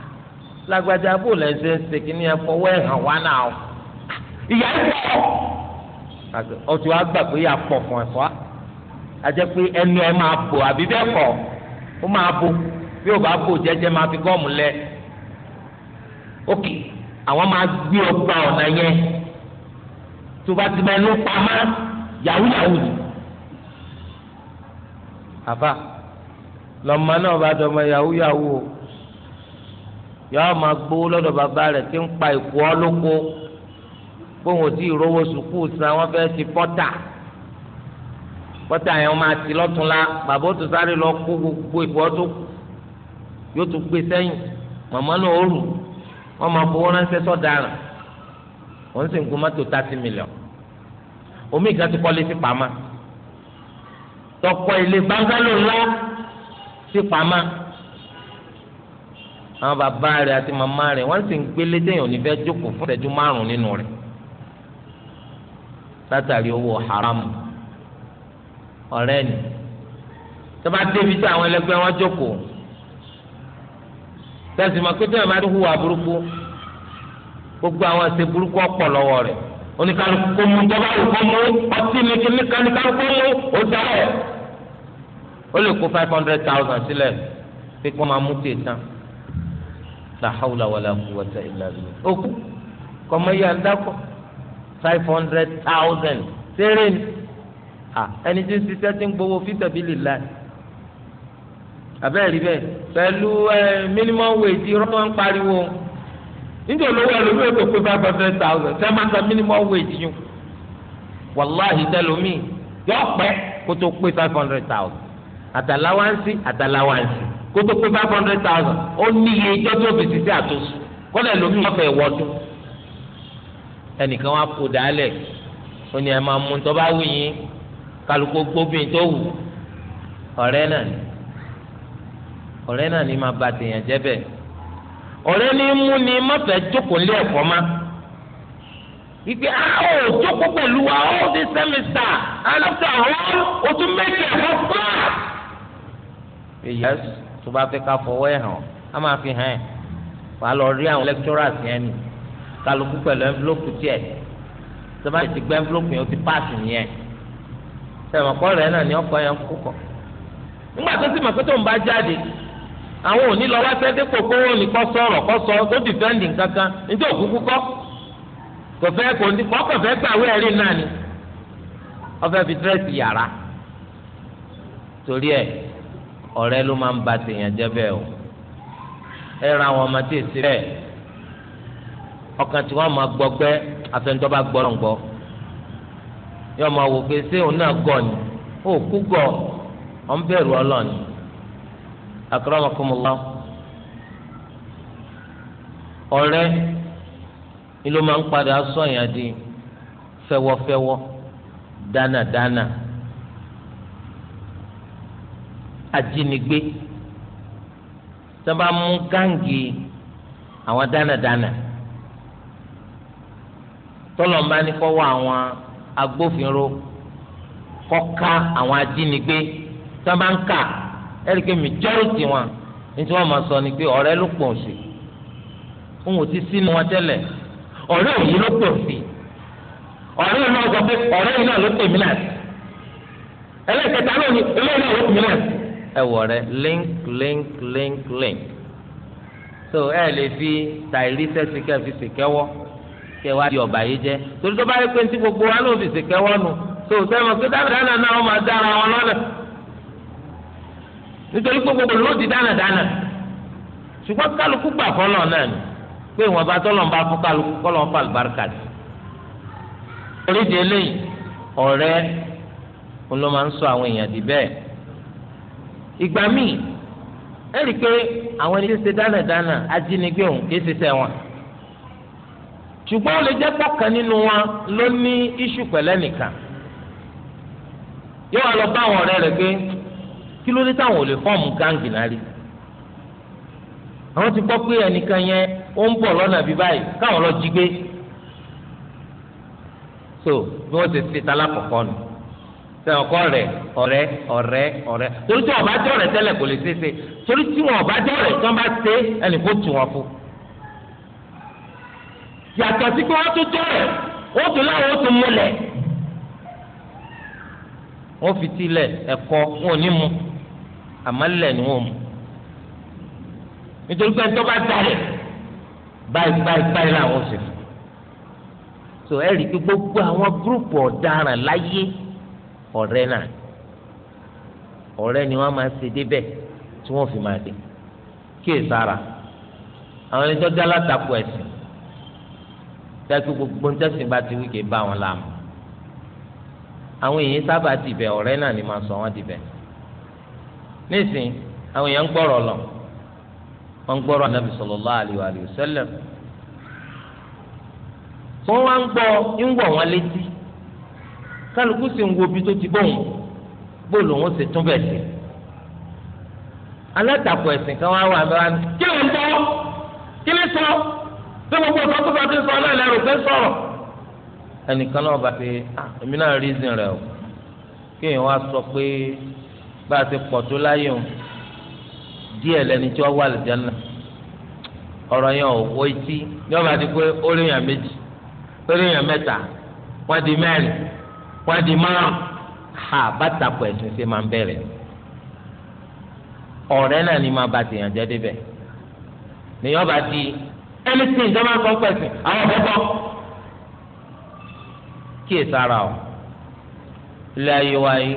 lágbájá bó lẹ́sẹ̀ ṣe kí ni ẹ fọwọ́ ẹ̀ hàn wá náà ọtún wa gbà pé yà pọ̀ fún ẹ̀fọ́ àti pé ẹnu ẹ máa bò àbí bẹ́ẹ̀ kọ́ ó máa bò bí ó bá bò jẹ́jẹ́ máa fi gọ́ọ̀mù lẹ ókè àwọn máa gbé ọgbà ọ̀nà yẹn tó bá ti mẹnu pamọ́ yahoo yahoo ni àbá lọ́mọ náà bá dọ́mọ yahoo yahoo yọọ máa gbowó lọ́dọ̀ bàbá rẹ̀ tí ń pa ìkú ọ lóko bóun ò tí ì rówó sùkúù san wọ́n fẹ́ẹ́ ti pọ́tà pọ́tà yẹn wọ́n máa ti lọ́túnla bàbá ó tún sáré lọ kó gbogbo ìbọn tó yóò tún gbé sẹ́yìn màmá náà ó rù wọ́n máa fowó ránṣẹ́ sọ́daràn wọ́n sì ń gun mọ́tò thirty million omi ìgbà tí kọ́lé sí pamá tọkọ ilé bangalo lọ sí pamá àwọn bàbá rẹ̀ àti màmá rẹ̀ wọ́n sì ń gbélé téèyàn níbẹ̀ jókòó fún ìṣẹ́jú márùn nínú rẹ̀ látàrí owó haram ọ̀rẹ́ ni tọ́ba débi tí àwọn ẹlẹgbẹ́ wọn jókòó tẹ̀sí ma pété ẹ̀ma tó hùwà burúkú gbogbo àwọn ẹsẹ̀ burúkú ọ̀pọ̀ lọ́wọ́ rẹ̀ oníkálukú kó mú tọ́ba rẹ̀ kó mú ọtí ní kíní káníkálukú kó mú ó dáwọ̀ ó lè kó five hundred thousand sílẹ̀ pé kó máa mú tè tán la hawla wala quwwata illa billah ó kú ń dákọ̀ five hundred thousand sẹ́rẹ̀ ni ẹni tí ń ṣiṣẹ́ ti ń gbowó fítàbílì láì abẹ́rẹ́ bẹ́ẹ̀ pẹ̀lú minimum wage rọ́mọ́ ń pariwo níbi olówó ẹlòmíì ètò pé five hundred thousand ṣe máa ta minimum wage yun wàláhì tẹlomi yọ pẹ́ kó tó pé five hundred thousand àtàláwáǹsì àtàláwáǹsì kó tó pé five hundred thousand ó níye ìjọ́jú òfìsì sí àtúnṣe kọ́lẹ̀ lómi ọ̀fẹ́ ìwọ́dún ẹnìkan wá kó dálẹ̀ ó ní ẹ máa mú tó bá wù yín kálukó gbóbìn tó wù ọ̀rẹ́ náà ni ọ̀rẹ́ náà ni máa ba tèèyàn jẹ́ bẹ́ẹ̀ ọ̀rẹ́ ni mú ni má fẹ́ jókòó lé ẹ̀kọ́ má ìgbé àwọn òjókòó pẹ̀lú wa all this semester and after all o tún méjì ẹ̀kọ́ fún wa. èyí tó bá fẹ́ ká fọwọ́ ẹ̀ hàn á máa fi hàn ẹ̀ wàá lọ rí àwọn lecturers yẹn nìyí kálukú pẹ̀lú ẹnfúlópù tiẹ̀ sọba ti gbẹ ẹnfúlópù yẹn o ti paasi nìyẹn sẹ̀wọ̀n kọ́ rẹ̀ náà ni ọkọ̀ yẹn kú kọ́ nígbà tó ti mọ̀ pé tó ń bá jáde àwọn òní lọ wá sẹ́dẹ́ kókó wọn ni kọ́ sọ̀rọ̀ kọ́ sọ tó dìfẹ́ǹdì kankan níta òkúkú kọ́ kò fẹ́ kò ní kọ́ kò fẹ́ gbàwé ẹ̀rí náà ni ọfẹ́ fi dírẹ́sì yàrá torí ẹ̀ ọ̀rẹ́ ló máa ń ba tèèyàn jẹ́ bẹ́ẹ̀ o ẹ ra àwọn ọmọ tí èsì bẹ́ẹ̀ ọkàn tí wọ́n máa gbọgbẹ́ àfẹnudọ́ba gbọ́rọ̀ gbọ́ yóò máa wò pé ṣé òun náà gọ̀ ni ó kú gọ̀ ọ̀ ń bẹ̀rù ọlọ́ọ̀ni akramakumullah ọ̀rẹ́ ni ló máa ń padà sọ̀yìn àdí fẹ́wọ́fẹ́wọ́ dánàdánà ajínigbé tí wọ́n bá mú gáǹgì àwọn dánàdánà. Dana tọ́lọ̀ ń bá ní kọ́wọ́ àwọn agbófinró kọ́ka àwọn ajínigbé tó bá ń kà ẹ̀rí pé majority wọn ní tí wọ́n máa sọ ni pé ọ̀rẹ́ ló pọ̀ sí i òun ò ti sínú wọn tẹ́lẹ̀ ọ̀rẹ́ òyìn ló pọ̀ sí i yìí náà sọ pé ọ̀rẹ́ yìí náà ló pè mí náà sí ẹlẹ́kẹta náà ni eléyìí náà ló pè mí náà sí. ẹ rẹ link link link link so ẹ lè fi tàìrí sẹ́sìkẹ́ fi sèkẹ́wọ́ kẹwàá di ọba yìí jẹ torí tó bá yẹ pé ní ti gbogbo wa ló fi ṣe kẹwàá nù tó sẹ́wọ̀n pé dánadáná náà wọ́n máa dára wọn lọ́nà nítorí pé gbogbo ló di dánadáná ṣùgbọ́n kálukú gbà fọlọ́ náà ni pé ìwọ̀n bá tọ́lọ̀ ń bá fún kálukú kọ́lọ́ ń fa àlùbáríkà sí. eléyìí ọ̀rẹ́ ló máa ń sọ àwọn èèyàn di bẹ́ẹ̀ ìgbà míì ẹ̀rí pé àwọn ẹni tí ń ṣe ajínigbé òun kì í ṣiṣẹ́ wọn ṣùgbọ́n ó lè jẹ́ pọ̀kan nínú wa ló ní iṣu pẹ̀lẹ́ nìkan yóò wá lọ bá àwọn ọ̀rẹ́ rẹ̀ pé kí ló dé táwọn ò lè fọ́ọ̀mù gáǹgì náà rí àwọn ti gbọ́ pé ẹnìkan yẹn ó ń bọ̀ lọ́nà bí báyìí káwọn lọ jí gbé so bí wọ́n ti ṣe tala kọ̀kọ́ nù sẹ ọkọ rẹ ọ̀rẹ́ ọ̀rẹ́ ọ̀rẹ́ torí tí wọn bá jọ̀rẹ́ tẹ́lẹ̀ kò lè ṣeé ṣe torí tí wọn bá jọ̀rẹ́ tí wọn bá ṣe ẹnì kó tù wọn fún un yàtọ̀ sí pé wọ́n tún tó rẹ̀ ó tún láwọn ó tún múlẹ̀ wọ́n fi tilẹ̀ ẹ̀kọ́ wọn ò ní mu àmọ́ lẹ̀ ni wọ́n mu nítorí pé tó bá dalẹ̀ báyìí báyìí báyìí làwọn sì fún so ẹ rí i pé gbogbo àwọn gúrùpù ọ̀daràn láyé ọ̀rẹ́ náà ọ̀rẹ́ ni wọ́n máa ṣe débẹ̀ tí wọ́n fi máa dé kí èsì ara àwọn ẹni tó dá látakò ẹ̀sìn tẹ́kí gbogbo ntẹ́sìn bá ti wíkẹ́ bá wọn láàmú àwọn èèyàn sábà ti bẹ̀ ọ̀rẹ́ náà ni máa sọ wọ́n ti bẹ̀ nísìn àwọn èèyàn ń gbọ́rọ̀ lọ wọ́n ń gbọ́rọ̀ anabi sallallahu alaihi wa sallam wọ́n wá ń gbọ́ ń wọ̀ wọn létí kálukú sì ń wo ibi tó ti bóun bóòlù òun sì tún bẹ̀ sí alátakò ẹ̀sìn kan wá wà bẹ́ẹ̀ kí ló ń bọ́ kí ló sọ tí gbogbo ọ̀sán tó bá ti sọ náà lẹ́rù pé sọ̀rọ̀ ẹnìkan náà bá ti ah, èmi náà rí ìsìn rẹ̀ o kí èèyàn wá sọ pé bá a ti pọ̀ tó láyé o díẹ̀ lẹni tí wọ́n wà lìjánà ọ̀rọ̀ yẹn ò wọ etí ní ọba ti pé ó rí èèyàn méjì ó rí èèyàn mẹ́ta wọ́n di mẹ́rin wọ́n di márùn ha bàtà pọ̀ ẹ̀sìn ṣe máa ń bẹ̀rẹ̀ ọ̀rẹ́ náà ni máa bá tèèyàn jẹ́ débẹ̀ ní ọba ti anything tó máa ń sọ pẹ̀sìn àwọn ọ̀fẹ́ bọ́. kíyè sára o ilé ayé wa yìí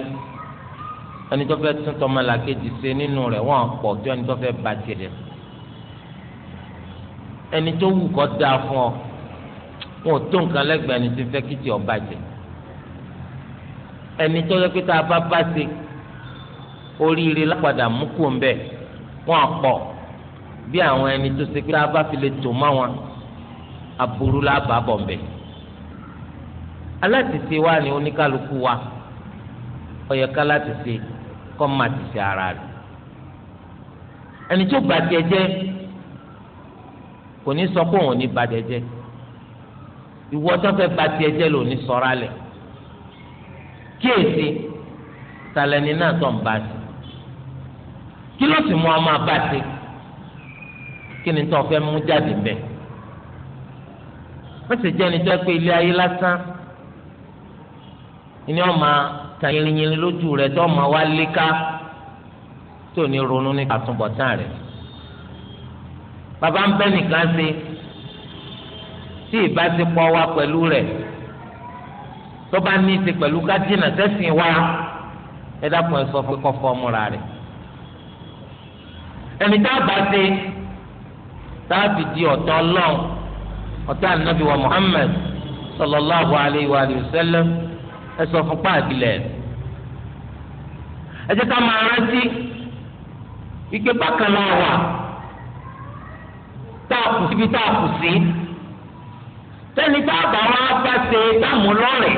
ẹni tó fẹ́ tún tọmọ làkejì ṣe nínú rẹ̀ wọ́n pọ̀ tí ẹni tó fẹ́ ba tirẹ̀ ẹni tó wù kọ́ dáa fún ọ wọn ò tó nǹkan lẹ́gbẹ̀ẹ́ ẹni tó fẹ́ kí tiọ̀ bàjẹ́ ẹni tó yẹ pé tá a bá bá ṣe oríire lápadà mú kó ń bẹ̀ wọ́n pọ̀ bí àwọn ẹni tó ṣe pé tá a bá fi lè tò mọ́ wọn aburú la bá bọ̀ mbẹ́ alátìsí wa ni oníkálukú wa ó yẹ ká látìsí kọ́ máa tìsí ara rẹ̀ ẹni tó bá tiẹ̀ jẹ́ kò ní sọ pé òun ní bá jẹ́ ìwọ tó fẹ́ bá jẹ́ ló ní sọ̀rọ̀ alẹ̀ kíyèsí talẹ́ni náà tó ń bá ti kí ló sì mú ọmọ abá ti kí ni tó fẹ́ mú jáde bẹ́ẹ̀ wọ́n sì jẹ́ ẹni tó pé ilé ayé lásán ni wọ́n máa ta yìnyín lójú rẹ̀ tó máa wá léka tó ní ronú nípa àtúbọ̀tán rẹ̀ bàbá ń bẹ́ nìkan ṣe tí ìbá ti pọ̀ wá pẹ̀lú rẹ̀ tó bá ní í pẹ̀lú ká sẹ́sìn wá ẹ dákun ẹ sọ fún kọ́fọ́ ọmọ rà rẹ̀ ẹni tá a bá ṣe. táàbì di ọ̀tọ̀ ọlọ́run ọ̀tọ̀ ànábì wa Muhammad sallallahu alayhi wa sallam ẹ sọ fún páàkìlẹ̀ ẹ jẹ́ ká máa ike bákan náà wà kusi síbi táàkù sí tẹ́ni táàbà wa bá ṣe dáàmú lọ́rẹ̀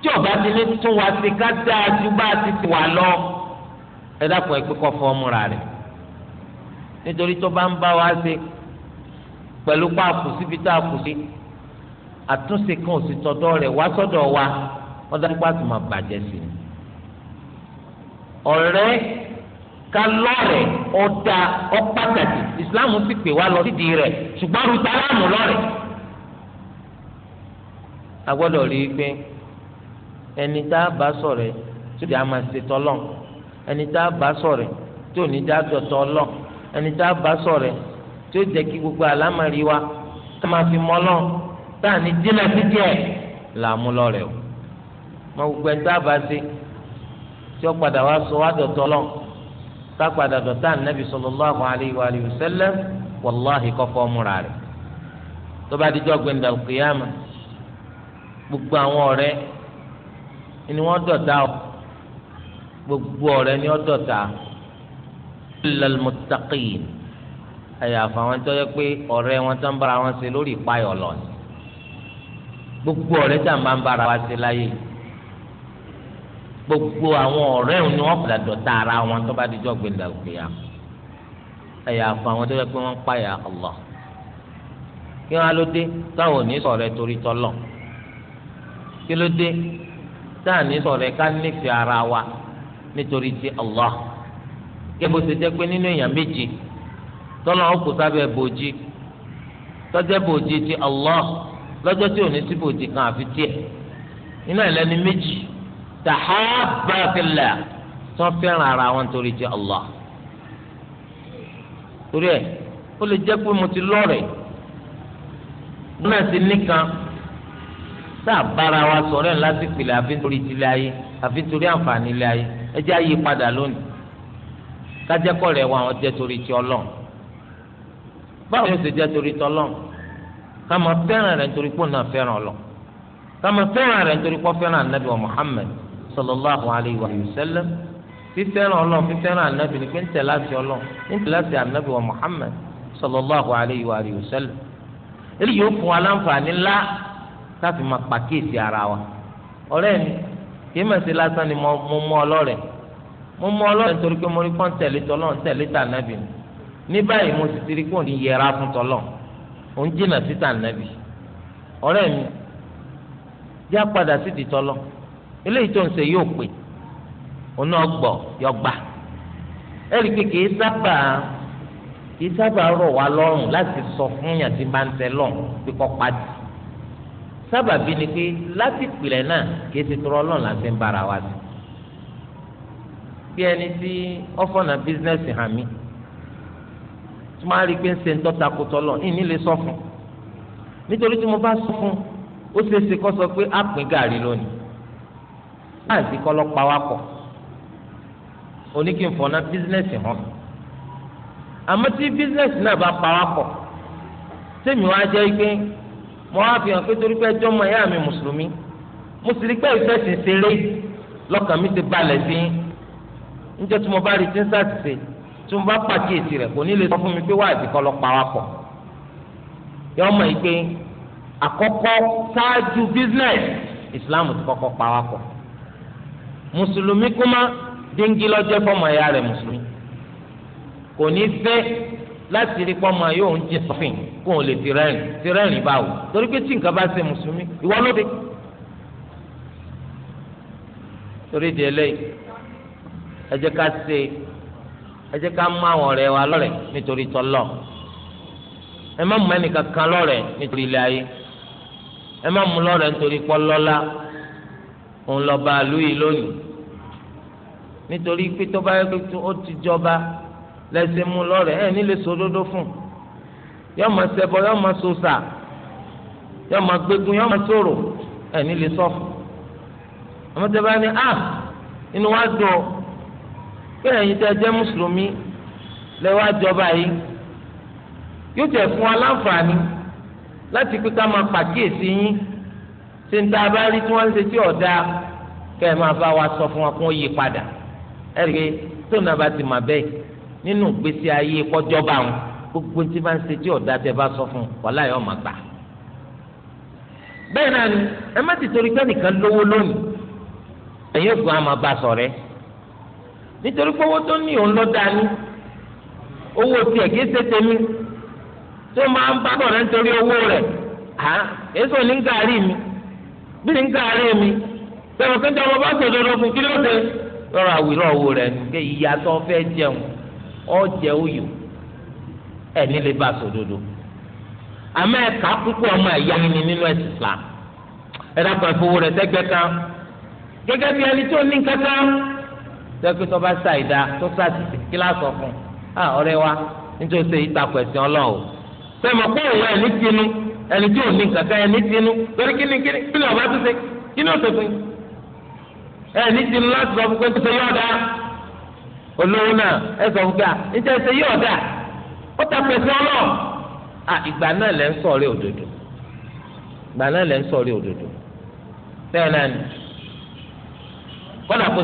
tí ọba ti ní tún wa sí ká dáa ju bá a ti ti wà lọ ẹ dákun ẹ pé kọ́ fọ́ ọmúra nítorí tó bá ń bá wa ṣe pẹ̀lú páàkù síbi tá a kù sí àtúnṣe kan ò sì tọ̀dọ̀ rẹ̀ wá sọ́dọ̀ wa wọ́n dájú pàtó máa bàjẹ́ sí i. ọ̀rẹ́ ká lọ́rẹ̀ ọ̀dà ọ̀pàtàkì Islam sì pè wá lọ sídìí rẹ̀ ṣùgbọ́n rúta láàmú lọ́rẹ̀. a gbọ́dọ̀ rí i pé ẹni tá a bá sọ̀rẹ̀ tó di a máa ẹni tá a bá sọ̀rẹ̀ tó ní dájọ́ tọ́lọ̀ ẹni tá a bá sọ̀rọ̀ tí ó jẹ́ kí gbogbo àlámàrí wa tá a máa fi mọ́ lọ́n tá a ní dínà títí ẹ̀ là á mú lọ́rẹ̀ o mọ gbogbo ẹni tá a bá ṣe tí ó padà wá sọ wá dọ̀tọ́ lọ́n tá a padà dọ̀tá ànábì sallallahu alayhi wa alihi wa sallam kọ́kọ́ múra rẹ̀ tó bá dijọ́ gbẹ̀ndà kìyàmà gbogbo àwọn ọ̀rẹ́ ni wọ́n dọ̀tá o gbogbo ọ̀rẹ́ ni wọ́n dọ̀tá o illa al-muttaqin àyàfà wọn tó yẹ pé ọ̀rẹ́ wọn tó ń bára wọn ṣe lórí ìpayọ lọ gbogbo ọ̀rẹ́ tí a máa ń bára wa ṣe láyé gbogbo àwọn ọ̀rẹ́ òun ni wọn padà dọ̀tá ara wọn tó bá dijọ́ gbẹ̀ndà gbìyà àyàfà wọn tó yẹ pé wọn páyà Allah kí wọn á ló dé táwọn ò ní ṣọ̀rẹ́ torí tọlọ kí ló dé táà ní ṣọ̀rẹ́ ká nífẹ̀ẹ́ ara wa nítorí ti Allah. kébò ṣe jẹ́ pé nínú èèyàn méje tọ́lá ọkọ̀ sábẹ́ bòjì tọ́jẹ́ bòjì ti Allah lọ́jọ́ tí ò sí bòjì kan àfi tiẹ̀ nínú ẹ̀lẹ́ni méjì tàhábà fillah fẹ́ràn ara wọn torí ti Allah torí ẹ̀ ó lè jẹ́ pé mo ti lọ́rẹ̀ẹ́ náà nìkan tá a bára wa sọ̀rọ̀ ẹ̀ láti pìlẹ̀ àfi nítorí tilẹ̀ ayé àfi nítorí àǹfààní ilẹ̀ ayé ẹ jẹ́ lónìí kájẹ́kọ̀ rẹ̀ wà wọ́n jẹ́ torí ti ọlọ́n báwo ló ṣe jẹ́ torí ti ọlọ́n ká máa fẹ́ràn rẹ̀ nítorí pé òun náà fẹ́ràn ọlọ́ ká máa fẹ́ràn rẹ̀ nítorí pé ó fẹ́ràn anabi wa Muhammad sallallahu alayhi wa sallam fífẹ́ràn ọlọ́n fífẹ́ràn anabi ni pé ń tẹ̀lé àti ọlọ́n ń tẹ̀lé àti anabi wa Muhammad sallallahu alayhi wa sallam eléyìí ó fún wa láǹfààní ńlá láti pàkíyèsí ara wa ọ̀rẹ́ mi kì í lásán ni mo mú ọlọ́rẹ̀ẹ́ mo mọ ọlọ́run nítorí pé mo rí kán tẹ̀lé tọ́lọ́run tẹ̀lé tànàbì ní báyìí mo sì ti rí kó ní yẹra fún tọ́lọ́run òun jìnnà sí tànàbì ọ̀rẹ́ mi já padà sí ti tọ́lọ́ eléyìí tó ń ṣe yóò pè òun náà yọ gbà ẹ̀rí pé kì í sábà kì í sábà rọ̀ wá lọ́rùn láti sọ fún yàn tí bá ń tẹ lọ́rùn pé kọ́ padì sábàbí ni pé láti pìlẹ̀ náà kì í ti tọrọ lọ́rùn láti ń bára wa sí bí ẹni tí ọ̀fọ̀nà bísínẹ́sì hàn mí tí máa rí i pé ń ṣe ń tọ́ta kó tọ́lọ̀ ìní lè sọ fún nítorí tí mo bá sọ fún ó ṣeé ṣe kó sọ pé á pín gàrí lónìí láì sí kọ́ lọ́pàá wa pọ̀ oníkìfọ̀nà bísínẹ́sì hàn àmọ́ tí bísínẹ́sì náà bá pa wá pọ̀ sẹ́mi wá jẹ́ pé mo wá fi hàn pé torí pé ẹjọ́ mọ ẹ̀yà mi mùsùlùmí mo sì rí pé ìfẹ́ sì ṣeré lọ́kàn mi ti balẹ̀ sí i níjọ́ tí mo bá rí tíńsà ti ṣe tí mo bá pàkíyèsí rẹ̀ kò ní lè sọ fún mi pé wá àdìkọ́ lọ pa wá pọ̀ yọ mọ̀ yìí pé àkọ́kọ́ ṣáájú business Islam ti kọ́kọ́ pa wá pọ̀ mùsùlùmí kúmá dengi lọ́jọ́ fọmọ ẹ̀yà rẹ̀ mùsùlùmí kò ní fẹ́ láti rí pọ́mọ yóò ń jẹ sọ́fìn kó o lè ti rẹ́rìn ti rẹ́rìn báwo torí pé tí nǹkan bá ṣe mùsùlùmí ìwọ ló dé torí di eléyìí ẹ jẹ́ ká ṣe ẹ jẹ́ ká mú àwọn ọ̀rẹ́ wa lọ́rẹ̀ nítorí tọlọ ẹ má mú ẹnìkan kan lọ́rẹ̀ nítorí ilé ayé ẹ má mú lọ́rẹ̀ nítorí pọlọlá òun lọba àlú yìí lónìí nítorí pé tó bá yẹ kó ó ti jọba lẹsẹ mú lọ́rẹ̀ ẹ nílé sòdodo fún yọọ ma ṣẹbọ yọọ ma sòsà yọọ ma gbégun yọọ ma sòrò ẹ nílé sọfún àmọ́ bá ní a ah, inú wa dùn pé ẹ̀yin tẹ́ jẹ́ mùsùlùmí lẹ́wọ́ àjọba yìí yóò tẹ̀ fún wa láǹfààní láti pé ká máa pàkíyèsí yín ṣe ń tá a bá rí tí wọ́n ń ṣe tí ọ̀dà kẹ́ ẹ̀ máa bá wa sọ fún wa kó yí padà ẹ̀ rí tó náà bá ti mà bẹ́ẹ̀ nínú ìgbésí ayé kọjọba àwọn gbogbo tí bá ń ṣe tí ọ̀dà tẹ́ bá sọ fún wàhálà yóò máa gbà. bẹ́ẹ̀ náà ni ẹ má ti torí pé nìkan lówó lónìí ẹ̀yin ògùn á bá sọ̀rẹ́ nítorí pé owó tó ní òun lọ dání owó tiẹ̀ kìí ṣe tèmi tó máa ń bá bọ̀ rẹ̀ nítorí owó rẹ̀ à èso ní gàárì mi bí ní gàárì mi sọ̀rọ̀ kí n jọba bá sòdodo fún kí ló dé lọ́rọ̀ àwìrọ̀ owó rẹ̀ ní kí ìyàtọ̀ fẹ́ jẹun ọ̀ jẹ́ òyò ẹ̀ nílé bá sòdodo àmọ́ ẹ̀ka púpọ̀ ọmọ ẹ̀yá ni nínú ẹ̀sìn rẹ̀ kan gẹ́gẹ́ bí ẹni tó ní sẹ́kì tó bá ṣàìdá tó ṣàṣìṣe kíláàsì ọ̀fun à ọ̀rẹ́ wa nítorí ṣe ìtakùn ẹ̀sìn ọlọ́run sẹ́mi ọ̀pọ̀ òun ẹni tinú ẹni tí ò ní kankan ẹni tinú lórí kíni kíni kíni ọba tó ṣe kíni ò tó ẹni tinú láti sọ fún pé ṣe yọ̀ ọ̀dà olówó náà ẹ sọ fún pé à ṣe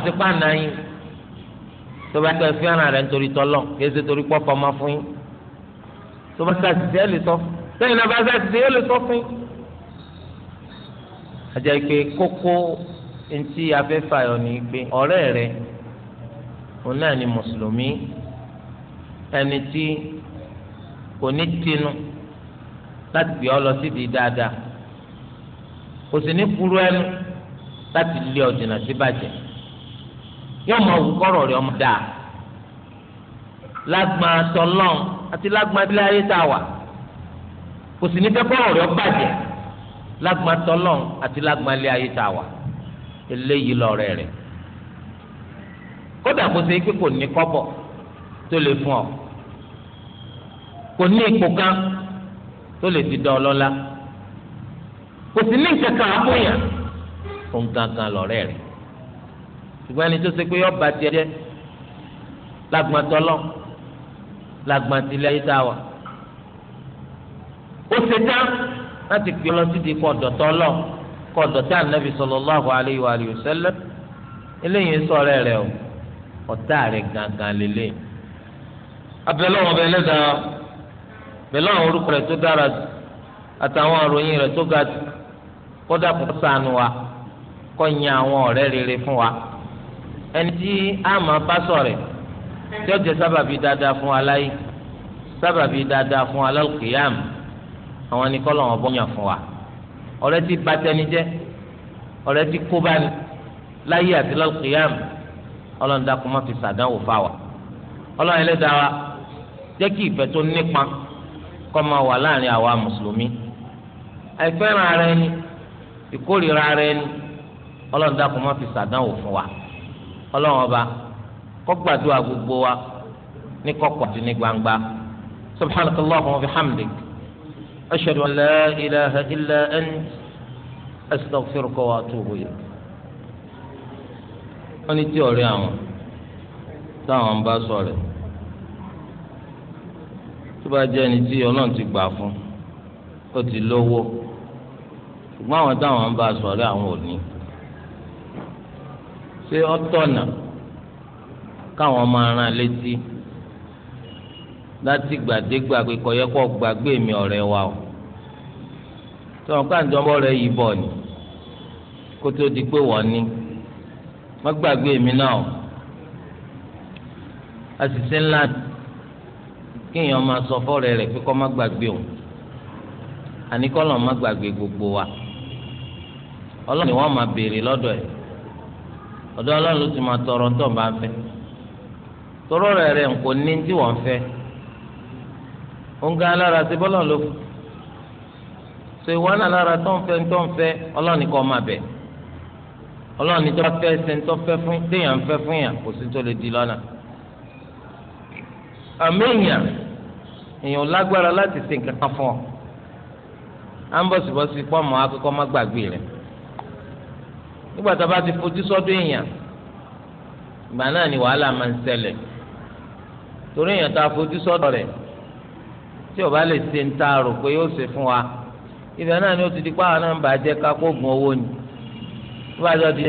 ó takùn tó bá tẹ fẹ́ràn rẹ̀ nítorí tọ́lọ̀ kí ẹsẹ̀ torí pọ́ fọmọ fún yín tó bá sàtìsí ẹ̀ lè sọ sẹ́yìn náà bá sàtìsí ẹ̀ lè sọ fún yín. àjẹ́ pé kókó ntí afẹ́fà yọ ní pé ọ̀rẹ́ rẹ̀ òun náà ni mùsùlùmí ẹni tí kò ní tinú láti gbé ọ lọ sídìí dáadáa kò sì ní kúrú ẹnu láti lé ọ̀dìnà sí bàjẹ́. Si yóò máa wù kọ́rọ̀ rẹ̀ ọmọ dáa lágbàá tọ́lọ́n àti lágbàá ilé ayé tá a wà kò sì ní fẹ́ kọ́rọ̀ rẹ̀ bàjẹ́ lágbàá tọ́lọ́n àti lágbàá ilé ayé tá a wà eléyìí lọ́rẹ́ rẹ̀ kódà kó ṣe pé kò ní kọ́bọ̀ tó lè fún ọ kò ní ipò kan tó lè ti dán ọ lọ́lá kò sì ní ìkẹkẹ àbúyàn òun gangan lọ́rẹ́ rẹ̀ ṣùgbọ́n ẹni tó ṣe pé ọba tiẹ̀ jẹ́ lágbàtọ́lọ́ lágbàtìlẹ̀ ayé tá a wà ó ṣe tán láti pè ọ lọ sídìí kọ dọ̀tọ́ lọ ànábì sallallahu alayhi wa alihi wa sallam eléyìí ń sọ̀rọ̀ rẹ o ọ̀tá rẹ gangan lélẹ̀ abẹ́lẹ́wọ̀n bẹ́ẹ̀ lẹ́dàá bẹ́lẹ́wọ̀n orúkọ rẹ tó dára àtàwọn àròyìn rẹ tó ga kó dàpọ̀ ṣàánú wa kó yan àwọn ọ̀rẹ́ rere fún wa ẹni tí a máa bá sọ̀rẹ̀ tí ó jẹ́ sábàbí dáadáa fún aláyé sábàbí dáadáa fún alálùkìyàm àwọn ni kọ́ lọ́wọ́ bọ́yàn fún wa ọ̀rẹ́ ti bà tẹni jẹ́ ọ̀rẹ́ ti kó bá ní láyé àti lálùkìyàm ọlọ́run dákun má fi sàdánwò fá wa ọlọ́run ẹlẹ́dàá wa jẹ́ kí ìfẹ́ tó nípa kọ́ máa wà láàrin àwa mùsùlùmí àìfẹ́ràn ara ẹni ìkórìíra ara ẹni ọlọ́run dákun má fi sàdánwò fún wa ọlọ́run ọba kó gbàdúrà gbogbo wa ní kọ̀kọ̀ àti ní gbangba subhanaka allahumma wa bihamdik ashhadu an la ilaha illa ant astaghfiruka wa atubu ilayk. wọ́n ní tí ọ̀rẹ́ àwọn táwọn ń bá sọ̀rọ̀ tó bá jẹ́ ẹni tí ọlọ́run ti gbà fún ó ti lówó ṣùgbọ́n àwọn táwọn bá sọ̀rọ̀ àwọn ò ní. pé ọtọ̀nà káwọn máa rán létí láti gbàdégbà pé kọ̀yẹ́kọ̀ gbàgbé mi ọ̀rẹ́ wa o tọ́wọ́n káàdọ́mọ́ rẹ yìí bọ̀ ni kó tó di pé wọ́n ní wọ́n gbàgbé mi náà àṣìṣe ńlá kéèyàn máa sọ fọ́ọ̀rẹ́ rẹ̀ pé má gbogbo wa ọlọ́run ni wọ́n máa béèrè lọ́dọ̀ ọ̀dọ̀ Ọlọ́run ló ti máa tọrọ tó bá tọrọ rẹ rẹ kò ní tí wọ́n fẹ́ òǹgá alára ti bọlọ ló fún so ìwọ náà tó ń fẹ́ tó ń fẹ́ Ọlọ́run ni kò máa bẹ̀ Ọlọ́run ni tó fẹ́ ṣe tó fẹ́ fún téèyàn fún yàn kò sí tó lè di èèyàn lágbára láti ṣe nǹkan kan fún ọ nígbà tá a bá ti fojú sọ́dọ̀ èèyàn ìgbà náà ni wàhálà máa ń ṣẹlẹ̀ torí èèyàn tá a fojú sọ́dọ̀ rẹ̀ tí ó lè ṣe ń ta rò pé yóò ṣe fún wa ìgbà náà ni ó ti di pààrọ̀ náà ń bàjẹ́ ká kó oògùn owó ni tó bá jọ di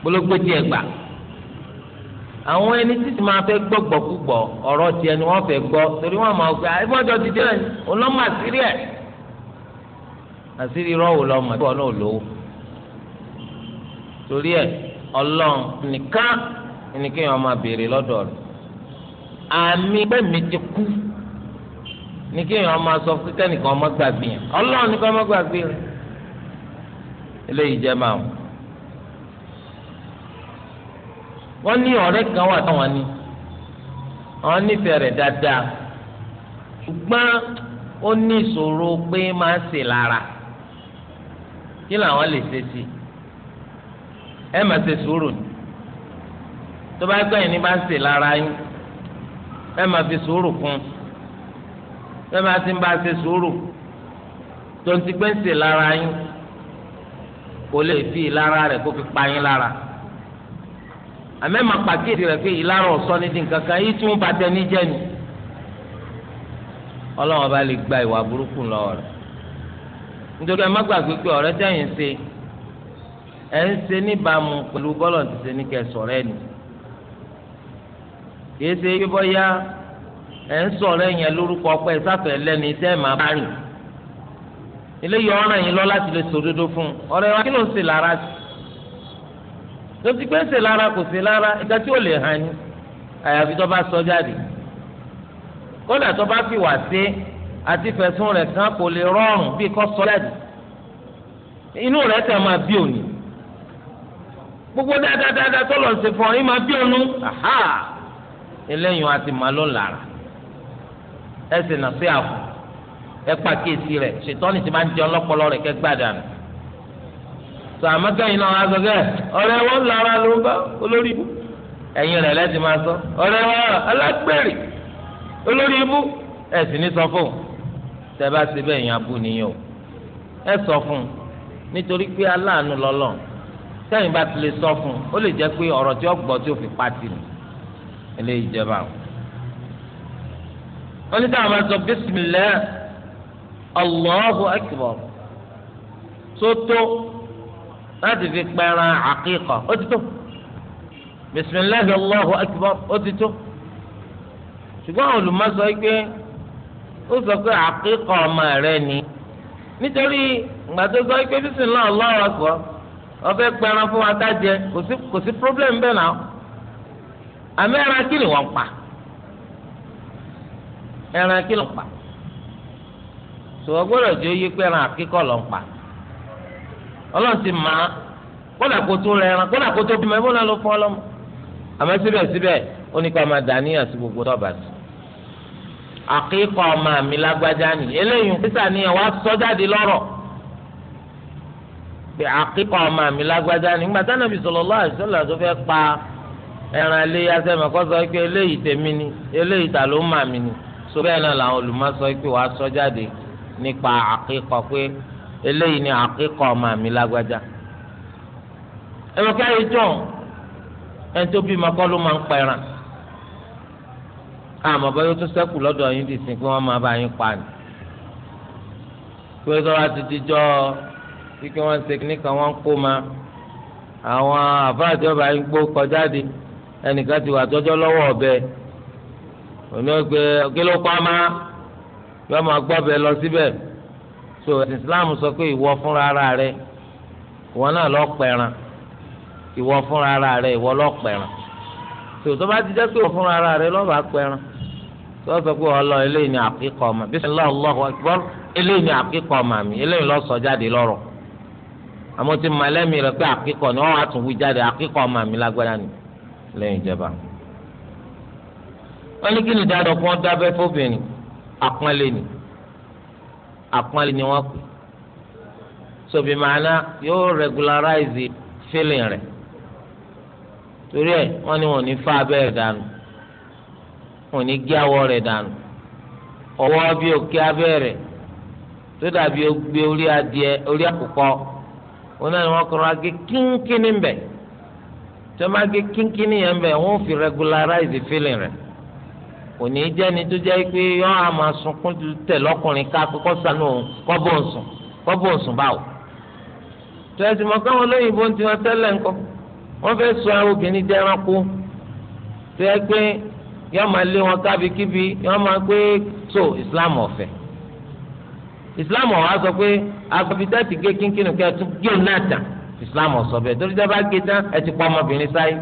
gbólógbé tiẹ̀ gbà àwọn ẹni títí máa fẹ́ gbọ́gbọ́ ọ̀rọ̀ tiẹ̀ ni wọ́n fẹ́ gbọ́ torí wọ́n máa gbé àìbọ́jọ́ ti dé ọ̀nà àṣírí ẹ̀ àṣírí rọ́ọ̀wù lọ́mọ tí wọ́n náà lówó. torí ẹ ọlọ́run nìkan ni kéèyàn máa béèrè lọ́dọ̀ rẹ̀ àmì gbẹ̀mí ti kú ni máa sọ fún kẹ́nìkan ọmọ gbàgbé yẹn ọlọ́run nìkan ọmọ gbàgbé rẹ̀ eléyìí jẹ́ máa wọ̀ wọ́n ní ọ̀rẹ́ kan wà táwọn ní àwọn dáadáa ó ní ìṣòro pé máa ń lára kí làwọn lè ṣe sí i ẹ má ṣe sùúrù ni tó bá gbẹ̀yìn ní bá ń ṣe lára yín ẹ má fi sùúrù kún ẹ má ti ń bá ṣe sùúrù tó ń ti gbé ń ṣe lára yín kò lè fi ìlara rẹ̀ kó fi pa yín lára àmẹ́mà pàkíyèsí rẹ̀ pé ìlara ọ̀sọ́ ní dín kankan yìí tún bá tẹ níjẹ́ ni ọlọ́wọ́n bá lè gba ìwà burúkú lọ́wọ́ rẹ̀ nítorí ẹ má gbàgbé pé ọ̀rẹ́ tẹ̀yìn ṣe. ẹ ń ṣe níbàámu pẹ̀lú bọ́lọ̀ ti ṣe ní ni ẹni kìí ṣe bí bọ́yá ẹ ń sọ̀rọ̀ lórúkọ ọpẹ́ ẹ̀ máa bá rìn eléyìí ọ̀ràn lọ láti lè sòdodo fún un ọ̀rẹ́ wa kí ló ń ṣe lára sí tó ti pé ń ṣe lára kò ṣe lára ìgbà tí ò lè hàn ní àyàfi tó bá sọ jáde kódà tó bá fi wà sí àti fẹ̀sùn rẹ̀ kan kò lè rọrùn bí kò sọ jáde inú rẹ̀ tẹ̀ máa bí òní gbogbo dáadáa tọ́lọ̀ ń ṣe fún ọ yín máa bí ọnu aha eléyìí àti màá ló ń lára ẹ sì nà sí àfọ ẹ pàkíyèsí rẹ ṣètọ́ni ti máa ń jẹun lọ́pọlọ rẹ kẹ́ gbàdánù sọ àmọ́kẹ́yìn náà wàá sọ kẹ́ ọ̀rẹ́ wọn lára ló ń bá olórí ibú ẹ̀yin rẹ̀ lẹ́sìn máa sọ ọ̀rẹ́ wọn alágbèrè olórí ibú ẹ ní sọ fún un tẹ́ bá síbẹ̀ yẹn abú nìyẹn o ẹ sọ fún nítorí pé aláàánú lọ́lọ́run sẹ́yìn bá ti lè sọ fún un ó lè jẹ́ pé ọ̀rọ̀ pati eléyìí jẹba o. wọ́n ní táwọn máa sọ tó tó láti fi pẹran àkíkà ó ti tó bísímìlẹ́ Allahu akbar ó ti tó ṣùgbọ́n olùmọ̀sọ pé ó sọ pé àkíkà ọmọ rẹ ni nítorí ọbẹ̀ gbẹran fún wa ká jẹ kò sí problem bẹ́ẹ̀ náà àmì ẹran kí ni wọ́n pa ẹran kí ló ń pa sọ̀rọ̀ gbọ́dọ̀ tí ó yí pé ẹran àkíkọ̀ ló ń pa ọlọ́run ti mọ̀ kódà kó tó rẹ ẹran kódà kó tó bímọ ẹbí wọn lọ fún ọlọ́mọ àmọ́ síbẹ̀síbẹ̀ ó pé àkíkọ ọmọ mi lágbájá nígbà táwọn ibi sọlọ lọ àìsàn làtó fẹ́ pa ẹran ilé asẹmọ kọ sọ pé eléyìí tèmi ni eléyìí tà ló mà mí ni so bẹ́ẹ̀ náà làwọn olùmọ̀ sọ pé wàá sọ jáde nípa àkíkọ pé eléyìí ni àkíkọ ọmọ mi lágbájá ẹ̀rọ káyé jọ̀ ẹni tó bímọ kọ́ ló máa ń pẹran àmọ́ bá yóò tún sẹ́kù lọ́dọ̀ yín dì sí pé wọ́n máa bá yín pa ni pé tó bá ti di ọ kíkẹ́ wọn ṣe kíní kan wọn kó ma àwọn àfáàtì ọba yìí ń kó kọjá di ẹnìkan ti wà tọ́jọ́ lọ́wọ́ ọ̀bẹ òní ọgbẹ kílópamá yọ máa gbọ́ bẹ lọ síbẹ̀ so Islam sọ pé ìwọ fúnra ara rẹ ìwọ náà lọ pẹran ìwọ fúnra ara rẹ ìwọ lọ pẹran so tó bá ti jẹ́ pé ìwọ fúnra ara rẹ lọ́ba pẹran tó sọ pé ọlọ eléyìí ni àkíkọ ọmọ bismillah Allahu akbar eléyìí ni àkíkọ ọmọ mi eléyìí lọ sọ jáde lọ́rọ̀ àmọ́ ti mọ ẹlẹ́mìí rẹ pé àkíkọ̀ ni wọ́n wá tún wí jáde àkíkọ̀ ọmọ mi lágbára ni lẹ́yìn ìjọba. wọ́n ní kí ni dáadọ́ kí wọ́n dábẹ́ fóbìnrin àpọ́nlé ni àpọ́nlé ni wọ́n pè sobi maana yóò regularize feeling rẹ̀ torí ẹ̀ wọ́n ní wọn ò ní fa abẹ́ rẹ̀ dànù wọn ò ní gé awọ rẹ̀ dànù ọwọ́ bí òkè abẹ́ tó dàbí gbé orí adìẹ orí àkùkọ wọn náà ni wọn kọrọ agé kínkínní ń bẹ tí wọn bá gé kínkínní yẹn bẹ wọn fi regularize feeling rẹ kò ní í jẹ́ni tó jẹ́ pé yọ àmà sunkún tẹ̀ lọ́kùnrin ká pé kọ́sánù kọ́bọ̀ nsùn kọ́bọ̀ nsùn báwò. tẹ̀sí mọ̀ káwọn olóyìnbó ti wọn tẹ́lẹ̀ ńkọ́ wọ́n fẹ́ sọ obìnrin jẹ́ ẹranko tẹ́ pé yọ máa lé wọn kábíkíbi yọ máa pé so Islam ọ̀fẹ́ islam ọ̀ wá sọ pé agbábitẹ́tì gé kínkínní kẹ́ ẹ tún gé náà tà islam ọ̀ sọ bẹ́ẹ̀ torí dábàá gé tán ẹ ti pa ọmọbìnrin sáyé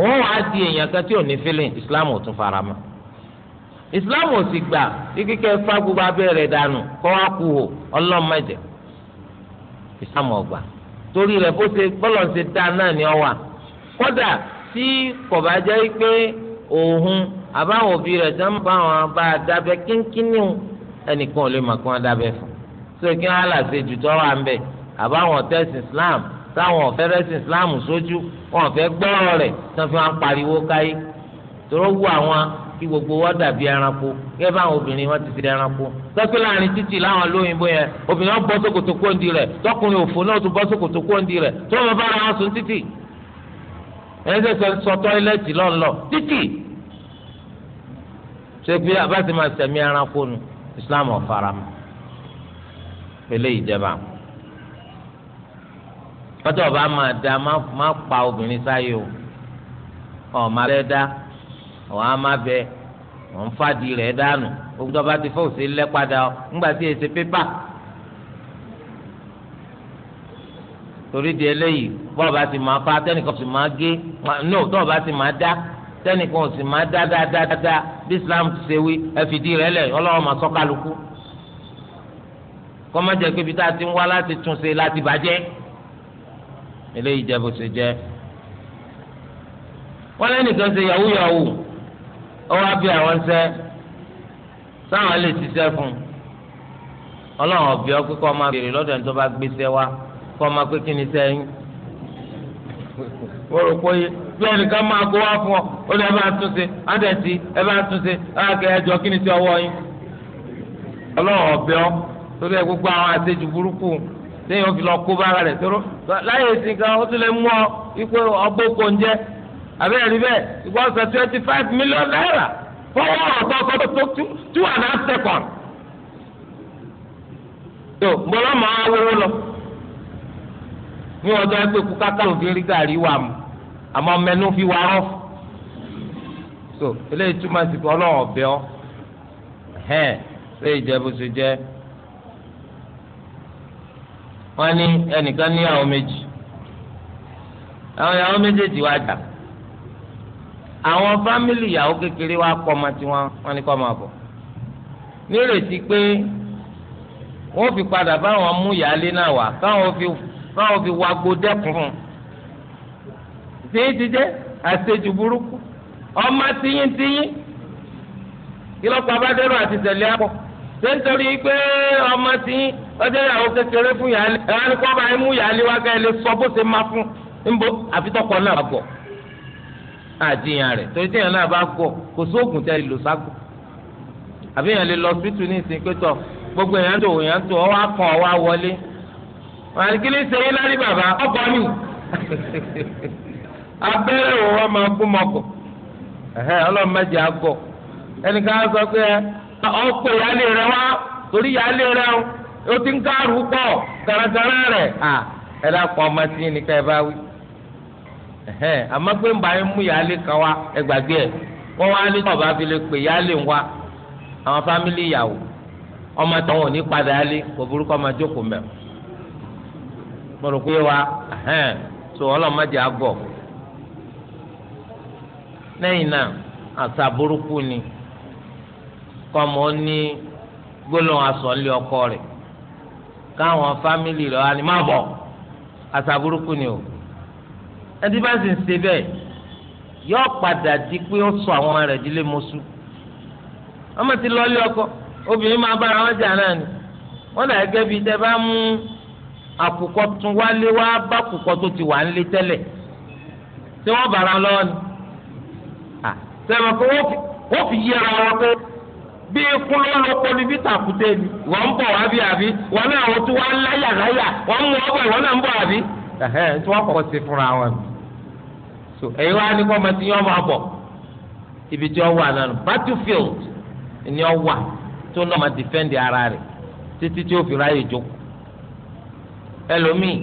òun wàá di èèyàn kan tí ò ní feeling islam ò tún fara mọ́ islam ò sì gbà kíkẹ́ fá gbogbo abẹ́rẹ́ dànù kọ́ wá kú o ọlọ́mọdé islam ọgbà torí rẹ̀ bó ṣe bọ́lọ̀ ṣe dá náà ni ọ wà kódà tí kò bá jẹ́ pé òun àbáwọn òbí rẹ̀ tán bá wọn bá a dábẹ́ kínkínní ẹnìkan ò lè mọ̀ kí wọ́n dábẹ́ fún ṣé kí wọ́n là ṣe jùtọ́ wà ń bẹ̀ àbáwọn tẹ́sí Islam táwọn ọ̀fẹ́ Islam sójú wọn ọ̀fẹ́ gbọ́rọ̀ rẹ̀ tí wọ́n fi máa ń pariwo káyé tóró wù àwọn kí gbogbo wọn dàbí ẹranko kí báwọn obìnrin wọn ti fi ẹranko sọ́kí láàrin títì láwọn lóyìnbó yẹn obìnrin wọn bọ́ sókòtò kóńdì rẹ̀ tọkùnrin òfò náà tún bọ́ sókòtò kóńdì rẹ̀ tó wọn bá ara wọn sùn títì ẹni sọ tọ́ílẹ̀tì lọ́nlọ́ títì ṣé pé abáṣe máa sẹ̀mí ẹranko nù islam ọ̀farama pẹ̀lẹ́ ìjẹba tọ́jú ọba máa da má pa obìnrin sáyé o ọ̀ma rẹ̀ dá ọ̀hán má bẹ ọ̀hún fàdí rẹ̀ dànù ogun ọba ti fọ́ òsè lẹ́ padà ńgbà tí èsè pépà torí di eléyìí bọ́ọ̀ba ti máa fa tẹ́nìkan sì máa gé no tọ́ọ̀ba ti máa dá tẹnìkan ò sì máa dáadáadáa bí islam ti ṣe wí ẹfìdí rẹ lẹ ọlọ́run máa sọ kálukú kọ́mọ́jẹ́ pé ibi tá a ti ń wá láti tún ṣe láti bàjẹ́ eléyìí jẹ́ bó ṣe jẹ́ wọ́n lẹ́nìkan ṣe yahoo yahoo ọwọ́ abẹ́ àwọn ṣẹ́ sáwọn lè ṣiṣẹ́ fún un ọlọ́run ọ̀bẹ ọ pé kọ́ máa béèrè lọ́dọ̀ ẹni tó bá gbéṣẹ́ wá kọ́ máa pé kí ni sẹ́yìn mo rò pé bí ẹnìkan máa kó wá fún ọ ó lè bá tún ṣe ẹ bá tún ṣe kí ni ti ọ ẹ gbogbo àwọn àṣejù burúkú lẹ́yìn òfin lọ kó bára rẹ̀ tóró láyé ìsìn ó tún lè mú ọ ikú ọgbẹ́ kò ń jẹ́ rí bẹ́ẹ̀ ìgbà ọ̀sẹ̀ twenty five million naira fọwọ́ ọ̀tọ̀ ọ̀tọ̀ tó two and a tó bọ́lá máa wọ́wọ́ lọ ní ọjọ́ ẹgbẹ́ kú àmọ́ mẹ́nu fi wá rọ́ so eléyìí túmọ̀ sí pé ọlọ́run ọ̀bẹ ọ́ hẹ́n ṣé ìjẹ́ bó ṣe jẹ́ wọ́n ní ẹnìkan ní àwọn méjì àwọn ìyàwó méjèèjì wá jà àwọn fámìlì ìyàwó kékeré wá pọ̀ ọmọ tiwọn wọ́n ní kó máa bọ̀ nírètí pé wọ́n fi padà báwọn mú ìyáálé náà wá káwọn fi wá gbó dẹ́kun fún un tìyín ti jẹ́ àṣejù burúkú ọmọ tiyin tiyin àti tẹ̀lé akọ sẹ́ńtọ́rì ọmọ tiyin ọjọ́ ìyàwó kékeré fún lọ sípítù ní ìsìn gbogbo èèyàn tó èèyàn tó ọwọ́ akàn ọwọ́ wọlé wọn àti kí ni sẹ́yìn lárí mi. abẹ́rẹ́ wo wọ́n máa fún mọ́kọ̀ ọlọ́run mẹ́jẹ̀ á gọ̀ ẹnìkan á sọ pé ọkọ̀ ìyáálé rẹ wá torí ìyáálé rẹ o ti ń kárù pọ̀ kàràkàrà rẹ̀ ẹ ọmọ tí ní ká ẹ bá wí àmọ́ pé mú ìyáálé kan wá ẹ wọ́n wá ọba fi lè pè ìyáálé ń wá àwọn fámìlì ìyàwó ọmọ pé wa so lẹ́yìn náà àṣà burúkú ni kọ́mọ ó ní gbólóhùn aṣọ ńlẹ̀ ọkọ rẹ̀ káwọn fámìlì rẹ̀ wá ní má bọ̀ àṣà burúkú ni o ẹni bá sì ń ṣe bẹ́ẹ̀ yọ padà di pé ó sọ àwọn ọmọ rẹ̀ dílé mọ́sú ọmọ ti lọ́ọ́lé ọkọ obìnrin máa bára wọn jà náà ni wọn dà gẹ́gẹ́ bíi tẹ́ bá mú àkùkọ tún wálé wá bá àkùkọ tó ti wà ń lé tẹ́lẹ̀ tí wọ́n bára lọ́wọ́ ni sẹ́wọ̀n pé wọ́n fi yẹra wọn pé bí ikú ló lọ pọ̀ níbi tàkúté ni wọ́n ń bọ̀ wá àbí wọn náà wọ́n tún wá láyà láyà wọ́n mú ọgbà náà ń bọ̀ àbí. tí wọ́n kọ́kọ́ fúnra wọn ni. so èyí wá ní kọ́ yọ́n ibi tí wọ́n wà náà battlefield ni wọ́n wà tó náà máa defend ara rẹ̀ títí tí ó fi ráyè jókòó. ẹlòmíì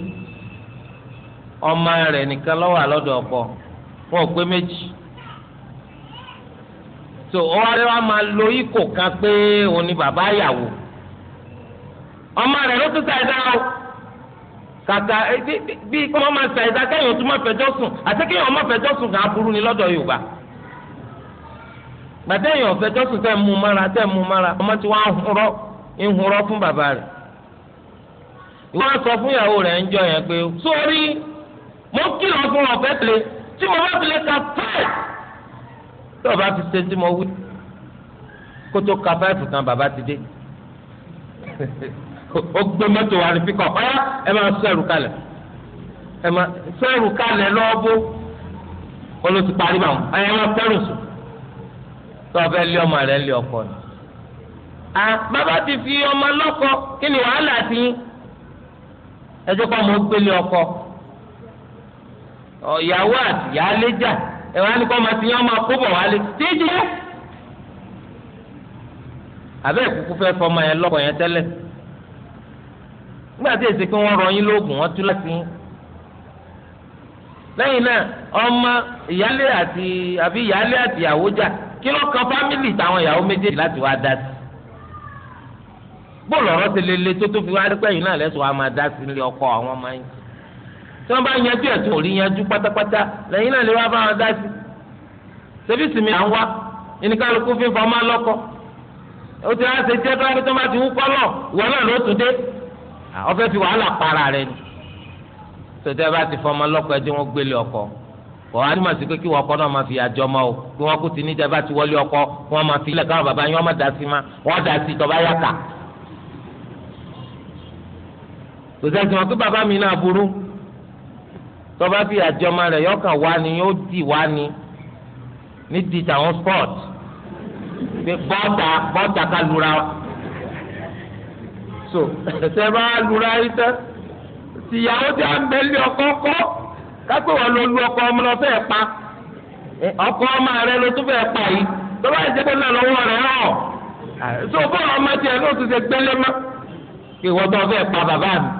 ọmọ rẹ̀ nìkan lọ́wọ́ àlọ́dọ̀ ọ̀pọ̀ so ọwọ́ rẹ wá lo ikò kan pé òun ni bàbá yàwó ọmọ rẹ ló tún ṣàìdá o kàkà eh, bí kí máa ṣàìdá kéèyàn tún máa sùn àti kéèyàn máa sùn kàn á burú ni Yorùbá sùn tẹ́ mú tẹ́ mú ọmọ tí wọ́n á ń fún bàbá rẹ̀ ìwọ́n sọ fún ìyàwó ń jọ pé sórí mo fún ọ̀fẹ́ tẹ̀lé tí mo bá tí o fi ṣe tí mo wí kó tó ka fáìfù tán bàbá ti dé ó gbé mọ́tò wa ní píkọ̀ ọ́yá ẹ máa sọ ẹrù kalẹ̀ ẹ máa sọ ẹrù kalẹ̀ lọ́ọ́bù ó ló ti parí báwọn ẹ máa pẹ́rù sùn tó o fẹ́ lé ọmọ rẹ lé ọkọ ni. bàbá ti fi ọmọ lọ́kọ kí ni wàhálà ti yín ẹ jẹ́ kó gbélé ọkọ ìyàwó àti ìyáálé jà ẹ̀wọ̀n á ní kọ́ máa ti yán máa kó bọ̀ wálé títí yẹn. àbẹ́ ìkúkú fẹ́ fọmọ yẹn lọ́kọ̀ yẹn tẹ́lẹ̀ nígbà tí èsì pé wọ́n rọ yín lóògùn wọ́n tú láti yín. lẹ́yìn náà ọmọ ìyálé àti àbí ìyálé àti ìyàwó jà kí ló kan fámìlì táwọn ìyàwó méjèèjì láti wá dá sí. bóòlù ọ̀rọ̀ ti lele tó tó fi wá rí pẹ́yìn náà lẹ́sùn wa máa dá sí ilé ọkọ àwọn ọmọ yín tí wọ́n bá yanjú ẹ̀ tó ò rí yanjú pátápátá lẹ́yìn náà lè wá bá wọn dá sí. sẹ́fíìsì mi à ń wá ìníkàlùkù fi fọmọ lọ́kọ ó ti rà ṣe jẹ́ tó wọ́n bá ti wú kọ́lọ̀ ìwọ náà ló tún dé ọ̀fẹ́ fi wàhálà para rẹ̀ ni tòtẹ́ bá ti fọmọ lọ́kọ ẹ jẹ́ wọ́n gbélé ọkọ kọ́ á ní mà sí pé kí wọ́n kọ́ náà máa fi àjọ mọ́ o kí wọ́n kú ti níjà bá ti wọlé ọkọ kí wọ́n máa fi ilẹ̀ káwọn bàbá yín wọ́n máa dà sí ma wọ́n dà sí tọ́ba yàtà tòtẹ́ sọ wọn bàbá mi náà burú tọ́ba fi àjọmọ rẹ̀ yọkàn wá ni yóò dì wá ni ní ti tàwọn sport bọ́ọ̀tà bọ́ọ̀tà ká lura so ṣe bá lura yìí tẹ́ tìyàwó tí a ń bẹ lé ọkọ kọ́ kápẹ́ wọn ló lu ọkọ ọmọ lọ fẹ́ pa ọkọ ọmọ rẹ ló tún fẹ́ pa yìí tọ́ba ìjẹ́ pé náà lọ́wọ́ rẹ̀ hàn so fún ọmọ tiẹ̀ ló ti ṣe gbẹ́lẹ́ mọ́ kí wọ́n tó fẹ́ pa bàbá mi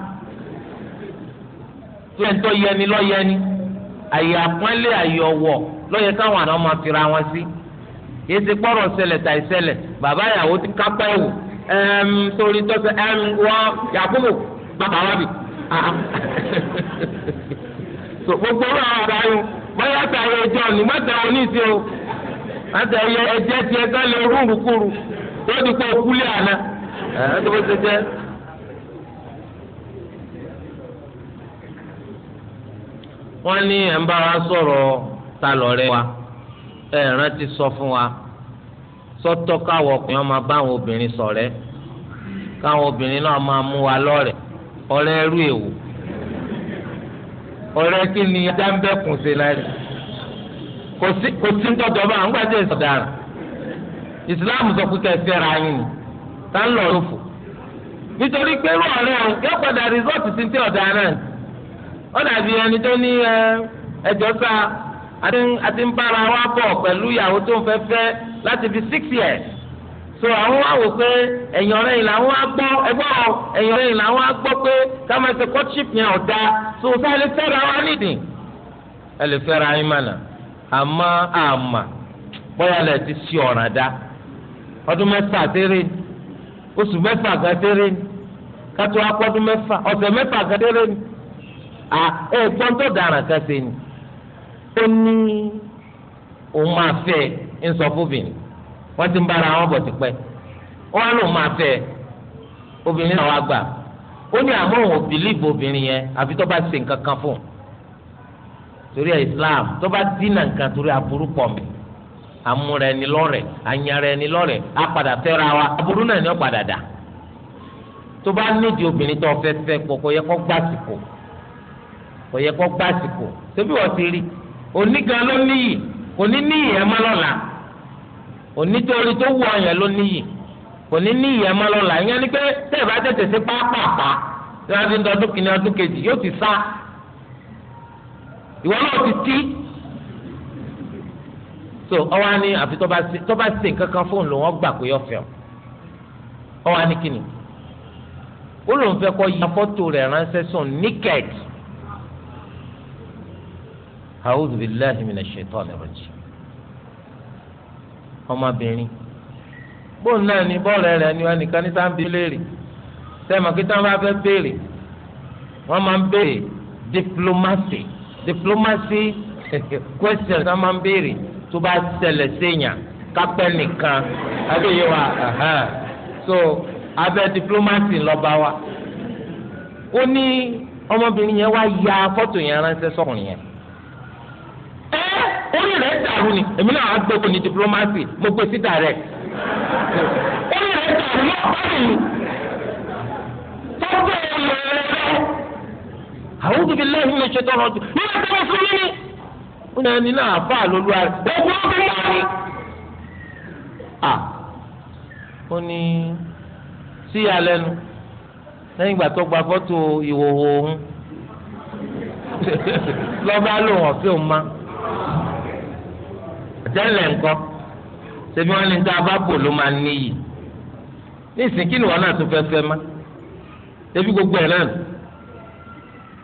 tó yẹ tó yẹni lọ yẹni àyè àpọ́nlé àyè ọ̀wọ̀ lọ́yẹ káwọn àna ọmọ fira wọn sí yìí ti gbọ́rọ̀ ṣẹlẹ̀ tàì ṣẹlẹ̀ bàbá ìyàwó ti kápẹ́ wò ẹ̀ẹ́m torí tọ́sẹ̀ ẹ̀ẹ́m wọ́n Yakubu bàbá wa bì ah, ah. so gbogbo ọ̀rọ̀ àwọn ọ̀gá yìí báyà sàrò ẹjọ́ ni mọ́tà oníṣẹ́ o mọ́tà ẹ̀jẹ̀ tiẹ̀ sálẹ̀ orúurukúru tó ti kọ́ kúlẹ̀ àná ẹ̀ẹ́dẹ́gbẹ́sẹ̀ jẹ́ wọ́n ní ẹ̀ ń bá wa sọ̀rọ̀ ta lọ̀rẹ́ wa ẹ̀ rántí sọ fún wa sọ́tọ̀ káwọn ọkùnrin máa bá àwọn obìnrin ṣọ̀rẹ́ káwọn obìnrin náà máa mú wa lọ́rẹ̀ ọ̀rẹ́ ẹrú èwò ọ̀rẹ́ kí ni adámbẹ́kùn ṣe láyé kò sí ń tọ́jọ́ bá àwọn gbàdé ìsọ̀daràn ìsìláàmù sọ pé kẹsì ẹ̀rọ ayé ni tá ń lọ lófo nítorí pé irú ọ̀rẹ́ o yóò padà rìsọ́ọ̀tì sí ti ọ̀daràn náà Ọ na ẹni tó ní ẹjọ́ sá àti ń bára wa bọ̀ pẹ̀lú ìyàwó tó ń fẹ́ fẹ́ láti fi six years so àwọn wá wò pé ẹ̀yìn ọ̀rẹ́ yìí làwọn á gbọ́ ẹgbọ́ ẹ̀yìn yìí làwọn gbọ́ pé ká máa ṣe courtship yẹn so sáà lè fẹ́ra wa nídìí ẹ lè fẹ́ra yín mọ̀nà àmọ́ àmà ti ṣe ọ̀ràn dá ọdún mẹ́fà tẹ́rẹ́ oṣù mẹ́fà kátó akọ́dún à ẹ̀gbọ́n tó dara kan ṣe ni ó ní òun máa fẹ́ ń sọ ti ń bára wọn bọ̀ tipẹ́ ó wá máa fẹ́ obìnrin náà wá gbà ó ní àmọ́ òun ò obìnrin yẹn àfi tó bá ṣe nǹkan kan fún un torí ẹ Islam tó bá nǹkan torí aburú pọ̀ mi amúra ẹni lọ́rẹ̀ anyara ẹni lọ́rẹ̀ apàdà fẹ́ra wa aburú náà ni padà dà tó bá nídìí obìnrin tó fẹ́ fẹ́ yẹ kó kò yẹ kó gbá àsìkò tóbi wọ́n ti rí onígan ló níyì kò ní níyì ẹ̀ má lọ́la onítorí tó wù ọ̀yàn ló níyì kò ní níyì ẹ̀ má lọ́la ìyẹn ni pé tẹ́ ẹ̀ bá tètè sí pápápá tí wọ́n ti ń dọdún kìíní ọdún kejì yóò ti sá ìwọ náà ti tí so ọwọ́ á ní àfi tó bá ṣe nǹkan kan fóònù lòun ọgbà pé ọ̀fẹ́ ọwọ́ á ní kíni ó lòun fẹ́ kọ́ ya fọ́tò rẹ̀ ránṣẹ́ sùn níkẹ́ẹ̀tì a'udhu billahi minash shaitani rajim ọmọbìnrin bóun náà ni bọ́ọ̀lù rẹ̀ ni wọn nìkan ní sáńbí léèrè sẹ́mi kí táwọn bá fẹ́ béèrè wọ́n máa ń béèrè diplomacy diplomacy question tí wọ́n máa ń béèrè tó bá ṣẹlẹ̀ séèyàn kápẹ́ nìkan abéyé wa so abẹ́ diplomacy lọ́ba wa ó ní ọmọbìnrin yẹn wá ya fọ́tò yẹn ránṣẹ́ sọ́kùnrin yẹn orí rẹ̀ dàrú ni èmi náà á gbé kò ní dipulomasi mo gbé sí direct orí rẹ̀ dàrú náà báyìí tọ́gbẹ́ ọ̀rọ̀ rẹ̀ àwọn òbí lẹ́yìn lè ṣe tọrọ jù nígbà tí wọ́n fún mi ni ó ní ẹni náà fà lólu ara ẹ̀kọ́ ọ̀gbìn náà ni. ó ní sí alẹ́nu lẹ́yìn ìgbà tó gba fọ́tò ìhòòhò òun lọ́ba lòun ọ̀fẹ́ máa tẹ́lẹ̀ ńkọ́ ṣebí wọn ní ta bá bò ló máa níyì ní ìsìn kí ni wọn náà tún fẹ́ fẹ́ má ṣebí gbogbo ẹ̀ náà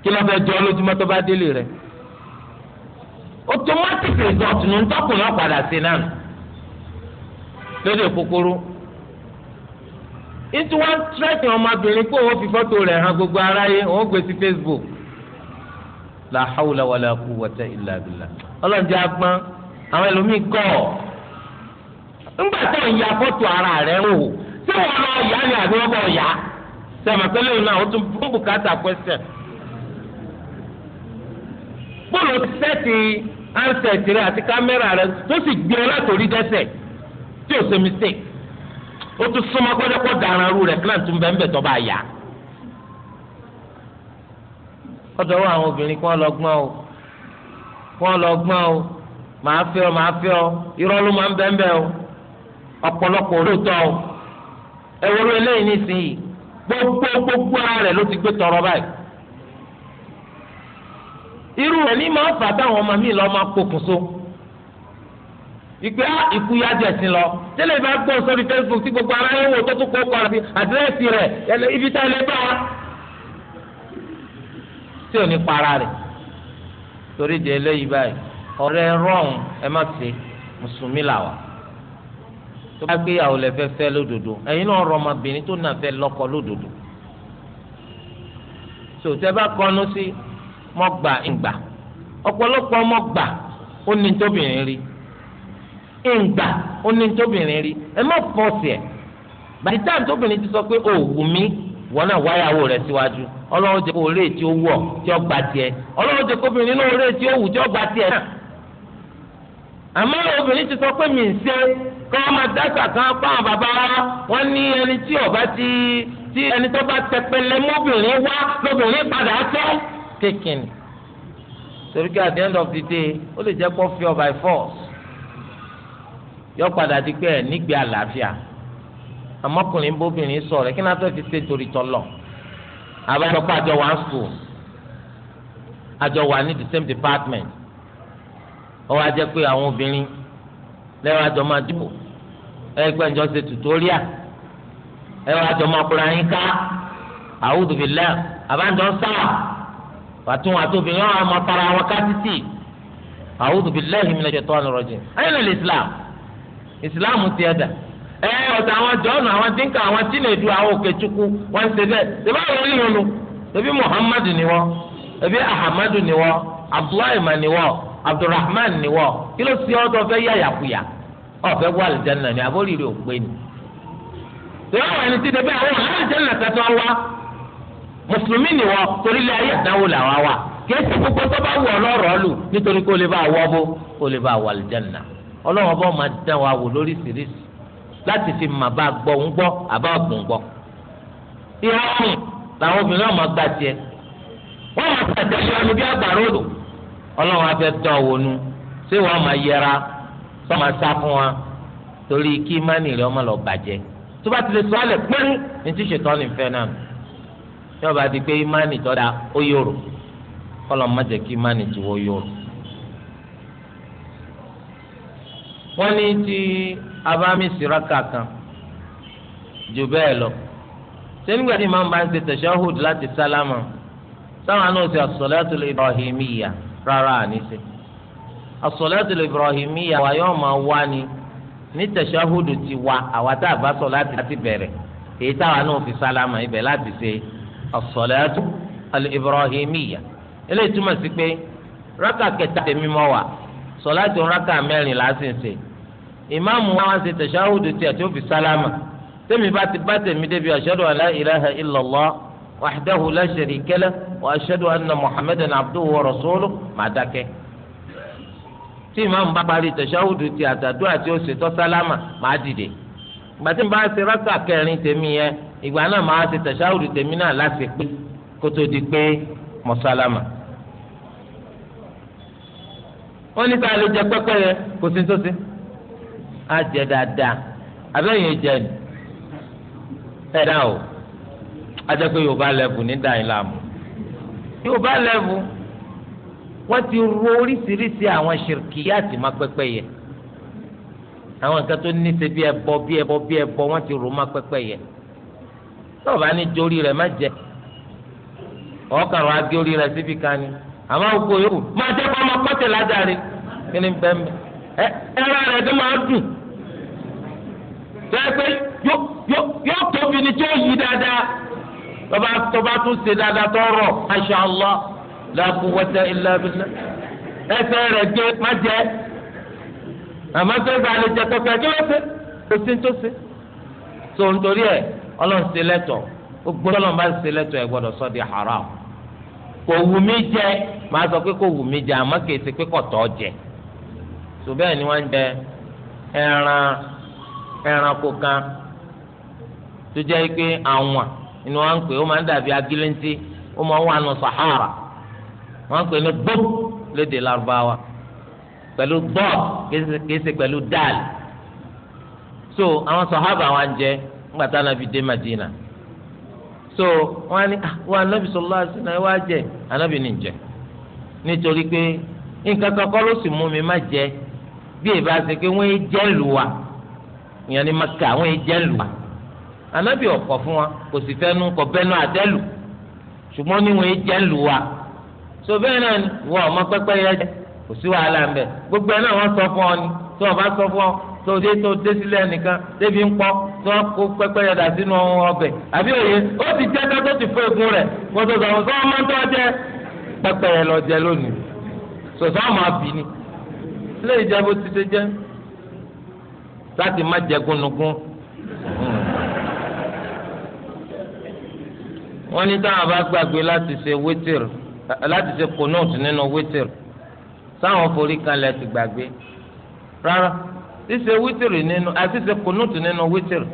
kí ló fẹ́ jọ lójúmọ́ tó bá délé rẹ̀ automatic result ní ntọ́kùnrin ọ̀padà sí náà lóde kúkúrú nítorí wọn tẹ́tí ọmọbìnrin kó owó fi fọ́tò rẹ̀ hàn gbogbo aráyé òun gbé sí Facebook la hawla wala quwwata illa ọlọ́run jẹ́ agbọ́n àwọn ẹlòmíì gọ̀ ńgbà tó ń ya fọ́tò ara rẹ̀ wò tí wọ́n lọ yá ni àbí wọ́n bọ̀ yá sẹ́mi àtẹ́lẹ́ yìí náà ó tún fún bùkátà pẹ́sẹ̀. bọ́ọ̀lù sẹ́ẹ̀tì ansẹ̀tì rẹ̀ àti kámẹ́rà rẹ̀ tó sì gbé ọ látòrí dẹ́sẹ̀ tí ò ṣe mistake ó tún súnmọ́ gbọ́dọ́gbọ́ dara ru rẹ̀ kílàn tún bẹ́ẹ̀ ń bẹ̀ tọ́ bá yá. ọ̀dọ̀ wo àwọn obìnrin kí wọ́n lọ gbọ́n o kí wọ́n lọ gbọ́n o màá fẹ́ ọ màá fẹ́ ọ irọ́ ló máa ń o ọ̀pọ̀lọpọ̀ o eléyìí gbogbo gbogbo ara rẹ̀ ló ti gbé tọrọ báyìí irú rẹ̀ ní máa fà táwọn ọmọ mi lọ máa pokùnso ìgbé ìkúyàjọ ẹ̀sìn lọ tẹ́lẹ̀ bá gbọ́ Facebook tí gbogbo ara yẹn wò tó àdírẹ́sì ibi tá ẹ lè bá wa tí ò ní ọ̀rẹ́ rọrùn ẹ má ṣe mùsùlùmí là tó bá gbéyàwó lẹ fẹ́ fẹ́ lódodo ẹ̀yin náà rọ ọmọbìnrin tó nà fẹ lọ́kọ lódodo sòtẹ́ bá kọnu sí mọ́gbà ìgbà Ọpọlọpọ mọ́gbà ó ní tóbìnrin rí ìgbà ó ní tóbìnrin rí ẹ má fọ́ọ̀sì bàtí sọ pé òògùn mi wọn náà wáyàwó síwájú jẹ́ kó rèé tí ó àmọ́ obìnrin ti sọ pé mi ń ṣe kí wọ́n máa dáṣà kan pa àwọn bàbá wa wọ́n ní ẹni tí ọba ti tí ẹni tó bá tẹpẹlẹ mọ́bìnrin wá lóbìnrin padà tẹ́ kékin torí pé at the end of the day ó lè jẹ́ kó fi ọ by force yọ padà di pé ẹ̀ nígbẹ́ àlàáfíà àmọ́kùnrin bóbìnrin sọ̀rọ̀ ẹ̀ kí náà tó fi ṣe torí tọ́lọ̀ àbájọpọ̀ àjọ one school àjọ wà ní the same department ọwọ́ ajẹ́ pé àwọn obìnrin lẹ́wọ̀n àjọ máa dìbò ẹgbẹ́ ìjọ ṣe tutorial ẹwọ́n àjọ máa kóra yín ká àwùjọ fi lẹ́ àbájọ ń sáà wàtún àtòbí yọ̀ àmọ́ para wọn ká títì àwùjọ fi lẹ́yìn mi lẹ́jọ́ tó wà lọ́rọ̀ jẹ́ ẹ̀yìn lè Islam Islam ti ẹ̀dà ẹ ọ̀tà àwọn jọ́ọ̀nù àwọn dínkà àwọn tìǹẹ̀dù àwọn òkèchukwu wọ́n ń ṣe bẹ́ẹ̀ ṣe báwo rí wọn lu ẹbí Muhammadu ni wọ́n ẹbí Ahamadu ni wọ́n Abdullahi ma ni wọ́n abdulrahman ni wọ kí ló sì ọdọ fẹ́ yà yàkuyà ọfẹ wọ alìjẹnà ni àbórìrì ògbé ni ìwọ àwọn ẹni tí dẹbẹ àwọn alìjẹnà kẹtọ wa mùsùlùmí ni wọ torí ilé ayé àdáwò làwọn wà kéésì gbogbo tó bá wù ọ lọ́rọ̀ lù nítorí kó lè bá wọ bó kó lè bá wọ alìjẹnà ọlọ́wọ́n bá máa dán wa wò lóríṣiríṣi láti fi mà bá gbọ́ ń gbọ́ àbá ọ̀gbìn gbọ́ ìrọ̀rùn làwọn obìnrin náà gbà tiẹ̀ wọ́n máa tẹ̀tẹ̀ lọ́nu bí àgbàrá odò ọlọ́run á fẹ́ tán wò nu ṣé wọ́n máa yẹra sọ máa sá fún wa torí kí mánì rẹ̀ ọmọ lọ bàjẹ́ tó bá ti lè sọ ọ́lẹ̀ pín ní tí ṣètọ́ ní fẹ́ náà tí wọ́n bá ti pé mánì tọ́ da ó yòrò kọ́lọ́ má jẹ́ kí mánì tí wọ́n yòrò. wọ́n ní tí abámisì rákà jù bẹ́ẹ̀ lọ sẹ́nìgbà tí màmá ń ṣe tẹ̀síọ́hùd láti sálámà sáwọn àna ó ṣe as-salatu al-ibrahimiyya rárá àníṣe asọ̀láàtì ibrahimi yà wá yóò máa wá ni ní tẹ̀síáhùdù ti wá àwa tá a bá sọ láti láti bẹ̀rẹ̀ èyí táwa náà fi sálámà ibẹ̀ láti ṣe asọ̀láàtì ibrahimi yà eléyìí túmọ̀ sí pé rákà kẹta tèmi mọ́ wa sọ̀láàtì rákà mẹ́rin lásìn ṣe ìmáàmù wa ṣe tẹ̀síáhùdù tiẹ̀ tó fi sálámà tèmi bá tèmi débi ashadu an la ilaha illallah wahdahu la wa ashhadu anna muhammadan abduhu wa rasuluhu máa dákẹ́ tí ìmáàmù bá parí tẹ̀síáwùdù ti àtàdúrà tí ó ṣe tọ́ sálámà máa bá ṣe rákà kẹrin tèmi yẹn ìgbà náà máa ṣe tẹ̀síáwùdù tèmi náà láti pé kò tó o á jẹ́ pé yorùbá lẹ́bù ní yorùbá lẹ́bù wọ́n ti ro oríṣiríṣi àwọn ṣìrìkìyàtì má pẹ́pẹ́ yẹ àwọn nǹkan tó ní ṣe bí ẹbọ bí ẹbọ bí ẹbọ wọ́n ti ro má pẹ́pẹ́ yẹ tọ́ọ̀bá ní jórí rẹ̀ má jẹ ọ̀ọ́kàn rọ̀ agé orí rẹ̀ síbi kan ni àmọ́ òkú yòókù má jẹ́ kó ọmọ kọ́tẹ̀ ládàrí kí ni bẹ́ẹ̀ mi ẹ ẹ rà rẹ̀ tó máa dùn tó yẹ pé yóò tóbi ni tí yí dáadáa. bàbá tó bá tún ṣe dáadáa tó rọ̀ masha allah la quwwata illa gé má jẹ́ lè jẹ tọ́kẹ́ kí ló ṣe kò sí tó ṣe di haram kò wù mí jẹ màá sọ pé kò wù mí jẹ àmọ́ kì í ṣe pé kò tọ́ jẹ jẹ inú wa ń pè ó máa ń dàbí agilẹ́ntì ó máa ń wà nù sahara wọ́n ń pè ní pẹ̀lú kìí ṣe pẹ̀lú dal so àwọn sahaba wa ń jẹ so wọ́n á ní ah, wọ́n jẹ ní jẹ nítorí pé nǹkan kan kọ́ ló sì mú mi má jẹ bí pé wọ́n jẹ́ ìyẹn ní Maka wọ́n anabi ọkọ fún wa kò sì fẹnu kọ bẹnu àtẹlù ṣùgbọ́n níwọn jẹ ń lù wa so bẹ́ẹ̀ náà ni wọn ọmọ pẹpẹ yẹ jẹ kò sí wàhálà ń bẹ gbogbo ẹ náà wọn sọ fún ọ ni tí wọn bá sọ fún ọ tó dé tó dé sílẹ̀ nìkan débi ń pọ tí wọn kó pẹpẹ yẹ dà sínú ọbẹ̀ àbí òye ó ti jẹ kátó ti fún egun rẹ kó tó sọ̀rọ̀ sọ ọmọ tó jẹ pẹpẹ yẹ lọ wọ́n ní táwọn bá gbàgbé láti ṣe wítìrì láti ṣe kùnúùtù nínú wítìrì sáwọn forí kanlẹ̀ ti gbàgbé rárá ṣíṣe wítìrì nínú àti ṣe kùnúùtù nínú wítìrì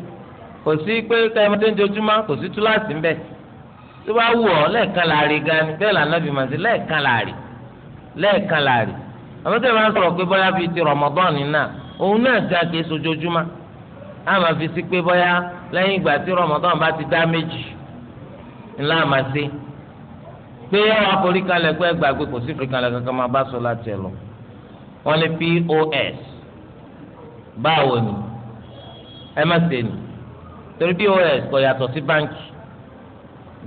kò sí pé káyọ̀mọ́tò ń jojúmọ́ kò sí túláàsì ń bẹ̀ tó bá wù ọ́ lẹ́ẹ̀kan láàrin gan ni bẹ́ẹ̀ lànà bí màsí lẹ́ẹ̀kan láàrin lẹ́ẹ̀kan láàrin àmọ́tẹ́ máa ń sọ̀rọ̀ pé bọ́yá bíi ti Ramadan náà òun náà já kìí sojoojúmọ́ á máa fi sí pé bọ́yá lẹ́yìn ìgbà tí Ramadan bá ti dá méjì ńlá máa ṣe pé ọ̀rọ̀ àforíkalẹ̀ pé ẹgbàgbé kò sí ìforíkalẹ̀ kankan máa bá sọ láti ẹ̀ lọ wọ́n ní pos báwo ni ẹ má ṣe ni torí pos kò yàtọ̀ sí báńkì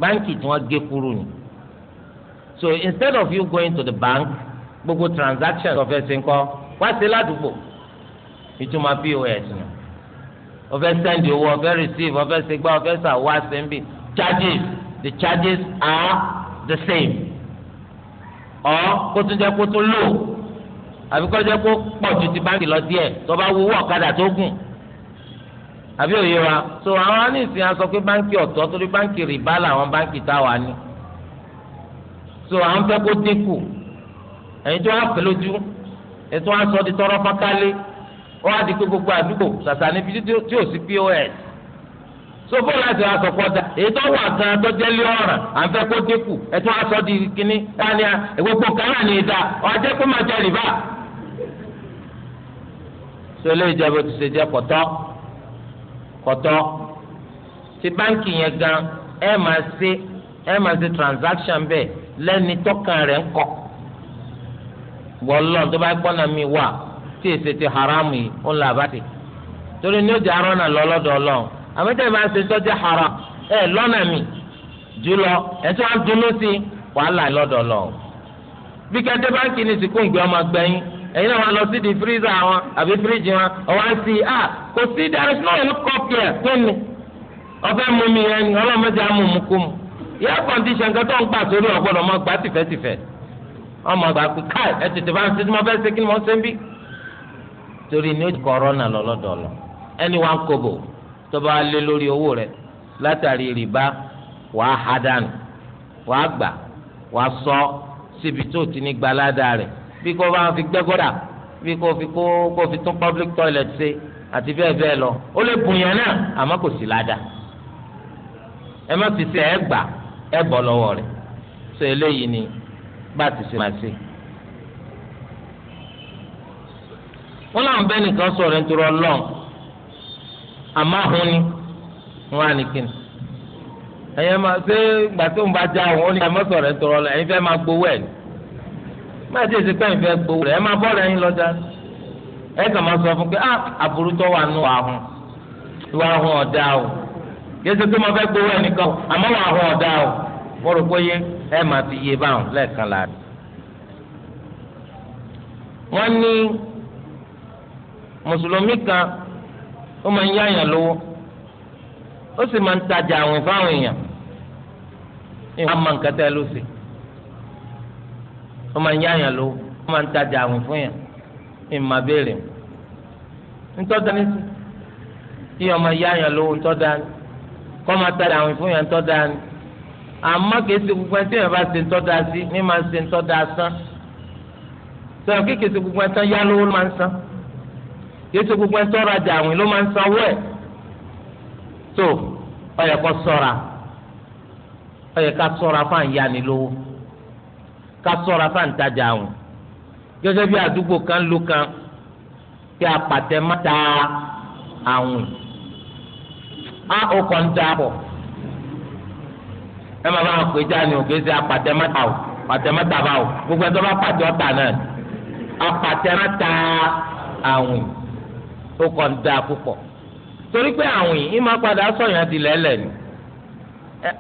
báńkì tí wọ́n gé kúrú ni so instead of you going to the bank gbogbo transactions ọ̀fẹ́ ṣe ń kọ́ wá sí ládùúgbò ìtumọ̀ pos ni ọ̀fẹ́ send owó ọ̀fẹ́ receive ọ̀fẹ́ ṣe gbá ọ̀fẹ́ ṣàwọ́ àṣẹ ń bì charges the charges are the same ọ kó tún jẹ kó tún lò àbí kó jẹ kó pọ̀ ju ti báńkì lọ díẹ̀ tó bá wúwọ́ ọ̀kadà tó gùn àbí òye wa so àwọn anìsìn aṣọ pé báńkì ọ̀tọ̀ torí báńkì rìbá làwọn báńkì táwa ni so àwọn fẹ́ kó dínkù ẹ̀yin tó wá pẹ̀lójú ètò aṣọ di tọrọ pákálé ó wá di pé gbogbo àdúgbò sàṣà níbi tí ó sì POS. sọfọ láti wá sọpọ dá ètò wà kan tọjẹ lé ọràn à ń fẹ́ kó dínkù di kínní tani gbogbo kárà ní ìdá ọjọ́ pé máa jẹ rìbá. sọlá ìjọba ti ṣe jẹ kọtọ kọtọ ti banki yẹn gan ẹ máa ṣe ẹ máa ṣe transaction bẹ́ẹ̀ lẹ́ni tọkàn rẹ̀ ń kọ wọlọ tó bá mi wà tí èsì ti haramu yìí ó ń là bá ti torí ní ó àmọ́ tẹ́ ẹ bá ṣe tọ́jú hara ẹ lọ́nà mi jùlọ ẹ tí sí wàhálà lọ́dọ̀ lọ. bí kẹ́ńté báńkì ní sìnkú ìgbé ọmọ gbẹ̀yìn ẹ̀yin náà lọ sí di fírísà wọn àbí fíríjì wọn ọ̀wá ń si à ah, kò sí there is no any copy ẹ̀ pé mi ọ̀fẹ́ mu mi yẹn ni ọlọ́mọdé á mú mu kú mu. ìyá condition kan tó ń gbà sórí ọ̀gbọ́dọ̀ mọ́ gbà tìfẹ́tìfẹ́ ọmọ àgbà pé káì ẹ tètè bá ń ṣe mo fẹ́ ṣe ni mo ṣe ń bí. torí ni ó ti kọ́ ọ̀rọ̀ náà lọ́lọ́dọ̀ọ̀lọ́ ẹni wá ń tó bá lé lórí owó rẹ látàrí rìbá wàá ha dànù wàá gbà wàá sọ síbi tó ti ní gbalada rẹ bí kò bá fi gbẹ́ gọ́dà bí kò fi kó kó fi tún public toilet ṣe àti bẹ́ẹ̀ bẹ́ẹ̀ lọ ó lè bùnyàn náà àmọ́ kò sí ládà ẹ má fi ṣe ẹ gbà ẹ bọ́ lọ́wọ́ rẹ̀ sọ eléyìí ni bá ti ṣe máa ṣe. wọ́n láwọn bẹ́ẹ̀ nìkan sọ̀rọ̀ nítorí ọlọ́run àmọ́ àhún ni wọn á ní kíni ẹ̀yẹ́ máa ṣé ìgbà tó ń bá já òun ó ní ẹ̀mọ́ sọ̀rọ̀ ẹ̀ tọrọ lọ ẹ̀yin Ma máa gbowó ẹ̀ ní máa ti èsì pẹ́yìn fẹ́ gbowó rẹ̀ ẹ̀ máa bọ́ọ̀rọ̀ ẹ̀yin lọ́jà ẹ̀ kàn máa sọ fún pé ah àbúrú wà nù ọ̀dà o kìí ṣe pé gbowó àmọ́ ọ̀dà o rò pé yé máa fi ó máa ń yáyàn lówó ó sì máa ń tajà àwìn fáwọn èèyàn ìwà máa ń kẹtẹ ló sì ó máa ń yáyàn lówó ó máa ń tajà àwìn fún yàn ìmà béèrè ńtọ́da ní kí ọmọ yáyàn lówó ńtọ́da ní kọ́ máa tajà àwìn fún yàn ńtọ́da ní àmọ́ kìí gbogbo ẹni tí yàn bá ṣe ńtọ́da sí ní máa ń ṣe sán sọ̀rọ̀ kí kìí gbogbo ẹni tán yá lówó ló máa ń sán yéésù gbogbo ẹ tọrọ àjà àwìn ló máa ń sanwó ẹ tó ọyẹ kọ ṣọ́ra ọyẹ ká ṣọ́ra fún àyànni lówó ká ṣọ́ra fún àǹtajà àwìn gẹ́gẹ́ bí àdúgbò kan ló kan kí apàtẹ má ta àwìn á ó kàn dà pọ̀ ẹ máa bá wọn pè já ni òkè sí apàtẹ má ta o apàtẹ má ta bá o gbogbo ẹ tó bá pàtẹ ọ̀tà náà apàtẹ má ta àwìn. ó kàn dáa púpọ̀ torí pé àwọn yìí ìmọ̀ padà sọ̀yàn di lẹ́lẹ̀ ni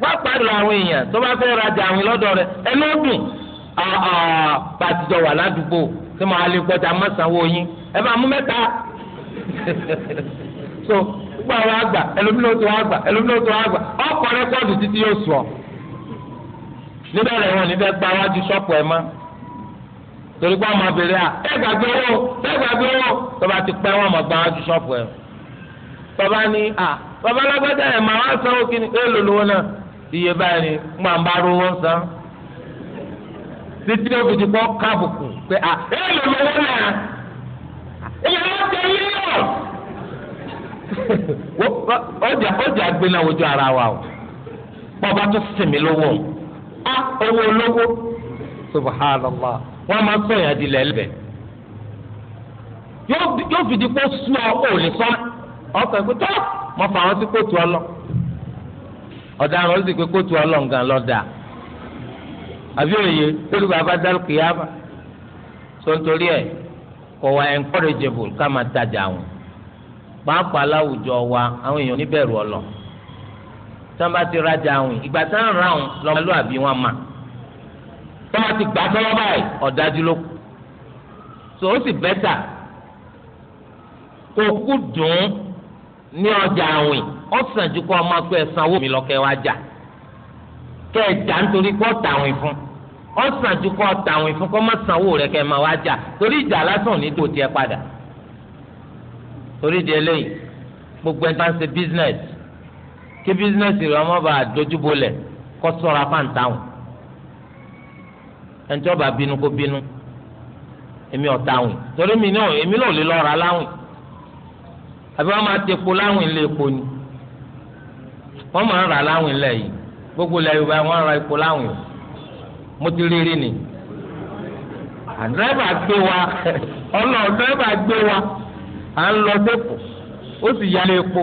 pápá lọ àwọn èèyàn tó bá fẹ́ rajà àwìn lọ́dọ̀ rẹ ẹnu pàtijọ́ wà ládùúgbò tí màá lè gbọ́dọ̀ mọ́sánwó yín ẹ máa mú mẹ́ta so gbogbo àwọn àgbà ẹlòmínú àgbà ẹlòmínú àgbà títí yóò níbẹ̀ rẹ̀ níbẹ̀ ẹ̀ torí pé ọmọ abèrè à ẹ owó ẹ owó tọba ti pẹ́ wọn mọ̀ ju ṣọ́ọ̀bù tọba à alágbádá máa wá sanwó kí ni ẹ lò lówó náà iye báyìí ni máa ń bá rówó san títí ó fi ti kọ́ kábùkù pé à ẹ lò lówó náà ìyàwó tẹ yé ọjà o a owó lówó wọ́n máa sọ̀yàn di lẹ́lẹ́bẹ̀ yóò fìdí pé sùn ọ ò lè sọ ọkọ̀ ẹ̀ pé tó mọ fà wọ́n sí kóòtù ọlọ ọ̀daràn ó sì pé kóòtù ọlọ nǹkan lọ́dà àbí òye olùkọ́ abádàlùkì yá bá sọ nítorí ẹ̀ kò wá encourageable ká máa tajà wọn pàápàá láwùjọ wa àwọn èèyàn níbẹ̀rù ọlọ tí wọ́n bá ti rajà wọn ìgbà tí wọ́n rà wọn lọ́mọlúwàbí wọn máa tọ́wọ́ ti gbà sọ́wọ́ báyìí ọ̀dájú ló kù so ó sì bẹ́tà kò kú dùn ún ní ọjà àwìn ó sàn ju kó ọmọ pé ẹ̀sán owó mi lọ́kẹ́ wá jà kẹ́ ẹ̀ jà nítorí pé ọ̀tà àwìn fún ó sàn ju kó ọ̀tà àwìn fún kó má san owó rẹ̀ kẹ́ ẹ̀ máa wá jà torí ìjà lásán ní tó tiẹ̀ padà torí di eléyìí gbogbo ẹni tó ń ṣe business kí business rẹ̀ ọmọ bá dojúbolẹ̀ kó sọ́ra fáǹtà wọn ẹni tí wọ́n bá bínú kó bínú èmi ọ̀tá àwìn torí mi náà èmi náà ò lè lọ́ọ́ ra láwìn àbí wọ́n máa ti epo láwìn lé epo ni wọ́n máa ń rà láwìn lẹ̀ yìí gbogbo ilẹ̀ Yorùbá wọ́n ra epo láwìn o mo ti rírí ni àdírẹ́bà gbé wa ọlọ́ọ̀ dírẹ́bà gbé wa à ń lọ dépò ó sì yálé epo.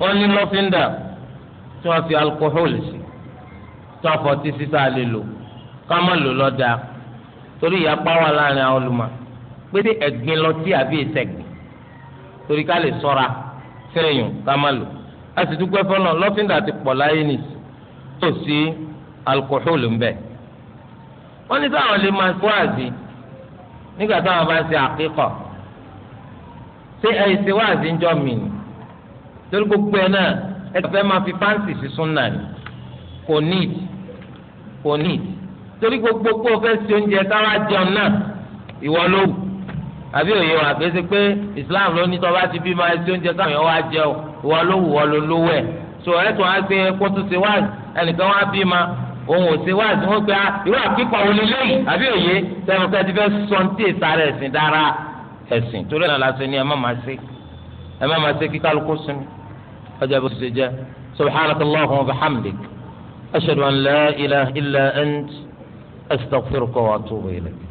wọ́n ní lọ́fíńdà tí wọ́n fi alkohol sí tí wọ́n fọtí síta lè lò ká má lò lọ́dà torí ìyapa wà láàrin àwọn olùmọ̀ pété ẹ̀gbin lọtí àbí ìsẹ̀gbin torí ká lè sọ́ra sẹ́yìn ká má lò a sì dúpẹ́ fọ́nà lọ́fíńdà ti pọ̀ láyé nì tó sí alkohol ńbẹ wọ́n ní sáwọn lè máa fọ́ àzì nígbà táwọn bá ń ṣe àkíkọ̀ ṣé ẹ̀yìn ṣe wáàzì ń jọ mìíràn torí gbogbo ẹ náà ẹ fẹ́ máa fi fáǹsì sí súnà ni kò ní kò ní torí gbogbo kó o fẹ́ ṣe oúnjẹ káwá jẹun náà ìwọ ló wù àbí òye wà gbèsè pé Islam ló ní tọ́ba ti bí máa ṣe oúnjẹ káwọn èèyàn wá jẹun ìwọ ló wù ìwọ ló lówó ẹ̀ so ẹ̀ tó wá gbé kó tó ṣe wáàzì ẹnìkan wá bí ma òun ò ṣe wá sí wọn gba irú àkíkọ òun lélẹyìí àbí òye tẹnukẹ ti fẹ sọ ní tèèta rẹ ẹsìn dára ẹsìn torí ẹ la ṣe ni أمام أتيكي قال قسم أجاب السجاء سبحانك اللهم وبحمدك أشهد أن لا إله إلا أنت أستغفرك وأتوب إليك